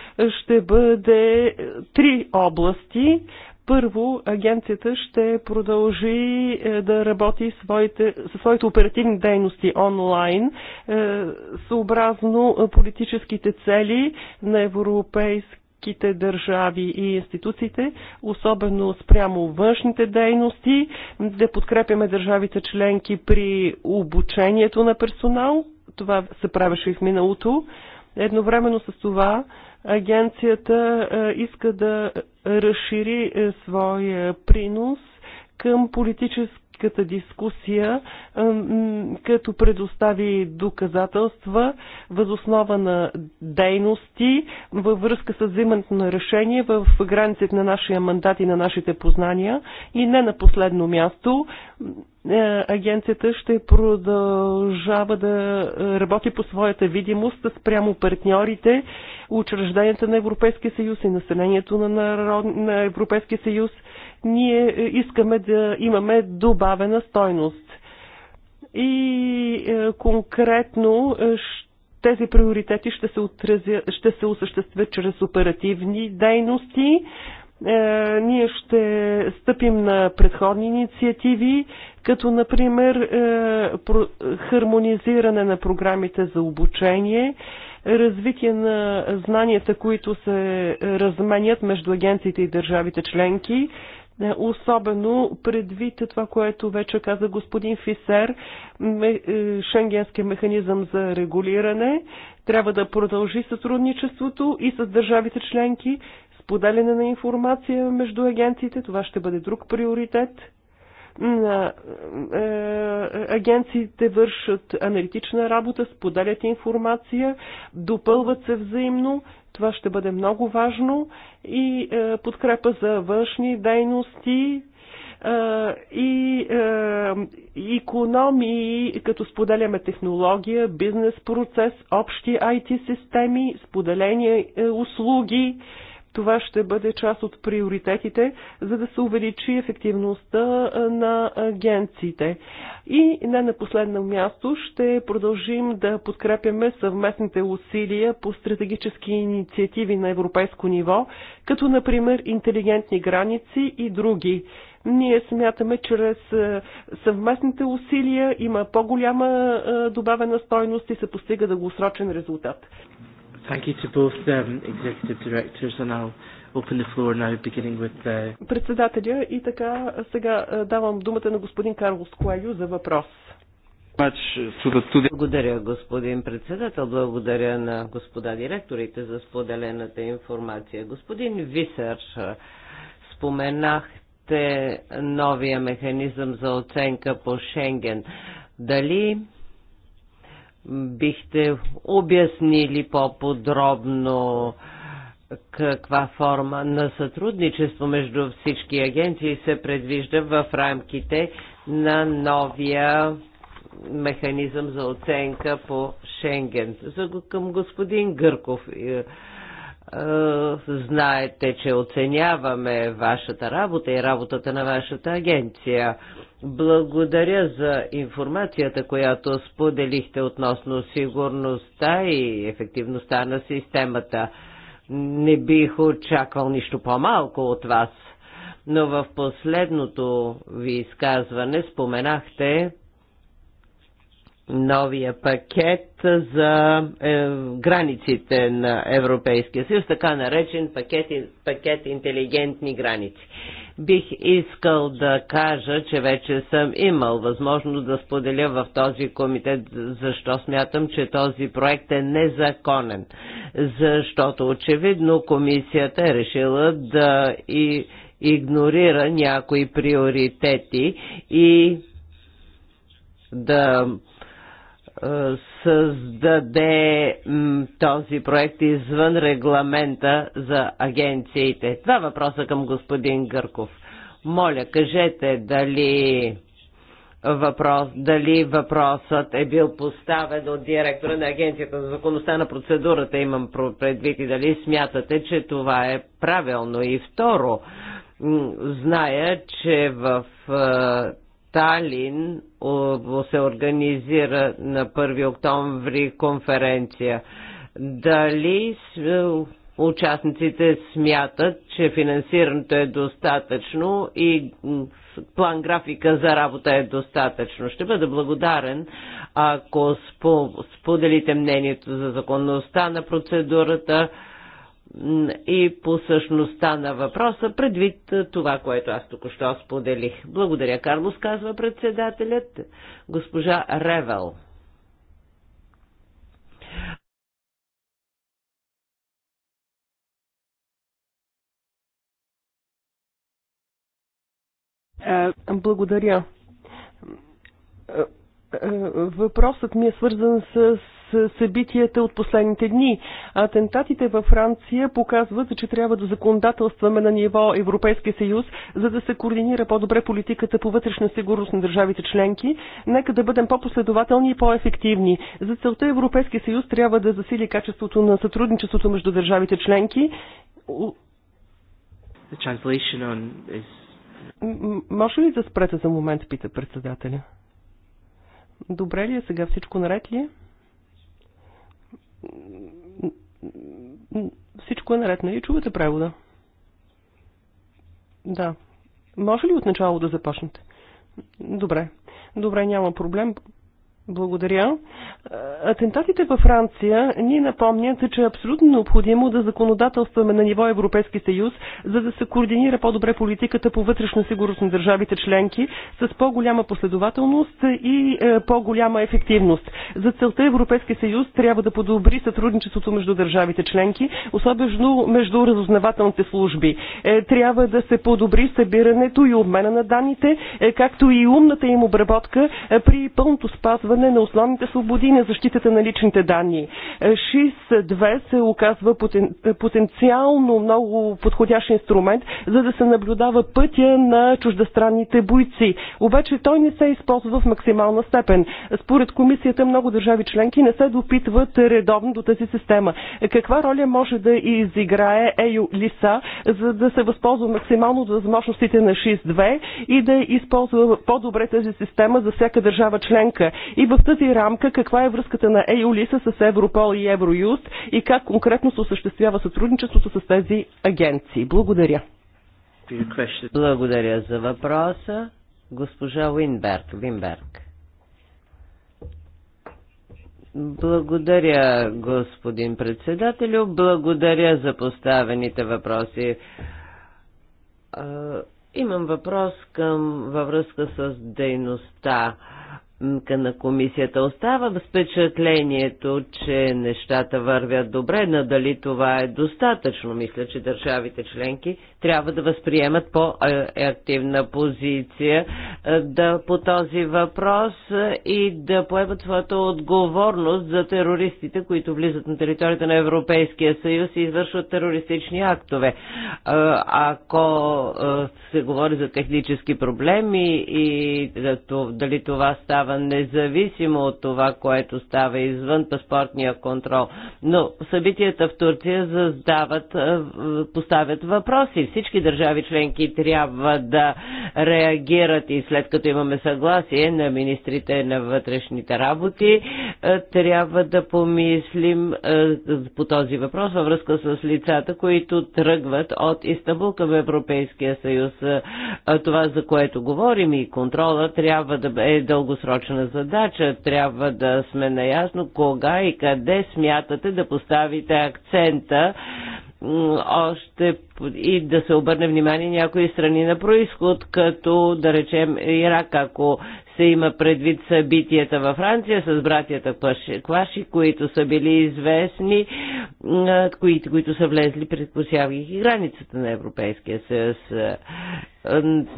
ще бъде е, три области. Първо, агенцията ще продължи е, да работи своите, със своите оперативни дейности онлайн, съобразно политическите цели на европейски всичките държави и институциите, особено спрямо външните дейности, да подкрепяме държавите членки при обучението на персонал. Това се правеше и в миналото. Едновременно с това агенцията е, иска да разшири е, своя принос към политическа кратката дискусия, като предостави доказателства възоснова на дейности във връзка с взимането на решение в границите на нашия мандат и на нашите познания. И не на последно място, е, агенцията ще продължава да работи по своята видимост спрямо партньорите, учрежденията на Европейския съюз и населението на, народ... на Европейския съюз – ние е, искаме да имаме добавена стойност. И е, конкретно е, тези приоритети ще се, отразя, ще се осъществят чрез оперативни дейности, ние ще стъпим на предходни инициативи, като например хармонизиране на програмите за обучение, развитие на знанията, които се разменят между агенциите и държавите членки, е, особено предвид това, което вече каза господин Фисер, е, Шенгенския механизъм за регулиране. Трябва да продължи сътрудничеството и с държавите членки, споделяне на информация между агенциите, това ще бъде друг приоритет. Е, агенциите вършат аналитична работа, споделят информация, допълват се взаимно, това ще бъде много важно и е, подкрепа за външни дейности е, и е, економии, като споделяме технология, бизнес процес, общи IT системи, споделени е, услуги. Е, това ще бъде част от приоритетите, за да се увеличи ефективността на агенциите. И не на последно място ще продължим да подкрепяме съвместните усилия по стратегически инициативи на европейско ниво, като например интелигентни граници и други ние смятаме, че чрез съвместните усилия има по-голяма добавена стойност и се постига дългосрочен резултат. Thank you to both um, executive directors and I'll open the floor now beginning with the... Uh, Председателя и така сега е, давам думата на господин Карлос Куайо за въпрос. Благодаря, господин председател. Благодаря на господа директорите за споделената информация. Господин Висър, е, споменахте новия механизъм за оценка по Шенген. Дали бихте обяснили по-подробно каква форма на сътрудничество между всички агенции се предвижда в рамките на новия механизъм за оценка по Шенген. За, към господин Гърков е, знаете, че оценяваме вашата работа и работата на вашата агенция. Благодаря за информацията, която споделихте относно сигурността и ефективността на системата. Не бих очаквал нищо по-малко от вас, но в последното ви изказване споменахте, новия пакет за е, границите на Европейския съюз, така наречен пакет, пакет интелигентни граници. Бих искал да кажа, че вече съм имал възможност да споделя в този комитет, защо смятам, че този проект е незаконен. Защото очевидно комисията е решила да и игнорира някои приоритети и да е, създаде този проект извън регламента за агенциите? Това е въпроса към господин Гърков. Моля, кажете дали въпрос, дали въпросът е бил поставен от директора на Агенцията за законността на процедурата, имам предвид и дали смятате, че това е правилно. И второ, зная, че в е, Талин се организира на 1 октомври конференция. Дали е, участниците смятат, че финансирането е достатъчно и план графика за работа е достатъчно. Ще бъда благодарен, ако споделите мнението за законността на процедурата, и по същността на въпроса, предвид това, което аз току-що споделих. Благодаря, Карлос, казва председателят, госпожа Ревел. Е, благодаря. Е, е, въпросът ми е свързан с събитията от последните дни. Атентатите във Франция показват, че трябва да законодателстваме на ниво Европейски съюз, за да се координира по-добре политиката по вътрешна сигурност на държавите членки. Нека да бъдем по-последователни и по-ефективни. За целта Европейски съюз трябва да засили качеството на сътрудничеството между държавите членки. Може ли да спрете за момент, пита председателя? Добре ли е сега всичко наред ли е? Всичко е наред, нали? Чувате превода? Да. Може ли отначало да започнете? Добре. Добре, няма проблем. Благодаря. Атентатите във Франция ни напомнят, че е абсолютно необходимо да законодателстваме на ниво Европейски съюз, за да се координира по-добре политиката по вътрешна сигурност на държавите членки с по-голяма последователност и е, по-голяма ефективност. За целта Европейски съюз трябва да подобри сътрудничеството между държавите членки, особено между разузнавателните служби. Е, трябва да се подобри събирането и обмена на данните, е, както и умната им обработка при пълното спазване спазване на основните свободи на защитата на личните данни. ШИС-2 се оказва потен, потенциално много подходящ инструмент, за да се наблюдава пътя на чуждестранните бойци. Обаче той не се използва в максимална степен. Според комисията много държави членки не се допитват редовно до тази система. Каква роля може да изиграе ЕЮ Лиса, за да се възползва максимално от възможностите на ШИС-2 и да използва по-добре тази система за всяка държава членка? И в тази рамка каква е връзката на ЕЮЛИСа с Европол и Евроюст и как конкретно се осъществява сътрудничеството с тези агенции? Благодаря. Благодаря за въпроса. Госпожа Уинберг. Уинберг. Благодаря, господин председателю. Благодаря за поставените въпроси. Имам въпрос към, във връзка с дейността на комисията. Остава впечатлението, че нещата вървят добре, дали това е достатъчно. Мисля, че държавите членки трябва да възприемат по-активна позиция е, да, по този въпрос е, и да поемат своята отговорност за терористите, които влизат на територията на Европейския съюз и извършват терористични актове. Е, ако се говори за технически проблеми и дали това става става, независимо от това, което става извън паспортния контрол. Но събитията в Турция задават, е, поставят въпроси. Всички държави членки трябва да реагират и след като имаме съгласие на министрите на вътрешните работи, е, трябва да помислим е, по този въпрос във връзка с лицата, които тръгват от Истанбул към Европейския съюз. Това, за което говорим и контрола, трябва да е дългосрочен точна задача. Трябва да сме наясно кога и къде смятате да поставите акцента още и да се обърне внимание някои страни на происход, като да речем Ирак, ако се има предвид събитията във Франция с братята Кваши, които са били известни, които, които са влезли пред границата на Европейския съюз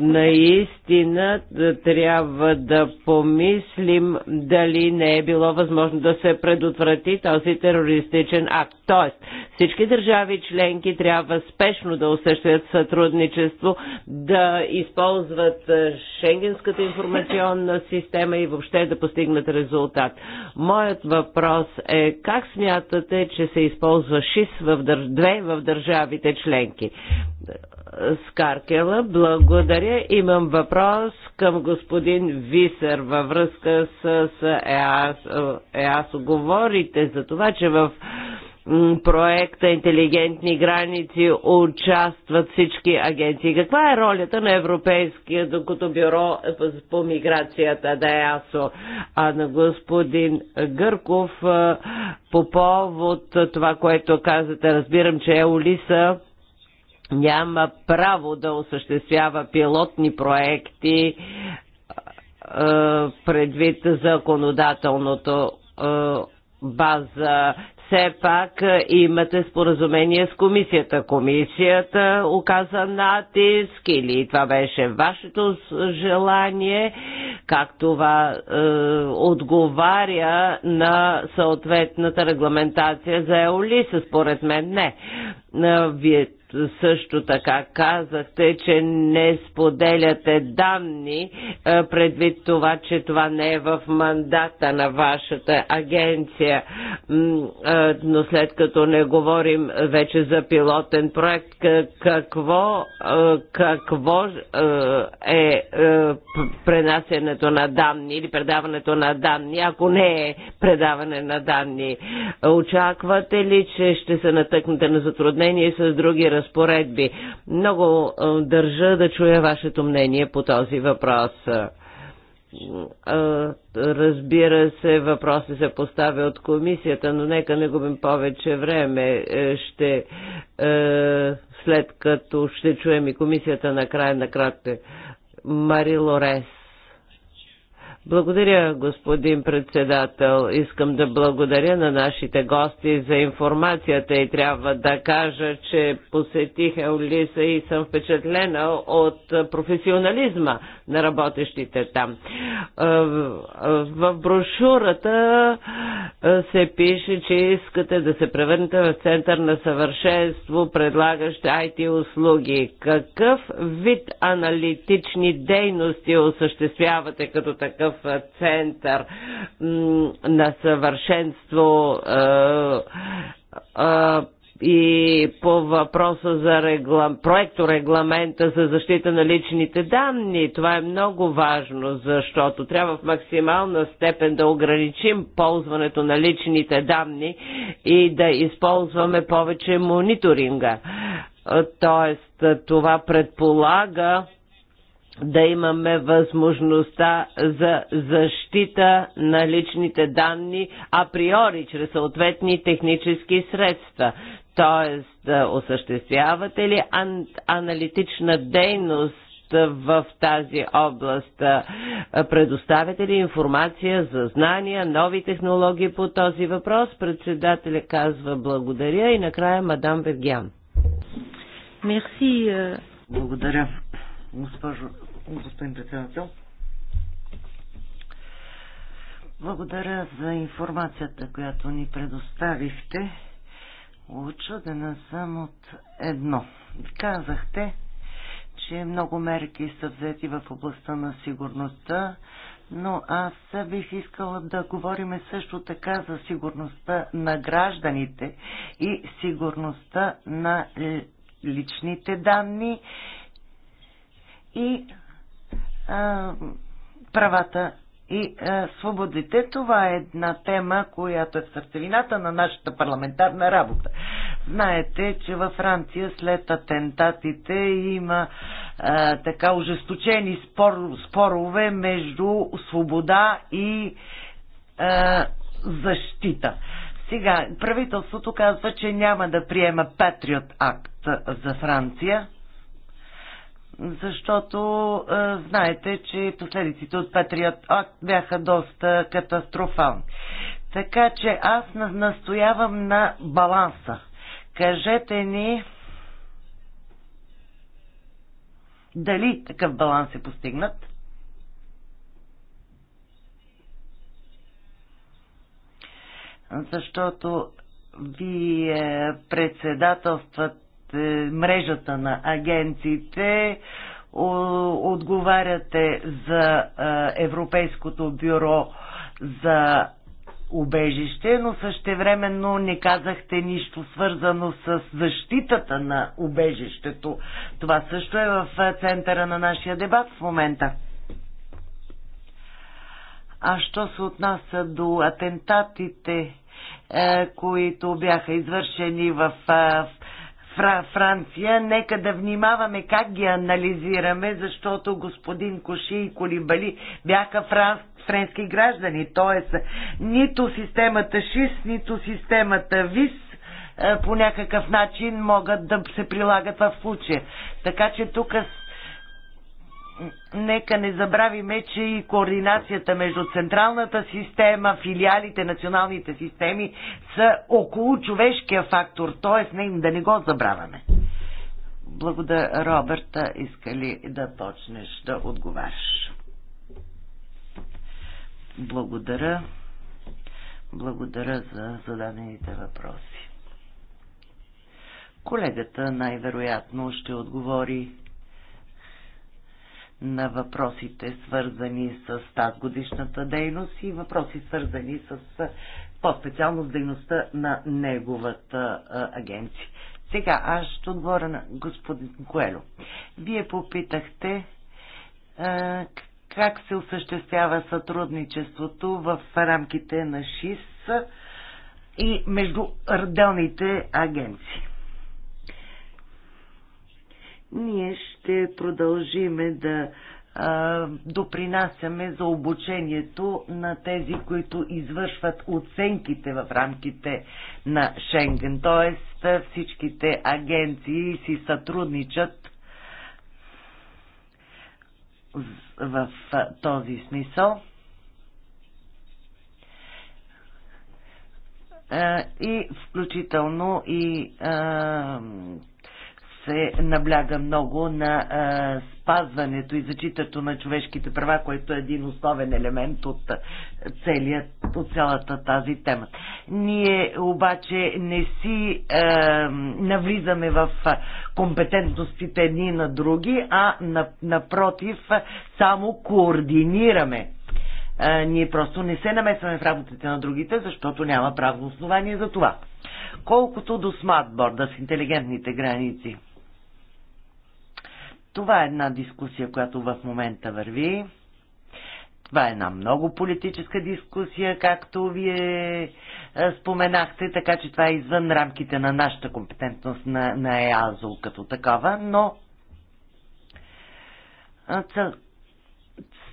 наистина трябва да помислим дали не е било възможно да се предотврати този терористичен акт. Тоест, всички държави членки трябва спешно да осъществят сътрудничество, да използват е, Шенгенската информационна система и въобще да постигнат резултат. Моят въпрос е как смятате, че се използва ШИС в дър... две в държавите членки? Скаркела. Благодаря. Имам въпрос към господин Висер във връзка с ЕАС. ЕАС говорите за това, че в проекта Интелигентни граници участват всички агенции. Каква е ролята на Европейския докато бюро по миграцията да е АСО, а на господин Гърков по повод това, което казате, разбирам, че е Еолиса няма право да осъществява пилотни проекти предвид законодателното база. Все пак имате споразумение с комисията. Комисията оказа натиск или това беше вашето желание, как това е, отговаря на съответната регламентация за Еолиса, според мен не. Вие също така казахте, че не споделяте данни е, предвид това, че това не е в мандата на вашата агенция. Е, но след като не говорим вече за пилотен проект, какво, е, какво е пренасенето на данни или предаването на данни, ако не е предаване на данни? Очаквате ли, че ще се натъкнете на затруднение с други разпоредби? разпоредби. Много държа да чуя вашето мнение по този въпрос. Разбира се, въпросът се поставя от комисията, но нека не губим повече време. Е, ще, е, след като ще чуем и комисията накрая на кратте, Мари Лорес. Благодаря, господин председател. Искам да благодаря на нашите гости за информацията и трябва да кажа, че посетих Елиса и съм впечатлена от професионализма на работещите там. Е, в брошурата е, се пише, че искате да се превърнете в център на съвършенство, предлагащ IT услуги. Какъв вид аналитични дейности осъществявате като такъв е, център на съвършенство? и по въпроса за реглам... регламента за защита на личните данни. Това е много важно, защото трябва в максимална степен да ограничим ползването на личните данни и да използваме повече мониторинга. Тоест, това предполага да имаме възможността за защита на личните данни априори, чрез съответни технически средства. Т.е. осъществявате ли аналитична дейност в тази област? Предоставяте ли информация за знания, нови технологии по този въпрос? Председателя казва благодаря и накрая мадам Вергян. Мерси. Благодаря, госпожо, господин председател. Благодаря за информацията, която ни предоставихте. Очудена съм от едно. Казахте, че много мерки са взети в областта на сигурността, но аз бих искала да говорим също така за сигурността на гражданите и сигурността на личните данни и а, правата и а, е, свободите. Това е една тема, която е в сърцевината на нашата парламентарна работа. Знаете, че във Франция след атентатите има а, е, така ожесточени спор, спорове между свобода и а, е, защита. Сега, правителството казва, че няма да приема Патриот акт за Франция, защото а, е, знаете, че последиците от Патриот Акт бяха доста катастрофални. Така че аз настоявам на баланса. Кажете ни дали такъв баланс е постигнат. Защото вие председателстват е, мрежата на агенциите, отговаряте за е, Европейското бюро за убежище, но същевременно не казахте нищо свързано с защитата на убежището. Това също е в е, центъра на нашия дебат в момента. А що се отнася до атентатите, които бяха извършени в Фра, Франция, нека да внимаваме как ги анализираме, защото господин Коши и Колибали бяха франс, френски граждани. Тоест, нито системата ШИС, нито системата ВИС е, по някакъв начин могат да се прилагат в случая. Така че тук нека не забравиме, че и координацията между централната система, филиалите, националните системи са около човешкия фактор, т.е. не да не го забравяме. Благодаря, Роберта. Иска ли да почнеш да отговаряш? Благодаря. Благодаря за зададените въпроси. Колегата най-вероятно ще отговори на въпросите, свързани с тази годишната дейност и въпроси, свързани с по-специално с дейността на неговата агенция. Сега аз ще отговоря на господин Коело. Вие попитахте а, как се осъществява сътрудничеството в рамките на ШИС и между отделните агенции ние ще продължиме да а, допринасяме за обучението на тези, които извършват оценките в рамките на Шенген. Тоест всичките агенции си сътрудничат в този смисъл. и включително и а, се набляга много на а, спазването и зачитането на човешките права, което е един основен елемент от, целият, от цялата тази тема. Ние обаче не си а, навлизаме в компетентностите едни на други, а на, напротив само координираме. А, ние просто не се намесваме в работите на другите, защото няма правно основание за това. Колкото до смартборда с интелигентните граници – това е една дискусия, която в момента върви. Това е една много политическа дискусия, както вие е, споменахте, така че това е извън рамките на нашата компетентност на, на ЕАЗО като такава, но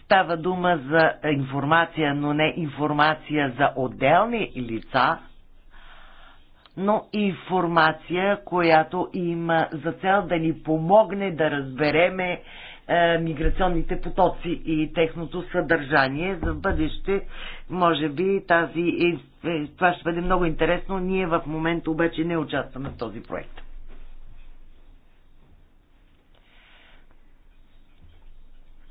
става дума за информация, но не информация за отделни лица, но информация, която има за цел да ни помогне да разбереме е, миграционните потоци и техното съдържание за бъдеще. Може би тази, е, е, това ще бъде много интересно. Ние в момента обаче не участваме в този проект.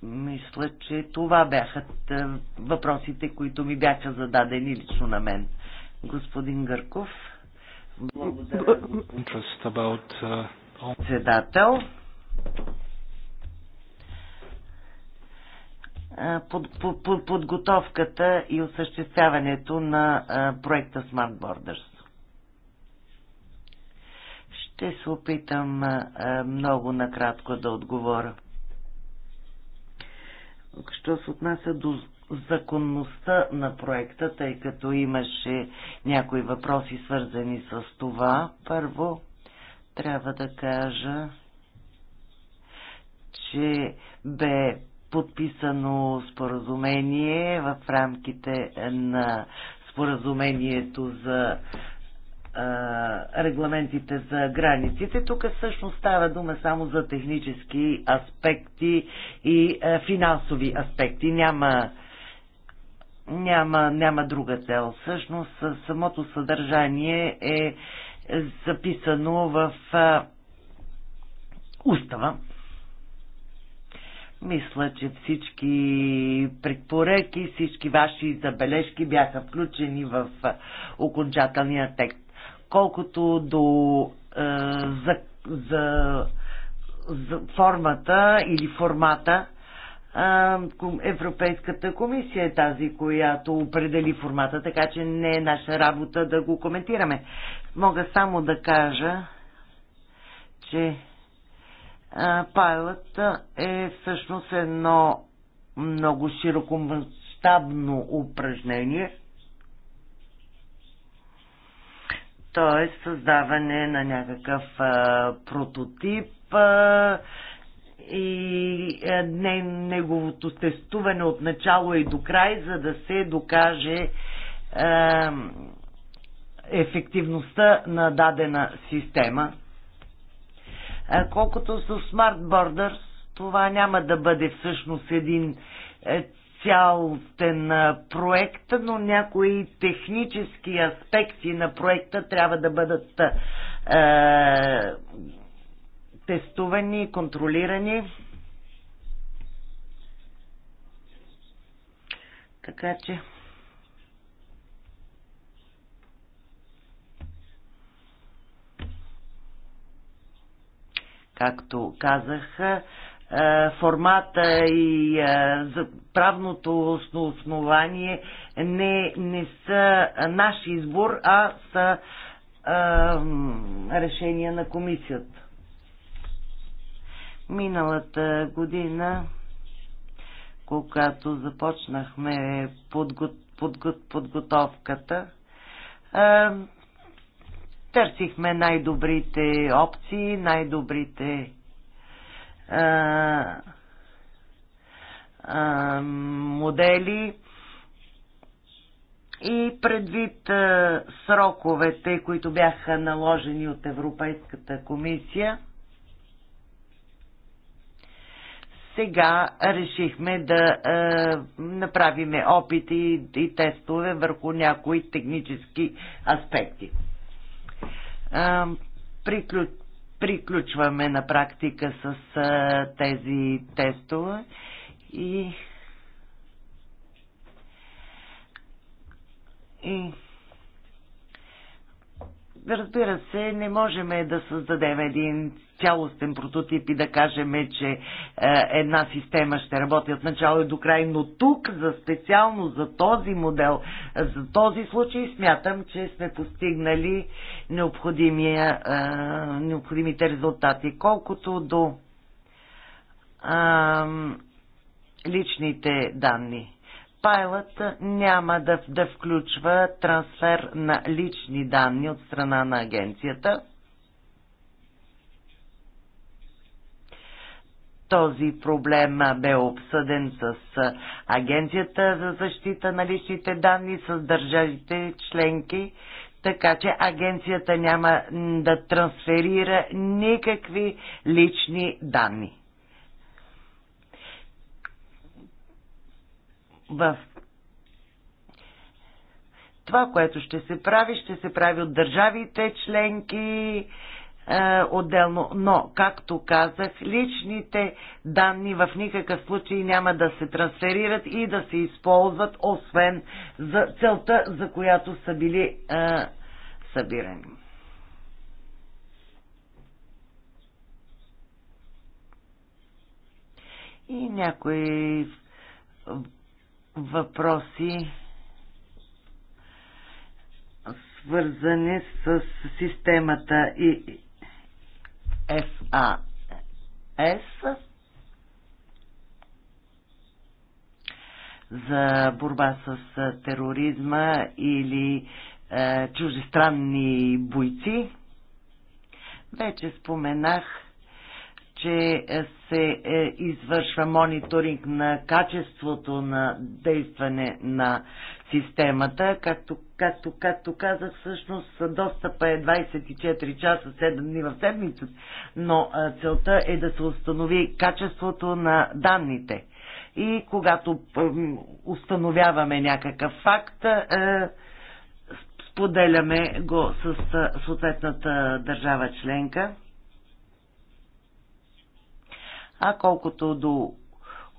Мисля, че това бяха е, въпросите, които ми бяха зададени лично на мен. Господин Гърков. Благодаря, uh, председател. Под, под, под, подготовката и осъществяването на проекта Smart Borders. Ще се опитам много накратко да отговоря. Що се отнася до законността на проекта, тъй като имаше някои въпроси свързани с това. Първо, трябва да кажа, че бе подписано споразумение в рамките на споразумението за регламентите за границите. Тук всъщност става дума само за технически аспекти и финансови аспекти. Няма няма, няма друга цел. Всъщност самото съдържание е записано в а, устава. Мисля, че всички предпореки, всички ваши забележки бяха включени в окончателния текст. Колкото до е, за, за, за формата или формата, Европейската комисия е тази, която определи формата, така че не е наша работа да го коментираме. Мога само да кажа, че пайлът е всъщност едно много широкомасштабно упражнение, т.е. създаване на някакъв прототип, и е, не, неговото тестуване от начало и до край, за да се докаже е, ефективността на дадена система. Е, колкото с Smart Borders, това няма да бъде всъщност един е, цялостен е, проект, но някои технически аспекти на проекта трябва да бъдат е, тестувани, и контролирани. Така че както казах, е, формата и е, правното основание не, не са наш избор, а са е, решения на комисията. Миналата година, когато започнахме подго... Подго... подготовката, а, търсихме най-добрите опции, най-добрите модели и предвид а, сроковете, които бяха наложени от Европейската комисия, сега решихме да е, направиме опити и, и тестове върху някои технически аспекти. Е, приключ, приключваме на практика с е, тези тестове и и разбира се, не можем да създадем един цялостен прототип и да кажем, че е, една система ще работи от начало и до край, но тук за специално за този модел, за този случай смятам, че сме постигнали необходимия, е, необходимите резултати. Колкото до е, личните данни. Пайлът няма да, да включва трансфер на лични данни от страна на агенцията. Този проблем бе обсъден с Агенцията за защита на личните данни, с държавите членки, така че агенцията няма да трансферира никакви лични данни. в това, което ще се прави, ще се прави от държавите членки е, отделно. Но, както казах, личните данни в никакъв случай няма да се трансферират и да се използват, освен за целта, за която са били е, събирани. И някои въпроси, свързани с системата и САС за борба с тероризма или е, чужестранни бойци. Вече споменах че е, се е, извършва мониторинг на качеството на действане на системата. Както, както, както казах, всъщност достъпа е 24 часа, 7 дни в седмицата, но а, е, целта е да се установи качеството на данните. И когато е, установяваме някакъв факт, е, споделяме го с съответната държава членка а колкото до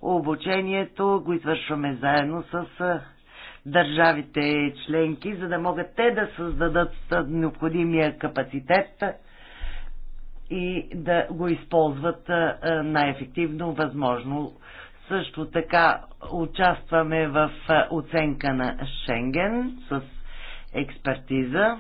обучението го извършваме заедно с държавите членки, за да могат те да създадат необходимия капацитет и да го използват най-ефективно възможно. Също така участваме в оценка на Шенген с експертиза.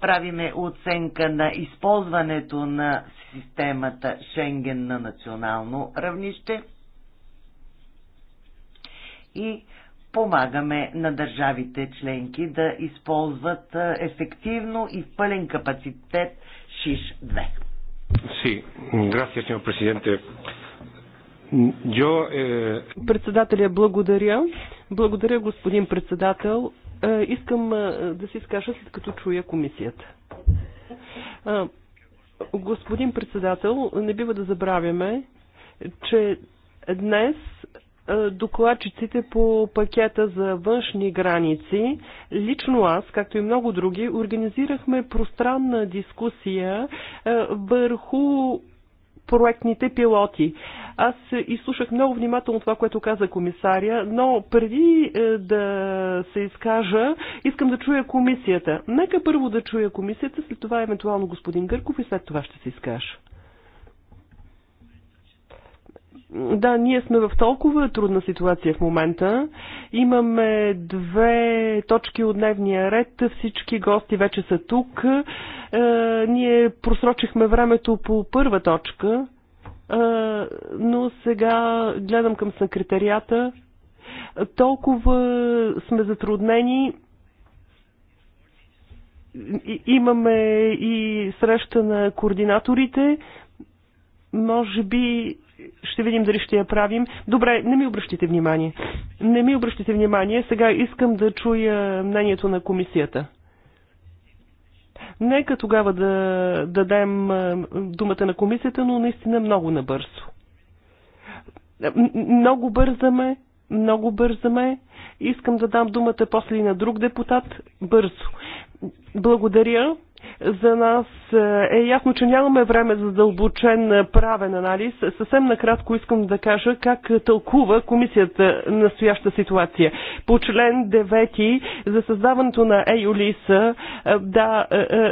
правиме оценка на използването на системата Шенген на национално равнище и помагаме на държавите членки да използват ефективно и в пълен капацитет ШИШ-2. Си, грация, señor президенте. Eh, Председателя, благодаря. Благодаря, господин председател. Е, искам е, да се изкажа след като чуя комисията. Е, господин председател, не бива да забравяме, че днес докладчиците по пакета за външни граници, лично аз, както и много други, организирахме пространна дискусия върху проектните пилоти. Аз изслушах много внимателно това, което каза комисаря, но преди е, да се изкажа, искам да чуя комисията. Нека първо да чуя комисията, след това евентуално господин Гърков и след това ще се изкажа. Да, ние сме в толкова трудна ситуация в момента. Имаме две точки от дневния ред. Всички гости вече са тук. Е, ние просрочихме времето по първа точка, е, но сега гледам към секретарията. Толкова сме затруднени. Имаме и среща на координаторите. Може би ще видим дали ще я правим. Добре, не ми обръщате внимание. Не ми обръщате внимание. Сега искам да чуя мнението на комисията. Нека тогава да дадем думата на комисията, но наистина много набързо. Много бързаме, много бързаме. Искам да дам думата после и на друг депутат. Бързо. Благодаря. За нас е, е ясно, че нямаме време за дълбочен е, правен анализ. Съвсем накратко искам да кажа как тълкува комисията настояща ситуация. По член 9 за създаването на ЕЮЛИСа, е, да,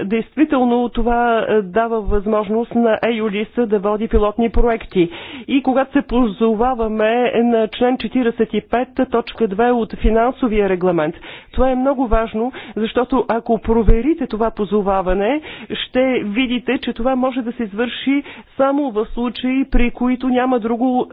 действително това дава възможност на ЕЮЛИСа да води пилотни проекти. И когато се позоваваме на член 45, точка 2 от финансовия регламент, това е много важно, защото ако проверите това позоваване, сближаване, ще видите, че това може да се извърши само в случаи, при които няма друго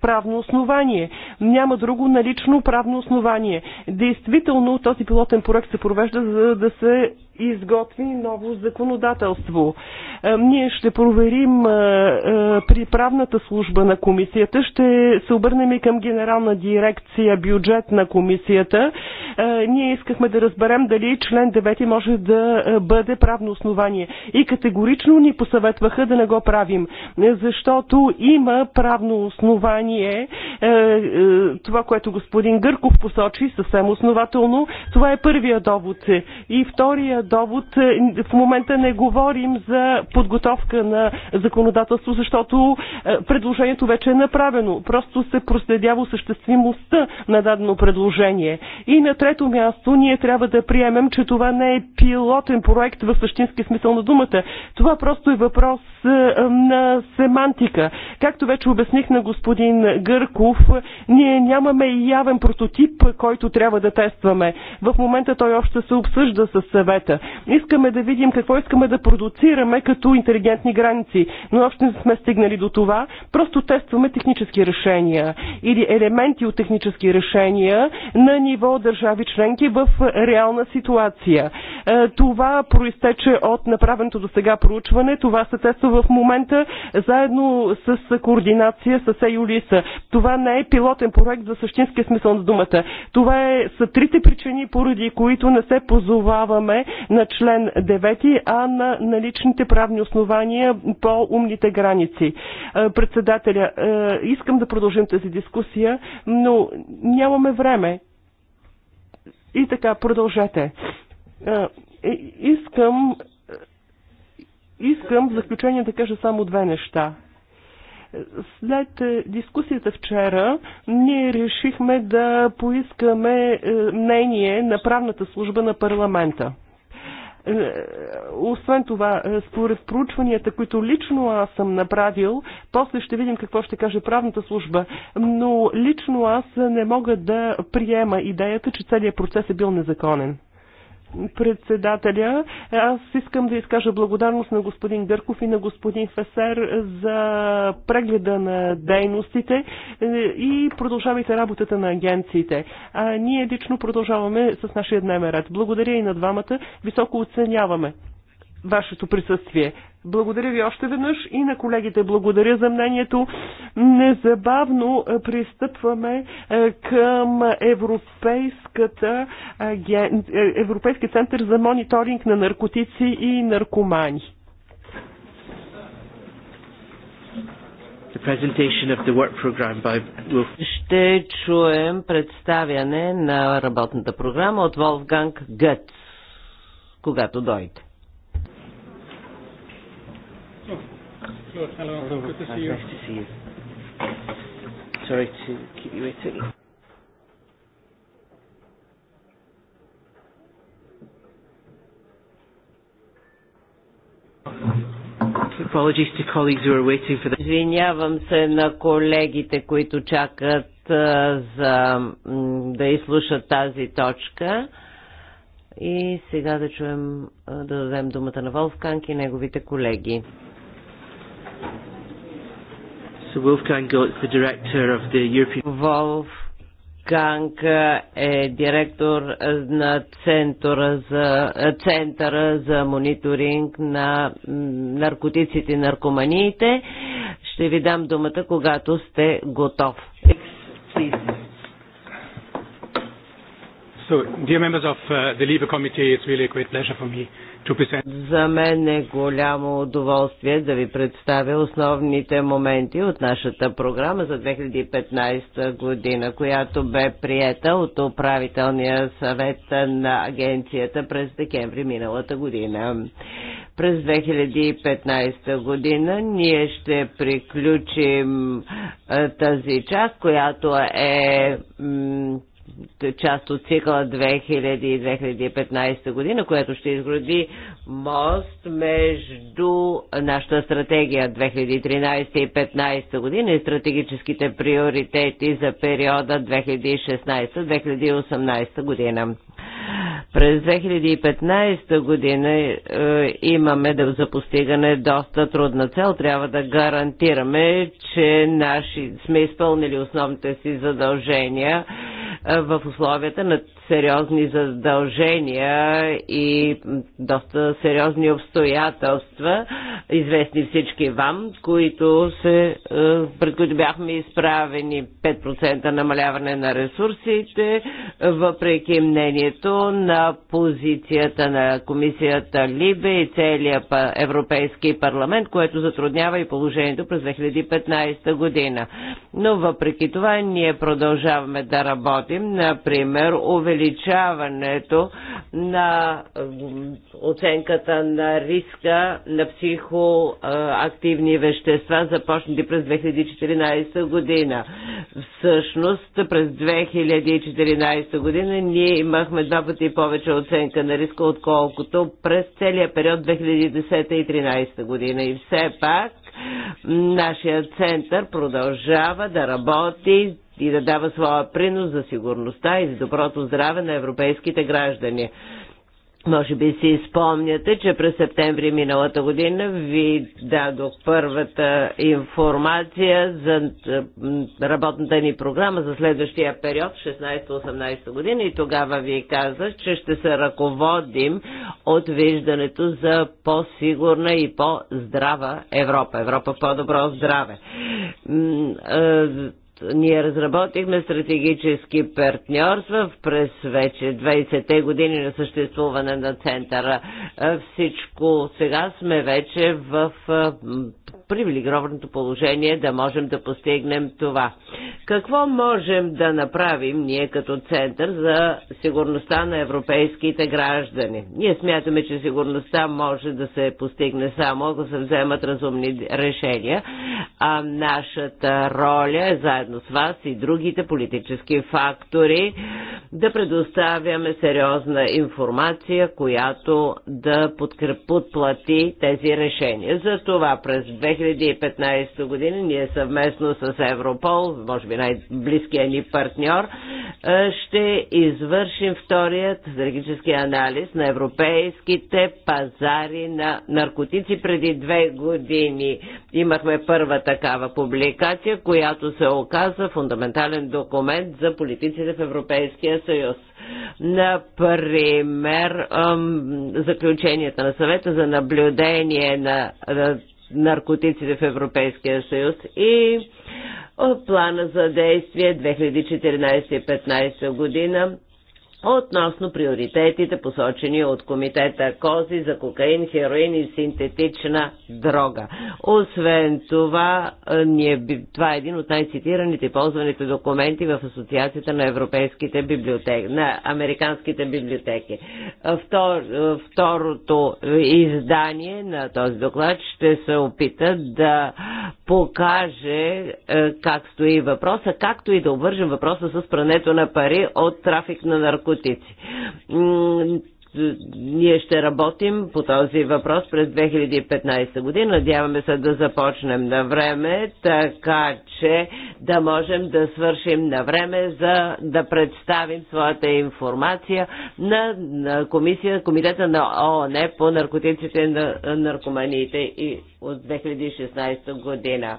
правно основание. Няма друго налично правно основание. Действително този пилотен проект се провежда за да се изготви ново законодателство. Е, ние ще проверим е, е, при правната служба на комисията, ще се обърнем и към генерална дирекция бюджет на комисията. Ние искахме да разберем дали член 9 може да бъде правно основание. И категорично ни посъветваха да не го правим, защото има правно основание това, което господин Гърков посочи съвсем основателно. Това е първия довод. И втория довод. Е, в момента не говорим за подготовка на законодателство, защото е, предложението вече е направено. Просто се проследява осъществимостта на дадено предложение. И на трето място ние трябва да приемем, че това не е пилотен проект в същински смисъл на думата. Това просто е въпрос е, на семантика. Както вече обясних на господин Гърков, ние нямаме явен прототип, който трябва да тестваме. В момента той още се обсъжда с съвета граница. Искаме да видим какво искаме да продуцираме като интелигентни граници, но още не сме стигнали до това. Просто тестваме технически решения или елементи от технически решения на ниво държави членки в реална ситуация. Е, това проистече от направеното до сега проучване. Това се тества в момента заедно с координация с Еюлиса. Това не е пилотен проект за същинския смисъл на думата. Това е, са трите причини, поради които не се позоваваме на член 9, а на наличните правни основания по умните граници. Е, председателя, е, искам да продължим тази дискусия, но нямаме време. И така, продължете. Е, искам, искам в заключение да кажа само две неща. След дискусията вчера, ние решихме да поискаме мнение на правната служба на парламента. Е, освен това, е, според проучванията, които лично аз съм направил, после ще видим какво ще каже правната служба, но лично аз не мога да приема идеята, че целият процес е бил незаконен председателя. Аз искам да изкажа благодарност на господин Гърков и на господин Фесер за прегледа на дейностите е, и продължавайте работата на агенциите. А ние лично продължаваме с нашия дневен ред. Благодаря и на двамата. Високо оценяваме вашето присъствие. Благодаря ви още веднъж и на колегите благодаря за мнението. Незабавно пристъпваме към Европейската, Европейския център за мониторинг на наркотици и наркомани. Ще чуем представяне на работната програма от Волфганг Гъц, когато дойде. hello. hello. Good to see you. Nice to see you. Sorry to keep you waiting. Apologies to colleagues who are waiting for the... Извинявам се на колегите, които чакат за, да изслушат тази точка. И сега да чуем, да дадем думата на Волфканг и неговите колеги. So Wolfgang Gotz, the director of the European... Wolfgang е директор на центъра за, е, центъра за мониторинг на наркотиците и наркоманиите. Ще ви дам думата, когато сте готов. So, dear members of uh, the Libre Committee, it's really a great pleasure for me to present. За мен е голямо удоволствие да ви представя основните моменти от нашата програма за 2015 година, която бе приета от управителния съвет на агенцията през декември миналата година. През 2015 година ние ще приключим тази част, която е част от цикъла 2000-2015 година, което ще изгради мост между нашата стратегия 2013 и 2015 година и стратегическите приоритети за периода 2016-2018 година. През 2015 година е, имаме да за постигане доста трудна цел. Трябва да гарантираме, че наши, сме изпълнили основните си задължения е, в условията на сериозни задължения и доста сериозни обстоятелства, известни всички вам, които се, е, пред които бяхме изправени 5% намаляване на ресурсите, въпреки мнението на на позицията на комисията Либе и целия Европейски парламент, което затруднява и положението през 2015 година. Но въпреки това ние продължаваме да работим, например, увеличаването на оценката на риска на психоактивни вещества, започнати през 2014 година. Всъщност, през 2014 година ние имахме два пъти повече оценка на риска, отколкото през целия период 2010 и 2013 година. И все пак нашия център продължава да работи и да дава своя принос за сигурността и за доброто здраве на европейските граждани. Може би си спомняте, че през септември миналата година ви дадох първата информация за работната ни програма за следващия период, 16-18 година и тогава ви казах, че ще се ръководим от виждането за по-сигурна и по-здрава Европа. Европа по-добро здраве ние разработихме стратегически партньорства през вече 20-те години на съществуване на центъра. Е, всичко сега сме вече в е, привилегированото положение да можем да постигнем това. Какво можем да направим ние като Център за сигурността на европейските граждани? Ние смятаме, че сигурността може да се постигне само ако се вземат разумни решения, а нашата роля е заедно с вас и другите политически фактори да предоставяме сериозна информация, която да подкрепи подплати тези решения. За това през 2015 година ние съвместно с Европол, може би най-близкия ни партньор, ще извършим вторият стратегически анализ на европейските пазари на наркотици. Преди две години имахме първа такава публикация, която се оказа фундаментален документ за политиците в Европейския съюз. Например, заключенията на съвета за наблюдение на наркотиците в Европейския съюз и плана за действие 2014 2015 година относно приоритетите, посочени от комитета КОЗИ за кокаин, хероин и синтетична дрога. Освен това, е, това е един от най-цитираните ползваните документи в Асоциацията на европейските библиотеки, на американските библиотеки. Втор, е, второто издание на този доклад ще се опита да покаже е, как стои въпроса, както и да обвържем въпроса с прането на пари от трафик на наркотици наркотици ние ще работим по този въпрос през 2015 година. Надяваме се да започнем на време, така че да можем да свършим на време, за да представим своята информация на, на комисия, комитета на ООН по наркотиците на наркоманиите и от 2016 година.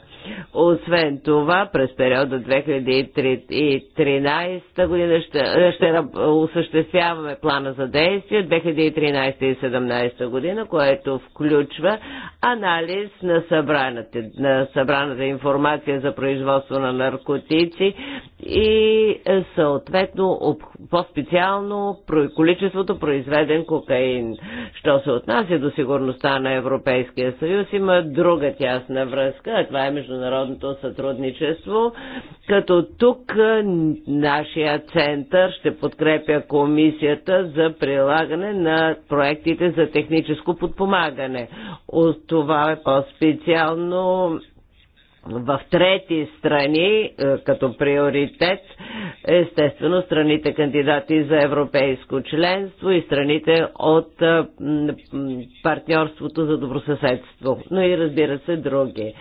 Освен това, през периода 2013 година ще, ще осъществяваме плана за действие 2013 и 2017 година, което включва анализ на събраната, на събраната информация за производство на наркотици и е, съответно по-специално количеството произведен кокаин. Що се отнася до сигурността на Европейския съюз, има друга тясна връзка, а това е международното сътрудничество, като тук е, нашия център ще подкрепя комисията за прилагане прилагане на проектите за техническо подпомагане. От това е по-специално в трети страни е, като приоритет, естествено, страните кандидати за европейско членство и страните от е, партньорството за добросъседство, но и разбира се други.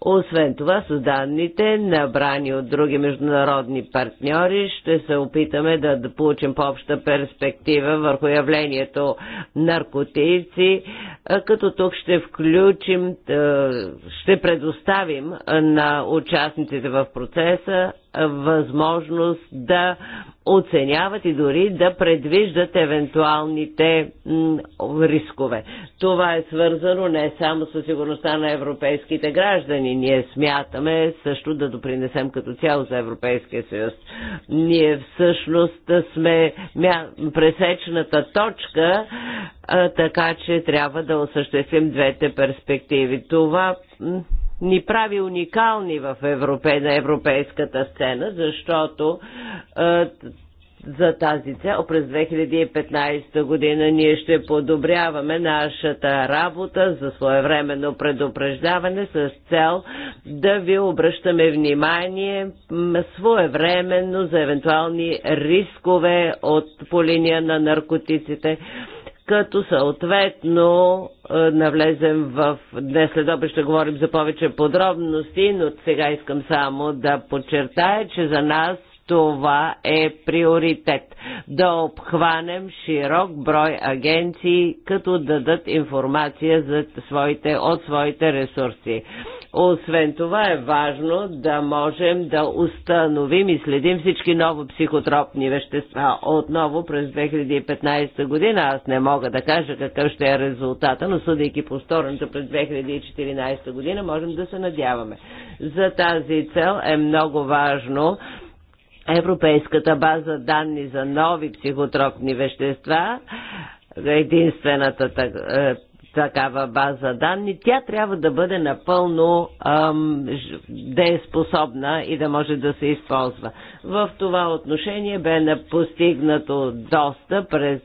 Освен това, с данните, набрани от други международни партньори, ще се опитаме да, получим по-обща перспектива върху явлението наркотици, е, като тук ще включим, ще предоставим на участниците в процеса възможност да оценяват и дори да предвиждат евентуалните рискове. Това е свързано не само с сигурността на европейските граждани. Ние смятаме също да допринесем като цяло за Европейския съюз. Ние всъщност сме пресечната точка, така че трябва да осъществим двете перспективи. Това ни прави уникални в Европе, на европейската сцена, защото е, за тази цел през 2015 година ние ще подобряваме нашата работа за своевременно предупреждаване с цел да ви обръщаме внимание своевременно за евентуални рискове от по линия на наркотиците като съответно е, навлезем в... Днес след обе ще говорим за повече подробности, но сега искам само да подчертая, че за нас това е приоритет. Да обхванем широк брой агенции, като дадат информация за своите, от своите ресурси. Освен това е важно да можем да установим и следим всички ново психотропни вещества. Отново през 2015 година аз не мога да кажа какъв ще е резултата, но съдейки по стороната през 2014 година можем да се надяваме. За тази цел е много важно Европейската база данни за нови психотропни вещества, единствената е, такава база данни, тя трябва да бъде напълно ам, дееспособна и да може да се използва. В това отношение бе постигнато доста през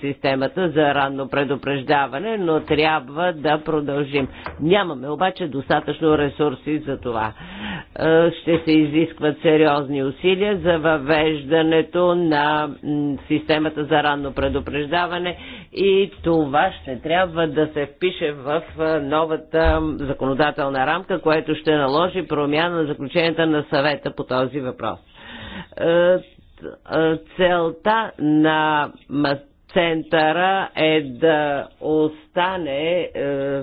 системата за ранно предупреждаване, но трябва да продължим. Нямаме обаче достатъчно ресурси за това. Е, ще се изискват сериозни усилия за въвеждането на системата за ранно предупреждаване и това ще трябва да се впише в е, новата законодателна рамка, което ще наложи промяна на заключенията на съвета по този въпрос. Е, е, целта на центъра е да остане е,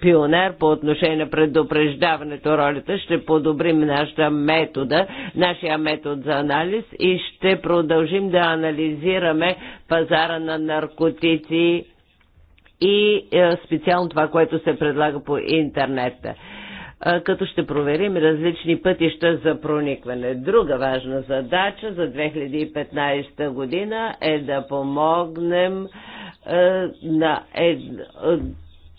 пионер по отношение на предупреждаването ролята, ще подобрим нашата метода, нашия метод за анализ и ще продължим да анализираме пазара на наркотици и специално това, което се предлага по интернета като ще проверим различни пътища за проникване. Друга важна задача за 2015 година е да помогнем на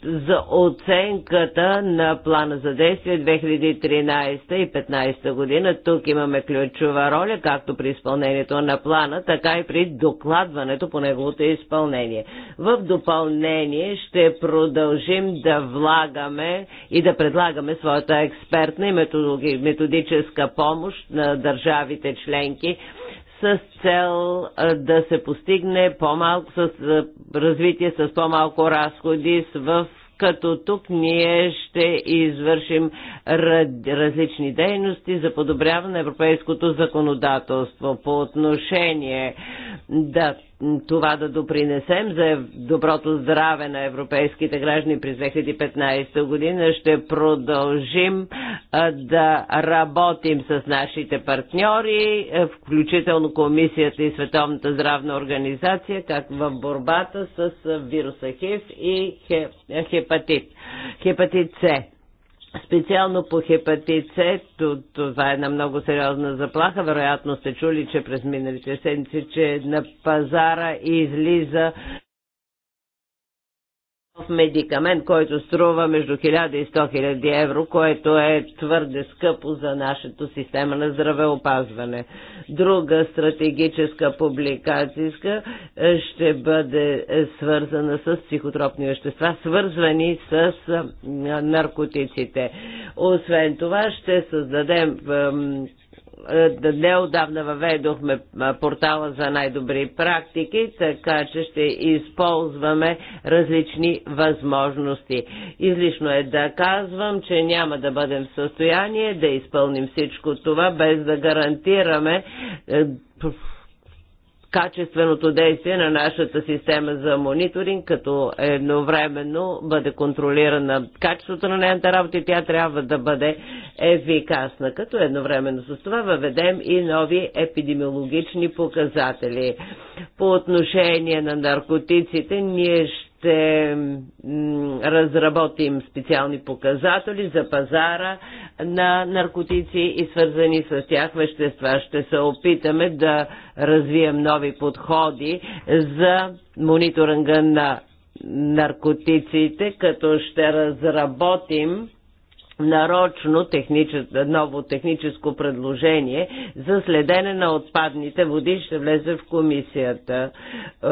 за оценката на плана за действие 2013 и 2015 година. Тук имаме ключова роля, както при изпълнението на плана, така и при докладването по неговото изпълнение. В допълнение ще продължим да влагаме и да предлагаме своята експертна и методическа помощ на държавите членки, с цел да се постигне по-малко с развитие с по-малко разходи в като тук ние ще извършим различни дейности за подобряване на европейското законодателство по отношение да това да допринесем за доброто здраве на европейските граждани през 2015 година. Ще продължим да работим с нашите партньори, включително Комисията и Световната здравна организация, как в борбата с вируса ХИВ и хепатит. Хепатит С Специално по хепатит С, това е една много сериозна заплаха. Вероятно сте чули, че през миналите седмици, че на пазара излиза в медикамент, който струва между 1000 и 100 000 евро, което е твърде скъпо за нашата система на здравеопазване. Друга стратегическа публикация ще бъде свързана с психотропни вещества, свързвани с наркотиците. Освен това ще създадем е, неодавна въведохме портала за най-добри практики, така че ще използваме различни възможности. Излишно е да казвам, че няма да бъдем в състояние да изпълним всичко това, без да гарантираме е, качественото действие на нашата система за мониторинг, като едновременно бъде контролирана качеството на нейната работа и тя трябва да бъде ефикасна, като едновременно с това въведем и нови епидемиологични показатели. По отношение на наркотиците, ние ще ще разработим специални показатели за пазара на наркотици и свързани с тях вещества. Ще се опитаме да развием нови подходи за мониторинга на наркотиците, като ще разработим нарочно техничес, ново техническо предложение за следене на отпадните води ще влезе в комисията. Е,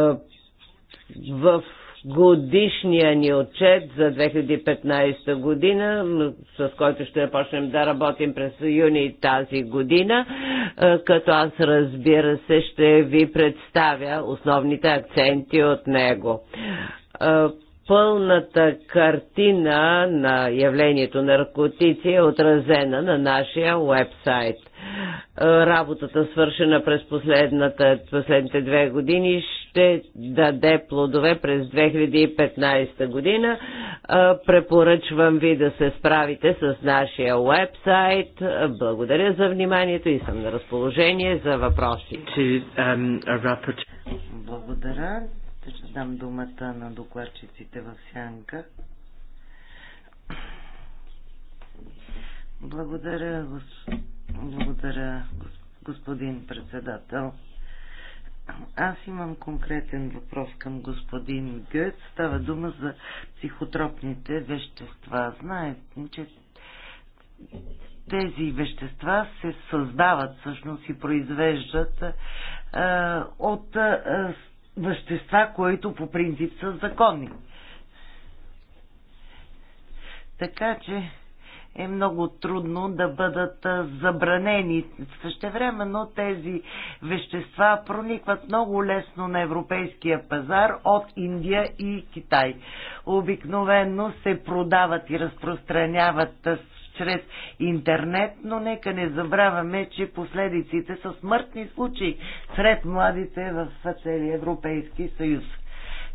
в годишния ни отчет за 2015 година, с който ще почнем да работим през юни тази година, е, като аз разбира се ще ви представя основните акценти от него е, пълната картина на явлението наркотици е отразена на нашия вебсайт. Е, работата, свършена през последните две години, ще даде плодове през 2015 година. Е, препоръчвам ви да се справите с нашия вебсайт. Е, благодаря за вниманието и съм на разположение за въпроси. Um, благодаря се, ще дам думата на докладчиците в сянка. Благодаря, госп... Благодаря господин председател. Аз имам конкретен въпрос към господин Гъц. Става дума за психотропните вещества. Знаете, че тези вещества се създават всъщност и произвеждат а, от а, вещества, които по принцип са законни. Така че е много трудно да бъдат забранени. Същевременно тези вещества проникват много лесно на европейския пазар от Индия и Китай. Обикновено се продават и разпространяват чрез интернет, но нека не забравяме, че последиците са смъртни случаи сред младите в целия Европейски съюз.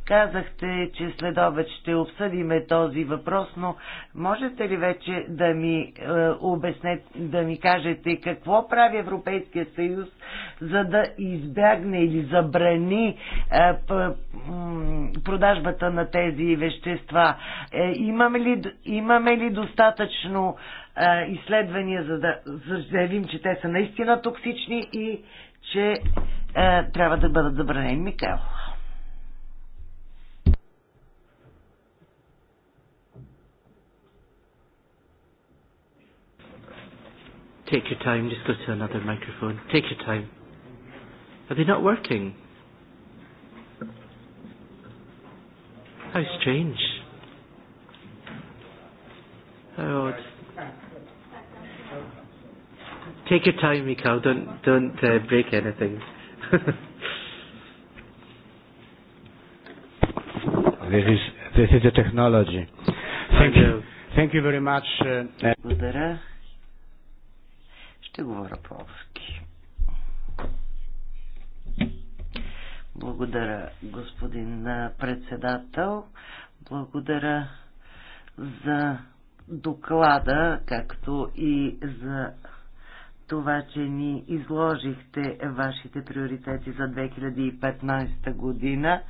Казахте, че след обед ще обсъдиме този въпрос, но можете ли вече да ми е, обяснете, да ми кажете какво прави Европейския съюз, за да избягне или забрани е, п, продажбата на тези вещества? Е, имаме, ли, имаме ли достатъчно е, изследвания, за да заявим, че те са наистина токсични и че е, трябва да бъдат забранени? Микел. Take your time. Just go to another microphone. Take your time. Are they not working? How strange. How odd. Take your time, Mikhail. Don't don't uh, break anything. this is this is the technology. Thank you. Thank you very much. Uh, ще говоря полски. Благодаря, господин председател. Благодаря за доклада, както и за това, че ни изложихте вашите приоритети за 2015 година.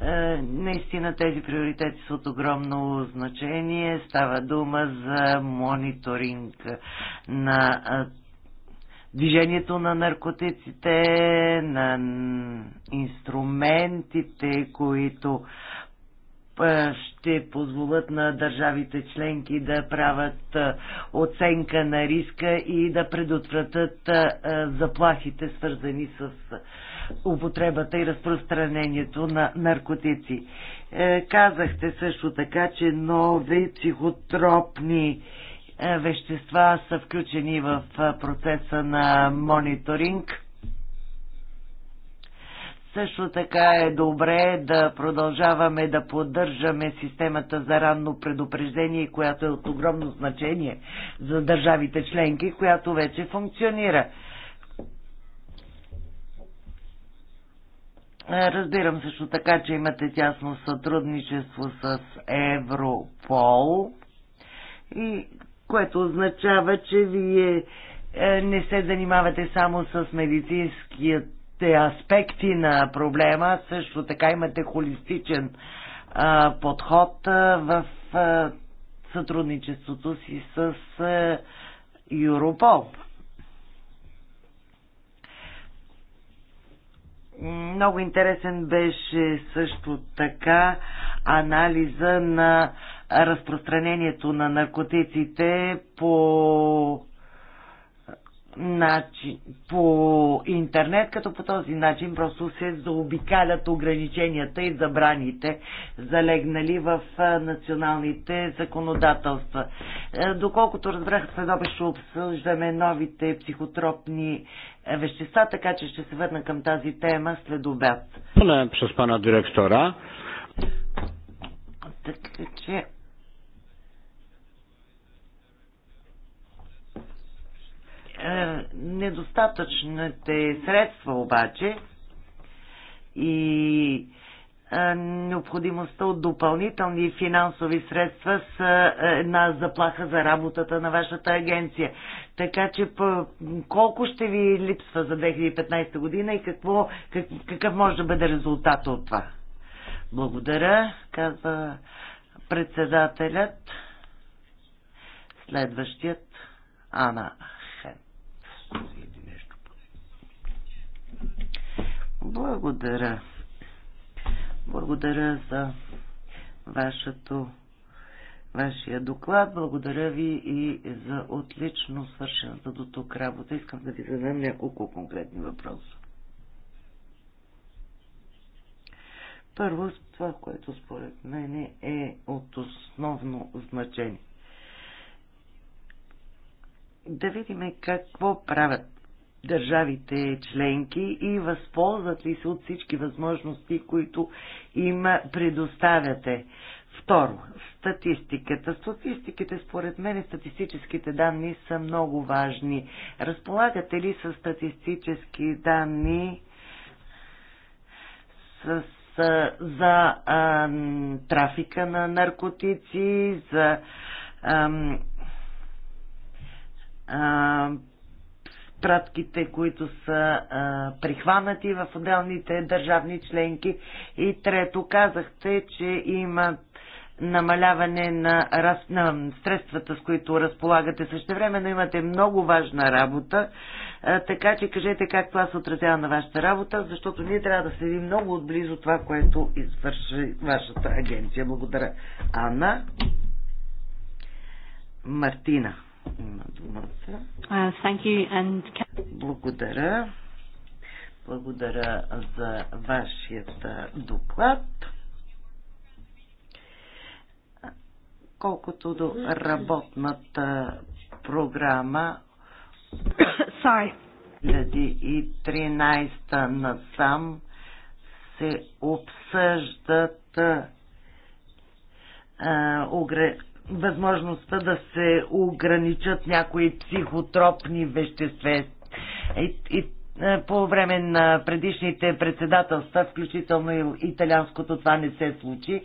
Е, наистина тези приоритети са от огромно значение. Става дума за мониторинг на движението на наркотиците, на инструментите, които ще позволят на държавите членки да правят оценка на риска и да предотвратят заплахите, свързани с употребата и разпространението на наркотици. Е, казахте също така, че нови психотропни е, вещества са включени в е, процеса на мониторинг. Също така е добре да продължаваме да поддържаме системата за ранно предупреждение, която е от огромно значение за държавите членки, която вече функционира. Е, разбирам също така, че имате тясно сътрудничество с Европол и което означава, че вие е, не се занимавате само с медицинските аспекти на проблема, също така имате холистичен а, подход а, в а, сътрудничеството си с а, Европол. Много интересен беше също така анализа на разпространението на наркотиците по начин, по интернет, като по този начин просто се заобикалят ограниченията и забраните, залегнали в националните законодателства. Е, доколкото разбрах, след ще обсъждаме новите психотропни е, вещества, така че ще се върна към тази тема след обяд. С е пана директора. Така че Е, недостатъчните средства обаче и е, необходимостта от допълнителни финансови средства с една заплаха за работата на вашата агенция. Така че колко ще ви липсва за 2015 година и какво, как, какъв може да бъде резултат от това? Благодаря, казва председателят. Следващият Ана дискусия или нещо. Благодаря. Благодаря за вашето, вашия доклад. Благодаря ви и за отлично свършената до тук работа. Искам да ви задам няколко конкретни въпроса. Първо, това, което според мен е от основно значение да видим какво правят държавите членки и възползват ли се от всички възможности, които им предоставяте. Второ, статистиката. Статистиките, според мен, статистическите данни са много важни. Разполагате ли с статистически данни с, с, за а, трафика на наркотици, за пратките, които са а, прихванати в отделните държавни членки. И трето, казахте, че има намаляване на, раз, на средствата, с които разполагате. Същевременно имате много важна работа, а, така че кажете как това се отразява на вашата работа, защото ние трябва да следим много отблизо това, което извърши вашата агенция. Благодаря. Анна Мартина. Има думата. And... Благодаря. Благодаря за вашият доклад. Колкото до работната програма, Sorry. 2013 насам се обсъждат а, възможността да се ограничат някои психотропни вещества. И, и, е, по време на предишните председателства, включително и италианското, това не се случи. Е,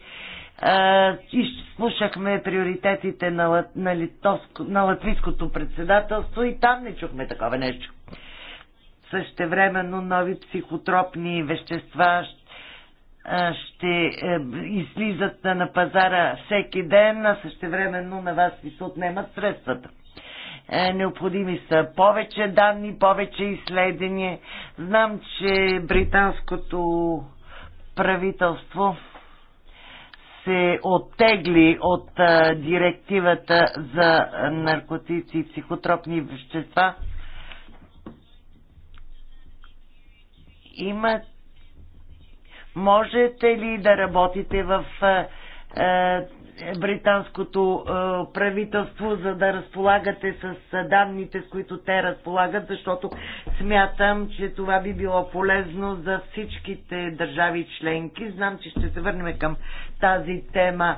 и слушахме приоритетите на, на, литовско, на латвийското председателство и там не чухме такова нещо. Същевременно нови психотропни вещества ще е, излизат на пазара всеки ден, а същевременно на вас ви се отнемат средствата. Е, необходими са повече данни, повече изследвания. Знам, че британското правителство се оттегли от директивата за наркотици и психотропни вещества. Имат Можете ли да работите в е, е, британското е, правителство, за да разполагате с данните, с които те разполагат, защото смятам, че това би било полезно за всичките държави членки. Знам, че ще се върнем към тази тема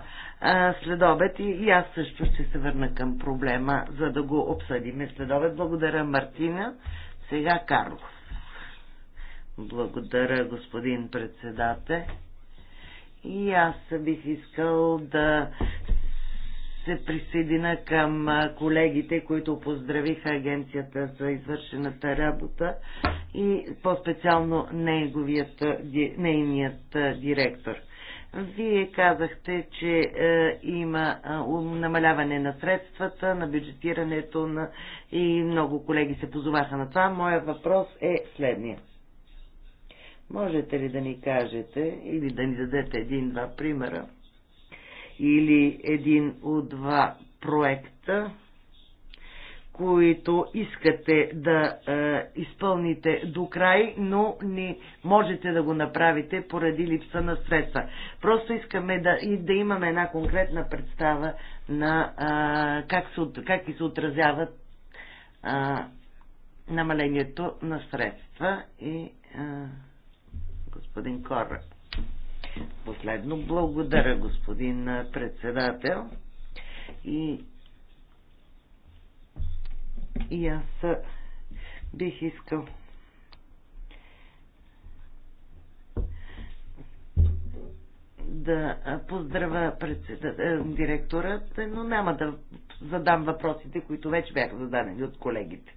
след обед и, аз също ще се върна към проблема, за да го обсъдим след обед. Благодаря, Мартина. Сега Карлов. Благодаря, господин председател. И аз бих искал да се присъедина към колегите, които поздравиха агенцията за извършената работа и по-специално нейният директор. Вие казахте, че е, има е, намаляване на средствата, на бюджетирането на... и много колеги се позоваха на това. Моя въпрос е следния. Можете ли да ни кажете или да ни дадете един-два примера или един от два проекта, които искате да е, изпълните до край, но не можете да го направите поради липса на средства. Просто искаме да, и да имаме една конкретна представа на е, как, се, как и се отразяват е, намалението на средства и е, господин Кора. Последно благодаря, господин председател. И, и аз бих искал да поздравя директорът, но няма да задам въпросите, които вече бяха зададени от колегите.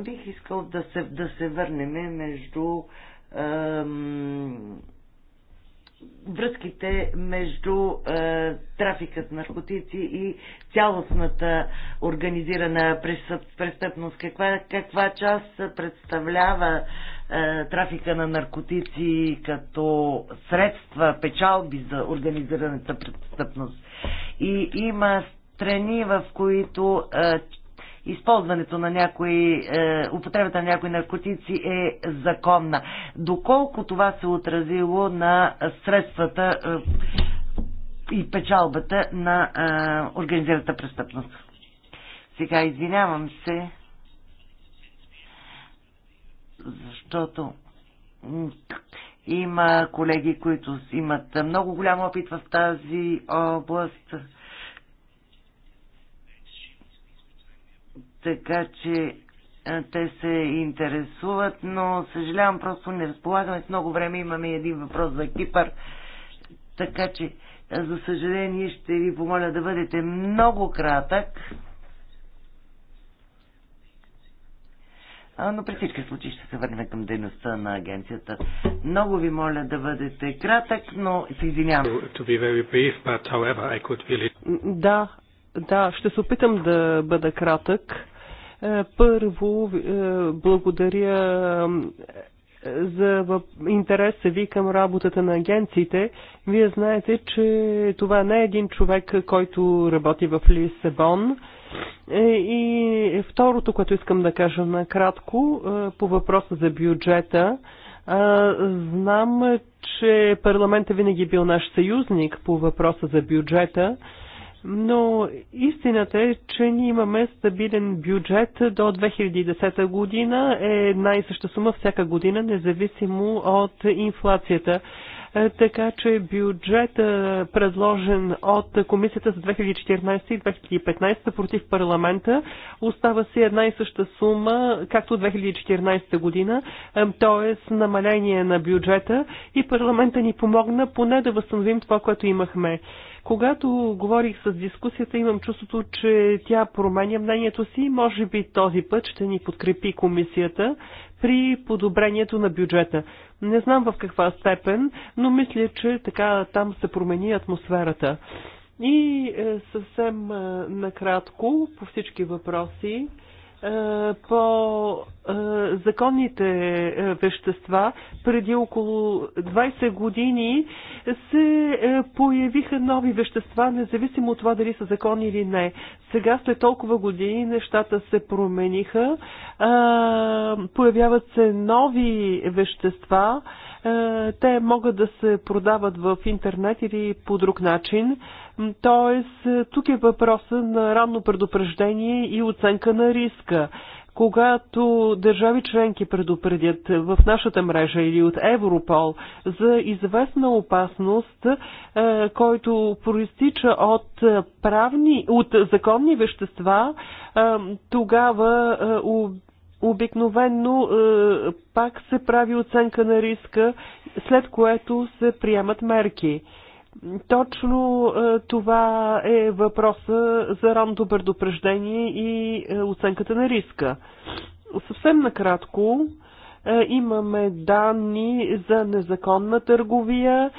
бих искал да се, да се върнем между е, връзките между е, трафикът наркотици и цялостната организирана престъпност. Каква, каква част представлява е, трафика на наркотици като средства, печалби за организираната престъпност? И има страни, в които е, използването на някои, е, употребата на някои наркотици е законна. Доколко това се отразило на средствата е, и печалбата на е, организираната престъпност? Сега извинявам се, защото има колеги, които имат много голям опит в тази област. така че те се интересуват, но съжалявам, просто не разполагаме с много време. Имаме един въпрос за Кипър. Така че, за съжаление, ще ви помоля да бъдете много кратък. но при всички случаи ще се върнем към дейността на агенцията. Много ви моля да бъдете кратък, но се извинявам. Да, да, ще се опитам да бъда кратък. Е, първо, е, благодаря е, за интереса ви към работата на агенциите. Вие знаете, че това не е един човек, който работи в Лисабон. И второто, което искам да кажа накратко по въпроса за бюджета, знам, че парламентът винаги бил наш съюзник по въпроса за бюджета но истината е, че ние имаме стабилен бюджет до 2010 година, е една и съща сума всяка година, независимо от инфлацията. Е, така че бюджет предложен от комисията за 2014 и 2015 против парламента остава си една и съща сума, както 2014 година, е, т.е. намаление на бюджета и парламента ни помогна поне да възстановим това, което имахме. Когато говорих с дискусията, имам чувството, че тя променя мнението си. Може би този път ще ни подкрепи комисията при подобрението на бюджета. Не знам в каква степен, но мисля, че така там се промени атмосферата. И е, съвсем е, накратко по всички въпроси. Е, по е, законните е, вещества преди около 20 години се появиха нови вещества, независимо от това дали са законни или не. Сега след толкова години нещата се промениха, появяват се нови вещества, те могат да се продават в интернет или по друг начин. Тоест, е, тук е въпроса на ранно предупреждение и оценка на риска когато държави членки предупредят в нашата мрежа или от Европол за известна опасност, е, който проистича от правни, от законни вещества, е, тогава обикновенно пак се прави оценка на риска, след което се приемат мерки. Точно е, това е въпроса за ранното предупреждение и е, оценката на риска. Съвсем накратко, е, имаме данни за незаконна търговия,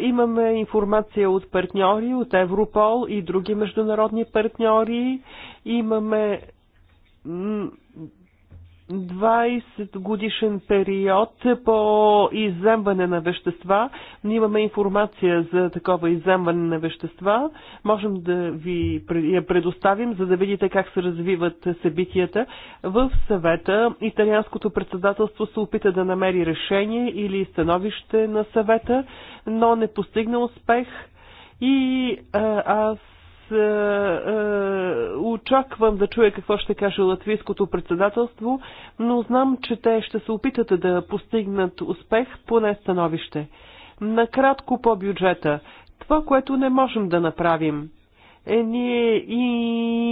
имаме информация от партньори, от Европол и други международни партньори, имаме 20 годишен период по иземване на вещества. Ние имаме информация за такова иземване на вещества. Можем да ви я предоставим, за да видите как се развиват събитията. В съвета италианското председателство се опита да намери решение или становище на съвета, но не постигна успех. И а, аз е, е, очаквам да чуя какво ще каже латвийското председателство, но знам, че те ще се опитат да постигнат успех, поне становище. Накратко по бюджета. Това, което не можем да направим. Е, ние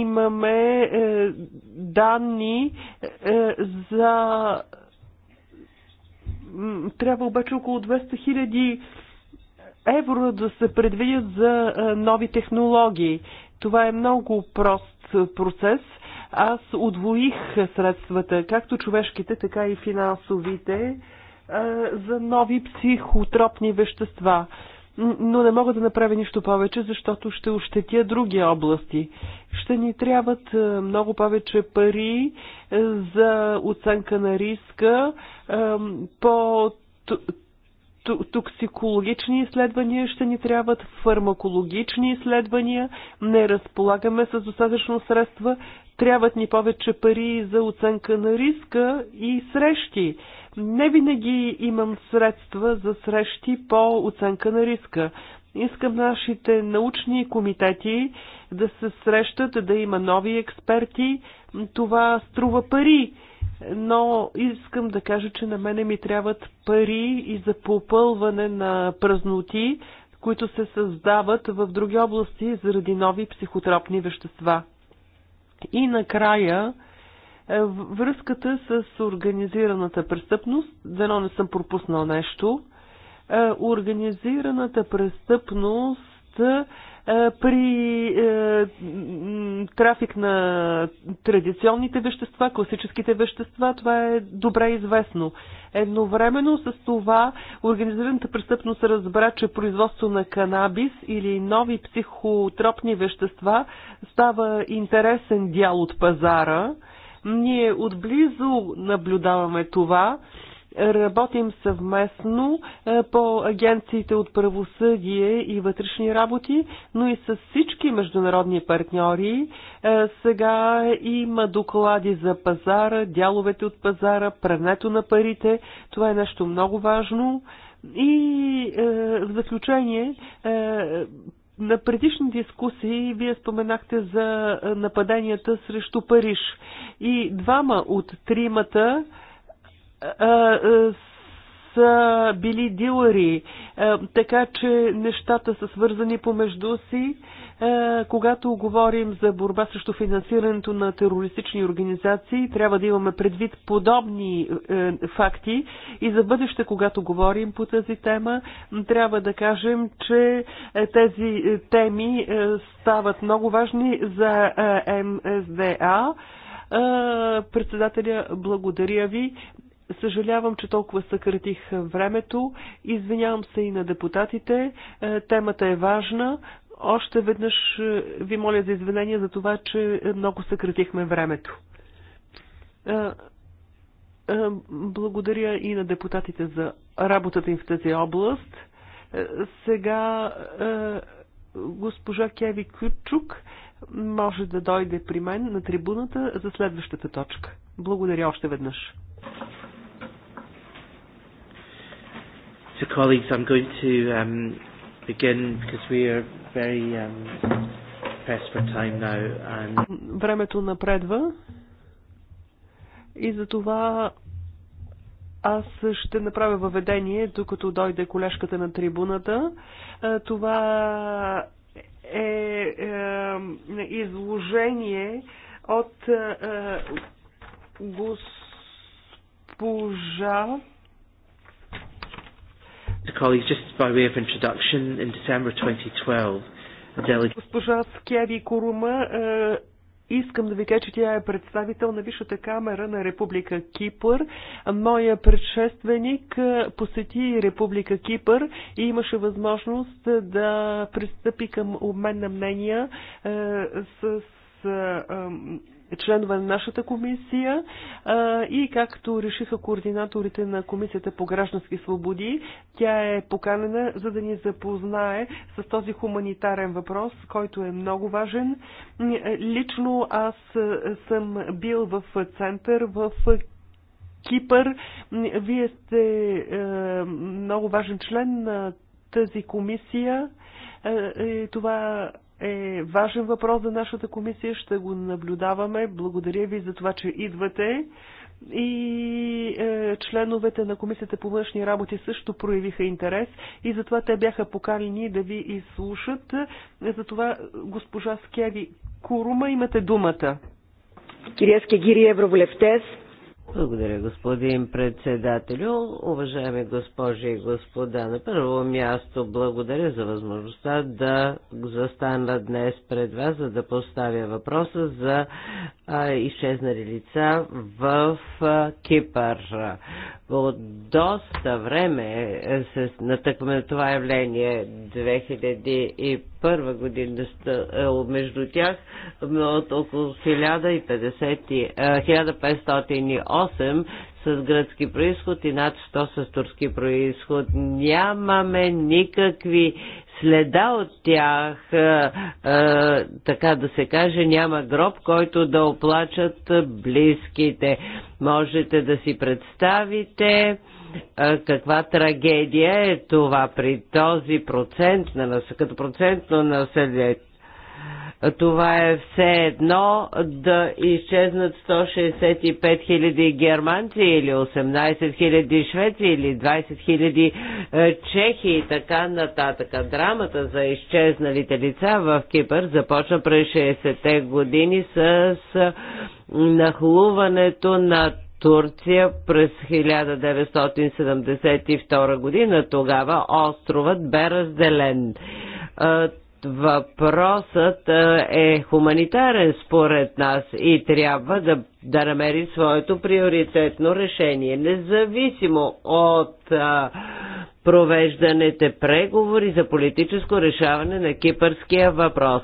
имаме е, данни е, за. Трябва обаче около 200 000 евро да се предвидят за нови технологии. Това е много прост процес. Аз отвоих средствата, както човешките, така и финансовите, за нови психотропни вещества. Но не мога да направя нищо повече, защото ще ощетя други области. Ще ни трябват много повече пари за оценка на риска по токсикологични изследвания, ще ни трябват фармакологични изследвания, не разполагаме с достатъчно средства, трябват ни повече пари за оценка на риска и срещи. Не винаги имам средства за срещи по оценка на риска. Искам нашите научни комитети да се срещат, да има нови експерти. Това струва пари но искам да кажа, че на мене ми трябват пари и за попълване на празноти, които се създават в други области заради нови психотропни вещества. И накрая, е, връзката с организираната престъпност, дано не съм пропуснал нещо, е, организираната престъпност е, при е, трафик на традиционните вещества, класическите вещества, това е добре известно. Едновременно с това организираната престъпност разбра, че производство на канабис или нови психотропни вещества става интересен дял от пазара. Ние отблизо наблюдаваме това Работим съвместно е, по агенциите от правосъдие и вътрешни работи, но и с всички международни партньори. Е, сега има доклади за пазара, дяловете от пазара, прането на парите. Това е нещо много важно. И е, в заключение, на предишни дискусии вие споменахте за нападенията срещу Париж. И двама от тримата са били дилъри, така че нещата са свързани помежду си. Когато говорим за борба срещу финансирането на терористични организации, трябва да имаме предвид подобни факти и за бъдеще, когато говорим по тази тема, трябва да кажем, че тези теми стават много важни за МСДА. Председателя, благодаря ви. Съжалявам, че толкова съкратих времето. Извинявам се и на депутатите. Е, темата е важна. Още веднъж е, ви моля за извинение за това, че много съкратихме времето. Е, благодаря и на депутатите за работата им в тази област. Сега госпожа Кеви Кючук може да дойде при мен на трибуната за следващата точка. Благодаря още веднъж. So, colleagues, I'm going to um, begin because we are very um, pressed for time now. And... Времето напредва и за това аз ще направя въведение, докато дойде колежката на трибуната. Е, това е, е изложение от е, госпожа Госпожа Скеви Корума, е, искам да ви кажа, че тя е представител на Висшата камера на Република Кипър. Моя предшественик е, посети Република Кипър и имаше възможност да пристъпи към обмен на мнения е, с членове на нашата комисия и както решиха координаторите на Комисията по граждански свободи, тя е поканена за да ни запознае с този хуманитарен въпрос, който е много важен. Лично аз съм бил в център в Кипър. Вие сте е, много важен член на тази комисия. Е, е, това е важен въпрос за нашата комисия. Ще го наблюдаваме. Благодаря ви за това, че идвате. И е, членовете на Комисията по външни работи също проявиха интерес и затова те бяха поканени да ви изслушат. Затова госпожа Скеви Курума имате думата. Κυρίες και Евроволевтес. Благодаря, господин председателю. Уважаеми госпожи и господа, на първо място благодаря за възможността да застана днес пред вас, за да поставя въпроса за а, изчезнали лица в а, Кипър. От доста време се натъкваме на това явление 2005 Първа година е, между тях от около 1508 е, с гръцки происход и над 100 с турски происход. Нямаме никакви следа от тях, е, е, така да се каже, няма гроб, който да оплачат близките. Можете да си представите е, каква трагедия е това при този процент на, като процентно населението това е все едно да изчезнат 165 000 германци или 18 000 швеци или 20 000 е, чехи и така нататък. Драмата за изчезналите лица в Кипър започна през 60-те години с нахлуването на Турция през 1972 година. Тогава островът бе разделен е, Въпросът е хуманитарен според нас и трябва да, да намери своето приоритетно решение, независимо от а, провежданите преговори за политическо решаване на кипърския въпрос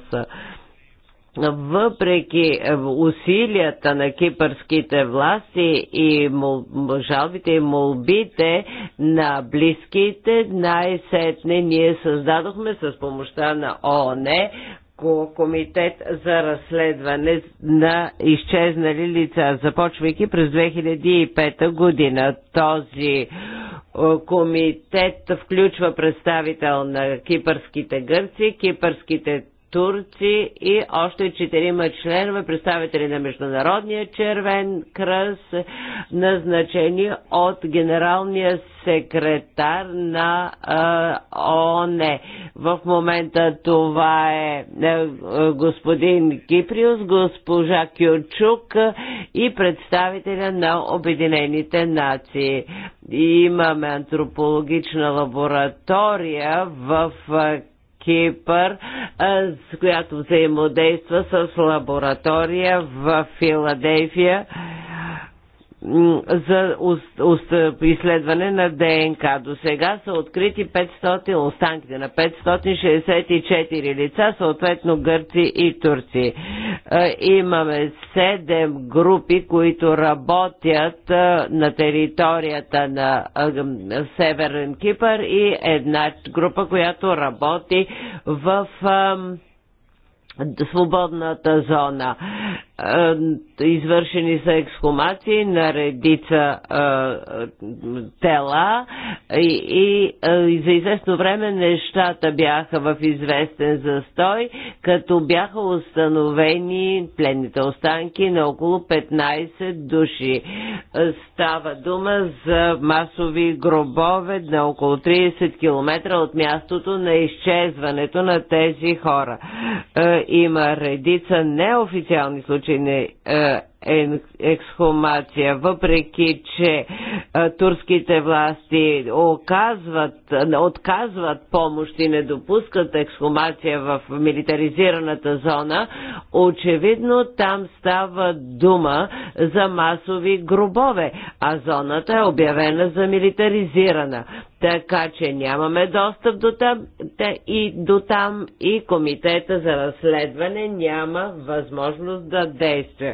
въпреки е, усилията на кипърските власти и жалбите и молбите на близките, най-сетне ние създадохме с помощта на ООН комитет за разследване на изчезнали лица, започвайки през 2005 година. Този е, комитет включва представител на кипърските гърци, кипърските турци и още четирима членове, представители на Международния червен кръст, назначени от генералния секретар на ООН. В момента това е, е господин Киприус, госпожа Кючук и представителя на Обединените нации. Имаме антропологична лаборатория в Кипър, с която взаимодейства с лаборатория в Филаделфия за уст, уст, изследване на ДНК. До сега са открити 500 останките на 564 лица, съответно гърци и турци. Е, имаме 7 групи, които работят е, на територията на е, Северен Кипър и една група, която работи в свободната зона извършени са ексхумации на редица а, тела и, и а, за известно време нещата бяха в известен застой, като бяха установени пленните останки на около 15 души. Става дума за масови гробове на около 30 км от мястото на изчезването на тези хора. А, има редица неофициални случаи случай не ексхумация, въпреки че турските власти оказват, отказват помощ и не допускат ексхумация в милитаризираната зона, очевидно там става дума за масови гробове, а зоната е обявена за милитаризирана така че нямаме достъп до там, да, и до там и комитета за разследване няма възможност да действа.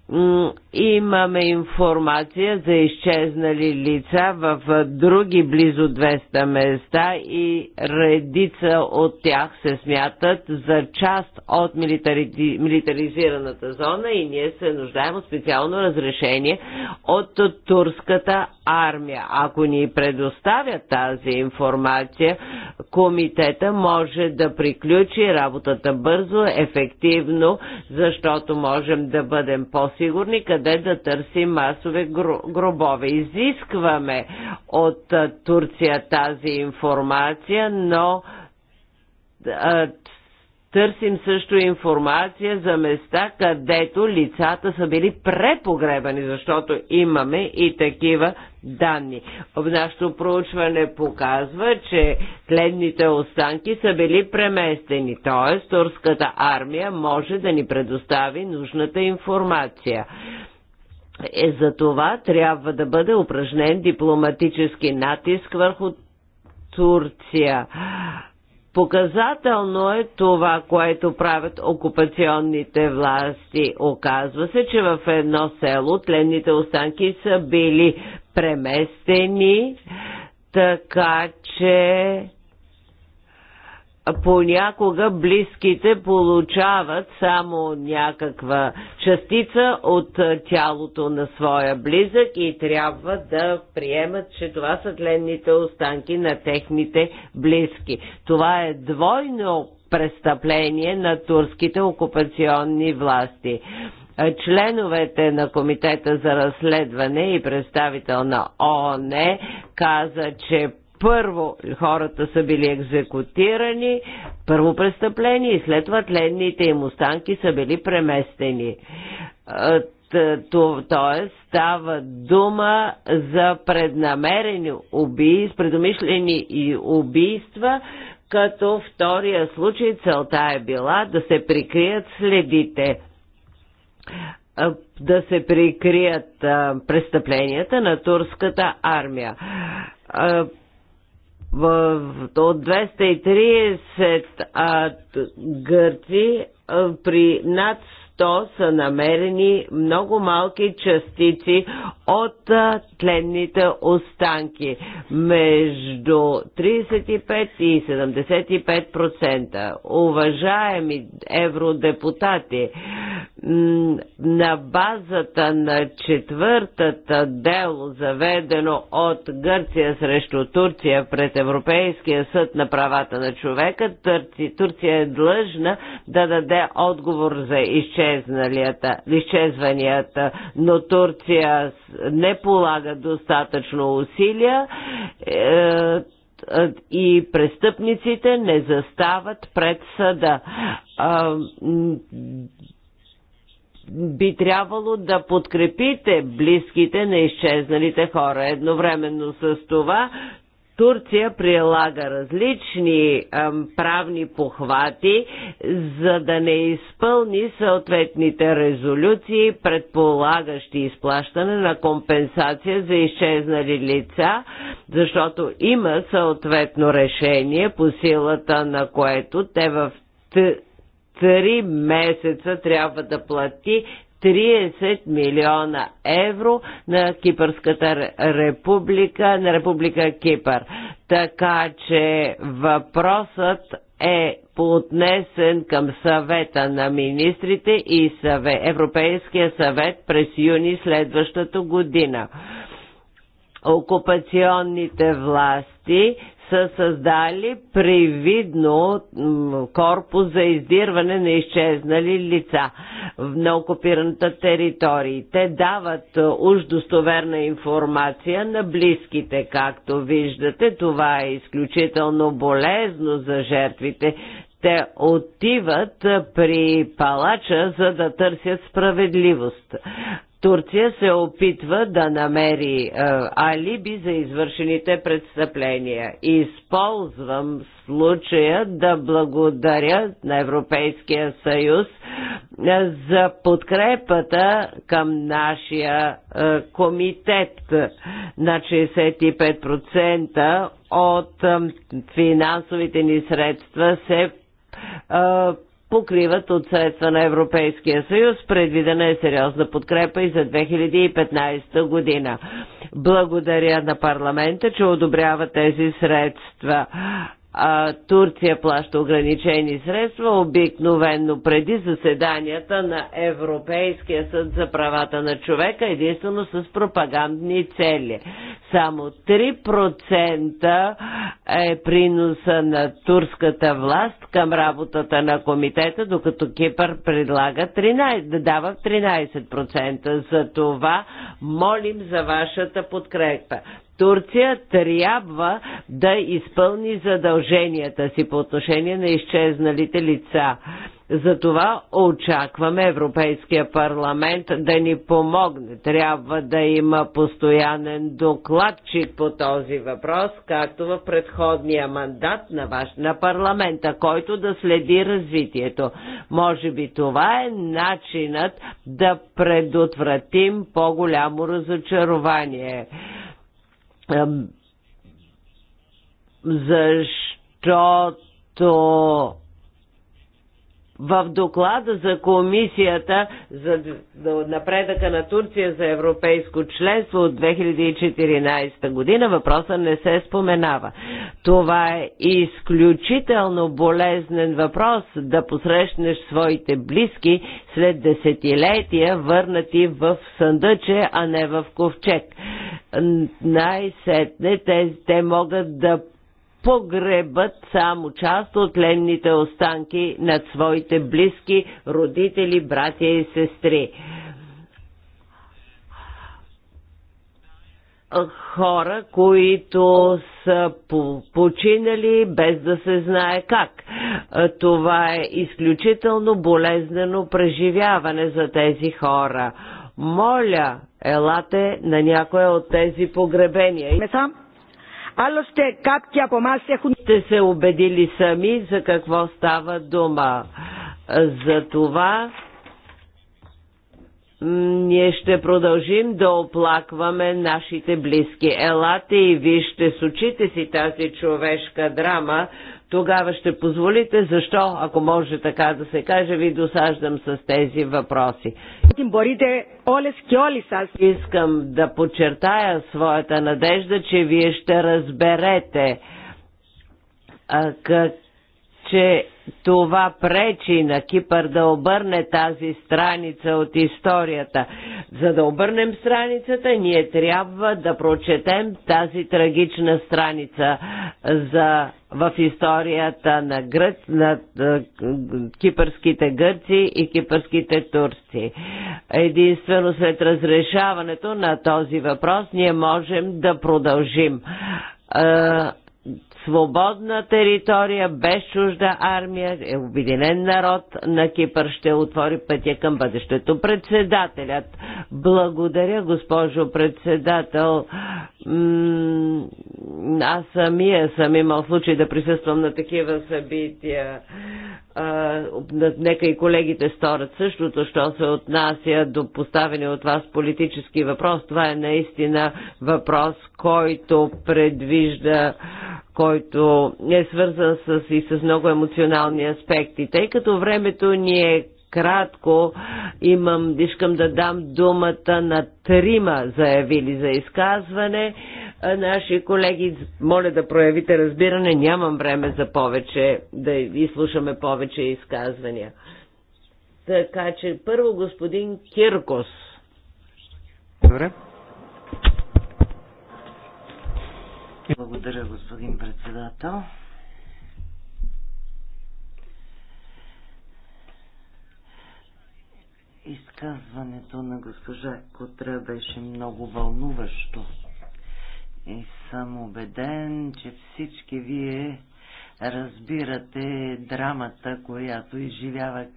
Имаме информация за изчезнали лица в други близо 200 места и редица от тях се смятат за част от милитари... милитаризираната зона и ние се нуждаем от специално разрешение от турската армия. Ако ни предоставят тази информация, комитета може да приключи работата бързо, ефективно, защото можем да бъдем по-силни сигурни къде да търсим масове гробове. Изискваме от Турция тази информация, но Търсим също информация за места, където лицата са били препогребани, защото имаме и такива данни. В нашето проучване показва, че следните останки са били преместени, т.е. турската армия може да ни предостави нужната информация. Е, за това трябва да бъде упражнен дипломатически натиск върху Турция Показателно е това, което правят окупационните власти. Оказва се, че в едно село тленните останки са били преместени, така че понякога близките получават само някаква частица от тялото на своя близък и трябва да приемат, че това са тленните останки на техните близки. Това е двойно престъпление на турските окупационни власти. Членовете на Комитета за разследване и представител на ООН каза, че първо хората са били екзекутирани, първо престъпление и след това тленните им останки са били преместени. Тоест става дума за преднамерени убийства, предумишлени и убийства, като втория случай целта е била да се прикрият следите да се прикрият престъпленията на турската армия в, от 230 а, гърци а, при над то са намерени много малки частици от тленните останки между 35 и 75%. Уважаеми евродепутати, на базата на четвъртата дело, заведено от Гърция срещу Турция пред Европейския съд на правата на човека, Турция е длъжна да даде отговор за изчезването изчезванията, но Турция не полага достатъчно усилия е, и престъпниците не застават пред съда би трябвало да подкрепите близките на изчезналите хора. Едновременно с това Турция прилага различни правни похвати, за да не изпълни съответните резолюции, предполагащи изплащане на компенсация за изчезнали лица, защото има съответно решение, по силата на което те в три месеца трябва да плати 30 милиона евро на Кипърската република, на република Кипър. Така че въпросът е поотнесен към съвета на министрите и съвет, Европейския съвет през юни следващата година окупационните власти са създали привидно корпус за издирване на изчезнали лица на окупираната територия. Те дават уж достоверна информация на близките, както виждате. Това е изключително болезно за жертвите. Те отиват при палача, за да търсят справедливост. Турция се опитва да намери е, алиби за извършените престъпления. Използвам случая да благодаря на Европейския съюз е, за подкрепата към нашия е, комитет на 65% от е, финансовите ни средства се е, покриват от средства на Европейския съюз. Предвидена е сериозна подкрепа и за 2015 година. Благодаря на парламента, че одобрява тези средства а, Турция плаща ограничени средства, обикновенно преди заседанията на Европейския съд за правата на човека, единствено с пропагандни цели. Само 3% е приноса на турската власт към работата на комитета, докато Кипър предлага 13, да дава 13%. За това молим за вашата подкрепа. Турция трябва да изпълни задълженията си по отношение на изчезналите лица. Затова очакваме Европейския парламент да ни помогне. Трябва да има постоянен докладчик по този въпрос, както в предходния мандат на, ваш, на парламента, който да следи развитието. Може би това е начинът да предотвратим по-голямо разочарование защото в доклада за комисията за напредъка на Турция за европейско членство от 2014 година въпроса не се споменава. Това е изключително болезнен въпрос да посрещнеш своите близки след десетилетия върнати в съндъче, а не в ковчег. Най-сетне те, те могат да погребат само част от ленните останки над своите близки, родители, братя и сестри. хора, които са починали без да се знае как. Това е изключително болезнено преживяване за тези хора. Моля, елате на някоя от тези погребения. Меса? Άλλωστε κάποιοι από εμά έχουν... Сте се убедили сами за какво става дума. За това ние ще продължим да оплакваме нашите близки. Елате и вижте с очите си тази човешка драма, тогава ще позволите, защо, ако може така да се каже, ви досаждам с тези въпроси. Искам да подчертая своята надежда, че вие ще разберете а, как, че това пречи на Кипър да обърне тази страница от историята. За да обърнем страницата, ние трябва да прочетем тази трагична страница за в историята на, гръц, на кипърските гърци и кипърските турци. Единствено след разрешаването на този въпрос ние можем да продължим свободна територия, без чужда армия, е обединен народ на Кипър ще отвори пътя към бъдещето. Председателят. Благодаря, госпожо председател. М аз самия съм имал случай да присъствам на такива събития. А, нека и колегите сторят същото, що се отнася до поставени от вас политически въпрос. Това е наистина въпрос, който предвижда, който който е свързан с, и с много емоционални аспекти. Тъй като времето ни е кратко, имам, искам да дам думата на трима заявили за изказване. Наши колеги, моля да проявите разбиране, нямам време за повече, да изслушаме повече изказвания. Така че първо господин Киркос. Добре. Благодаря, господин председател. Изказването на госпожа Котра беше много вълнуващо. И съм убеден, че всички вие разбирате драмата, която изживява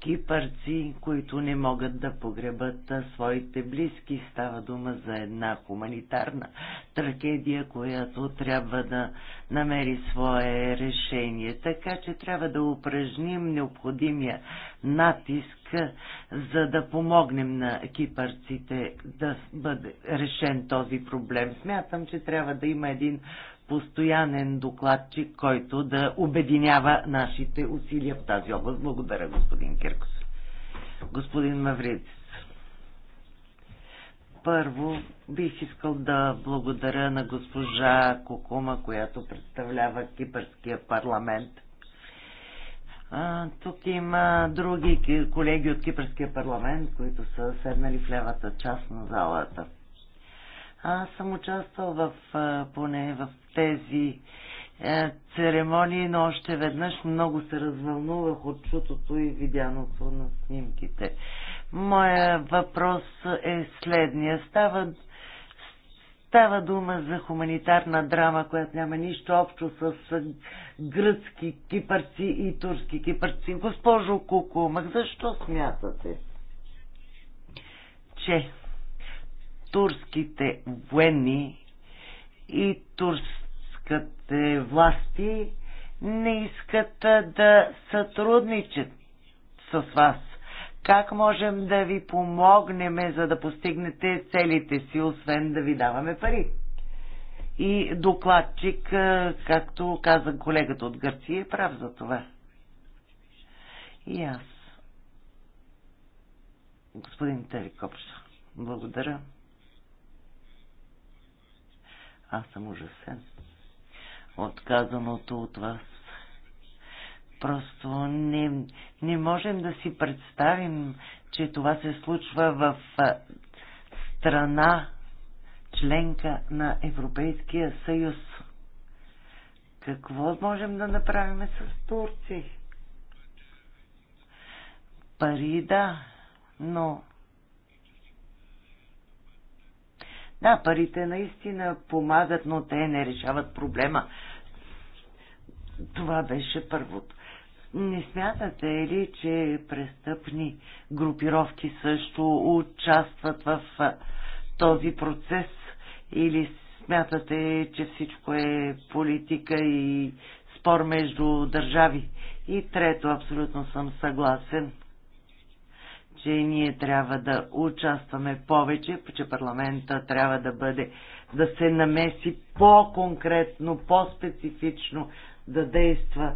кипърци, които не могат да погребат своите близки. Става дума за една хуманитарна трагедия, която трябва да намери свое решение. Така че трябва да упражним необходимия натиск, за да помогнем на кипърците да бъде решен този проблем. Смятам, че трябва да има един постоянен докладчик, който да обединява нашите усилия в тази област. Благодаря, господин Киркос. Господин Мавридис, първо бих искал да благодаря на госпожа Кокума, която представлява Кипърския парламент. А, тук има други колеги от Кипърския парламент, които са седнали в левата част на залата. Аз съм участвал в, поне в тези церемонии, но още веднъж много се развълнувах от чутото и видяното на снимките. Моя въпрос е следния. Става, става дума за хуманитарна драма, която няма нищо общо с гръцки кипърци и турски кипърци. Госпожо Кукумах, защо смятате, че турските военни и турските власти не искат да сътрудничат с вас. Как можем да ви помогнем, за да постигнете целите си, освен да ви даваме пари? И докладчик, както каза колегата от Гърция, е прав за това. И аз. Господин Терикопша, благодаря. Аз съм ужасен. Отказаното от вас. Просто не, не можем да си представим, че това се случва в страна, членка на Европейския съюз. Какво можем да направим с Турци? Пари да, но Да, парите наистина помагат, но те не решават проблема. Това беше първото. Не смятате ли, че престъпни групировки също участват в този процес или смятате, че всичко е политика и спор между държави? И трето, абсолютно съм съгласен че ние трябва да участваме повече, че парламента трябва да бъде, да се намеси по-конкретно, по-специфично, да действа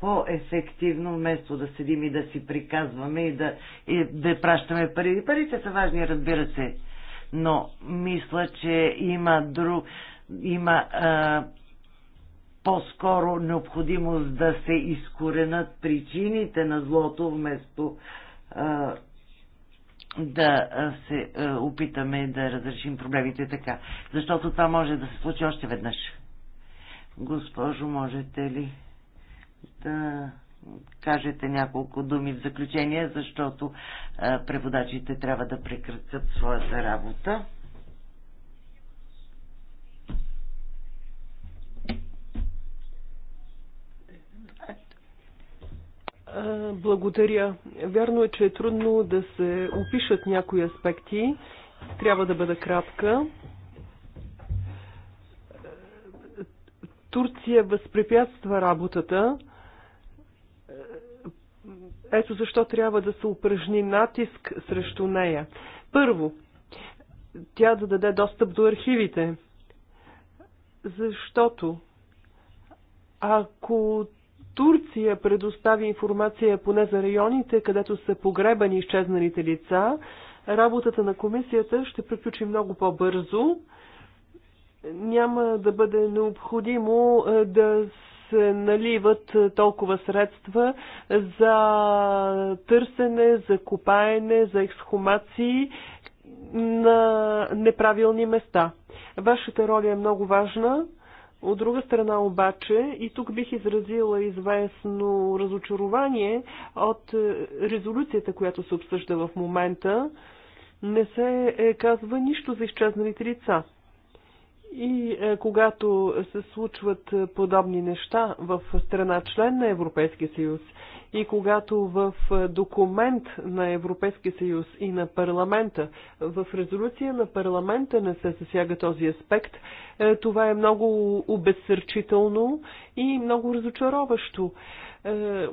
по-ефективно, вместо да седим и да си приказваме и да, и да пращаме пари. Парите са важни, разбира се, но мисля, че има друг, има а, по-скоро необходимост да се изкоренат причините на злото, вместо да се опитаме да разрешим проблемите така. Защото това може да се случи още веднъж. Госпожо, можете ли да кажете няколко думи в заключение, защото преводачите трябва да прекратят своята работа. Благодаря. Вярно е, че е трудно да се опишат някои аспекти. Трябва да бъда кратка. Турция възпрепятства работата. Ето защо трябва да се упражни натиск срещу нея. Първо, тя да даде достъп до архивите, защото ако Турция предостави информация поне за районите, където са погребани изчезналите лица, работата на комисията ще приключи много по-бързо. Няма да бъде необходимо е, да се наливат толкова средства за търсене, за копаене, за ексхумации на неправилни места. Вашата роля е много важна. От друга страна обаче, и тук бих изразила известно разочарование от е, резолюцията, която се обсъжда в момента, не се е, казва нищо за изчезналите лица. И е, когато се случват е, подобни неща в страна член на Европейския съюз и когато в е, документ на Европейския съюз и на парламента, в резолюция на парламента не се засяга този аспект, е, това е много обезсърчително и много разочароващо. Е,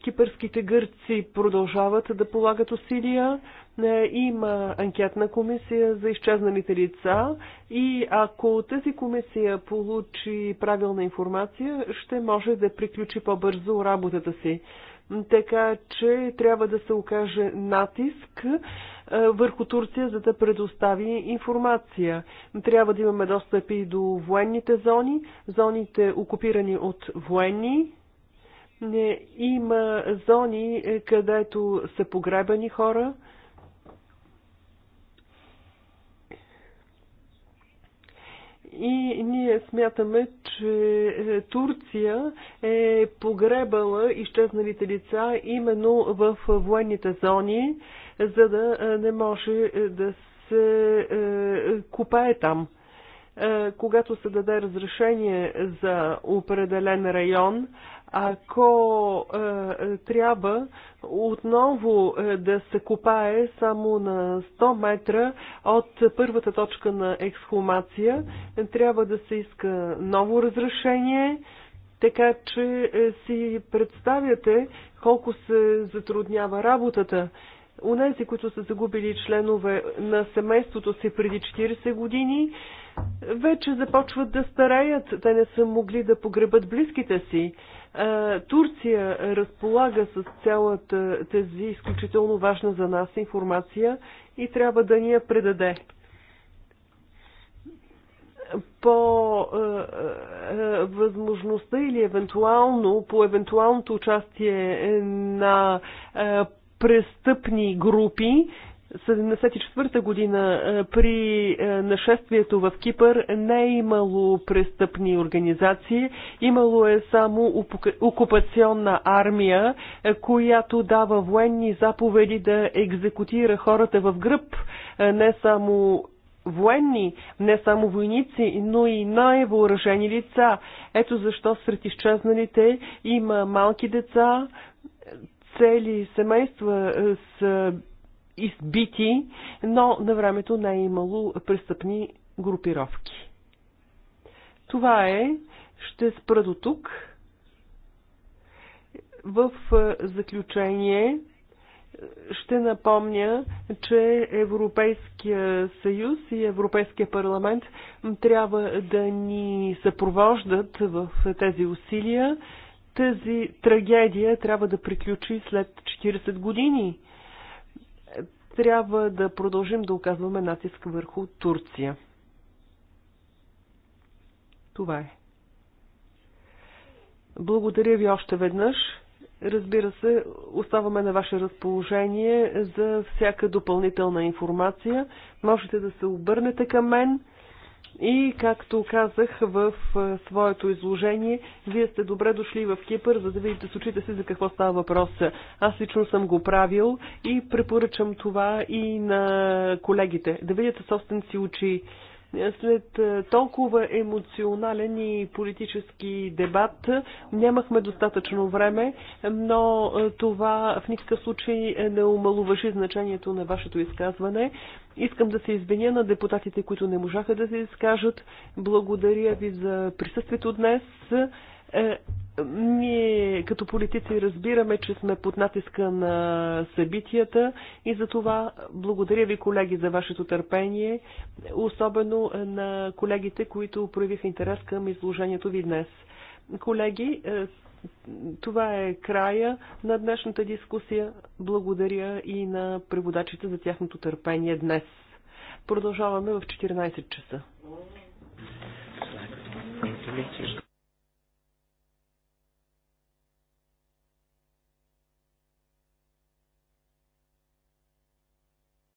кипърските гърци продължават да полагат усилия. Е, има анкетна комисия за изчезналите лица и ако тази комисия получи правилна информация, ще може да приключи по-бързо работата си. Така че трябва да се окаже натиск е, върху Турция, за да предостави информация. Трябва да имаме достъпи до военните зони, зоните окупирани от военни не, има зони, е, където са погребани хора. И ние смятаме, че е, Турция е погребала изчезналите лица именно в военните зони, за да е, не може да се купае там. Е, когато се даде разрешение за определен район, ако е, е трябва отново е, да се копае само на 100 метра от първата точка на ексхумация, трябва да се иска ново разрешение, така че си представяте колко се затруднява работата. Унези, които са загубили членове на семейството си преди 40 години, вече започват да стареят. Те не са могли да погребат близките си. Турция разполага с цялата тези изключително важна за нас информация и трябва да ни я предаде по възможността или евентуално по евентуалното участие на престъпни групи 1974 година е, при е, нашествието в Кипър не е имало престъпни организации, имало е само окупационна армия, е, която дава военни заповеди да екзекутира хората в гръб, не само военни, не само войници, но и най-въоръжени лица. Ето защо сред изчезналите има малки деца, цели семейства с избити, но на времето не е имало престъпни групировки. Това е. Ще спра до тук. В е, заключение ще напомня, че Европейския съюз и Европейския парламент трябва да ни съпровождат в тези усилия. Тази трагедия трябва да приключи след 40 години трябва да продължим да оказваме натиск върху Турция. Това е. Благодаря ви още веднъж. Разбира се, оставаме на ваше разположение за всяка допълнителна информация. Можете да се обърнете към мен. И, както казах в своето изложение, вие сте добре дошли в Кипър, за да видите с очите си за какво става въпрос. Аз лично съм го правил и препоръчам това и на колегите. Да видите собствените си очи. След е, толкова емоционален и политически дебат нямахме достатъчно време, но е, това в никакъв случай не омалуважи значението на вашето изказване. Искам да се извиня на депутатите, които не можаха да се изкажат. Благодаря ви за присъствието днес. Е, ние като политици разбираме, че сме под натиска на събитията и за това благодаря ви, колеги, за вашето търпение, особено на колегите, които проявиха интерес към изложението ви днес. Колеги, е, това е края на днешната дискусия. Благодаря и на преводачите за тяхното търпение днес. Продължаваме в 14 часа.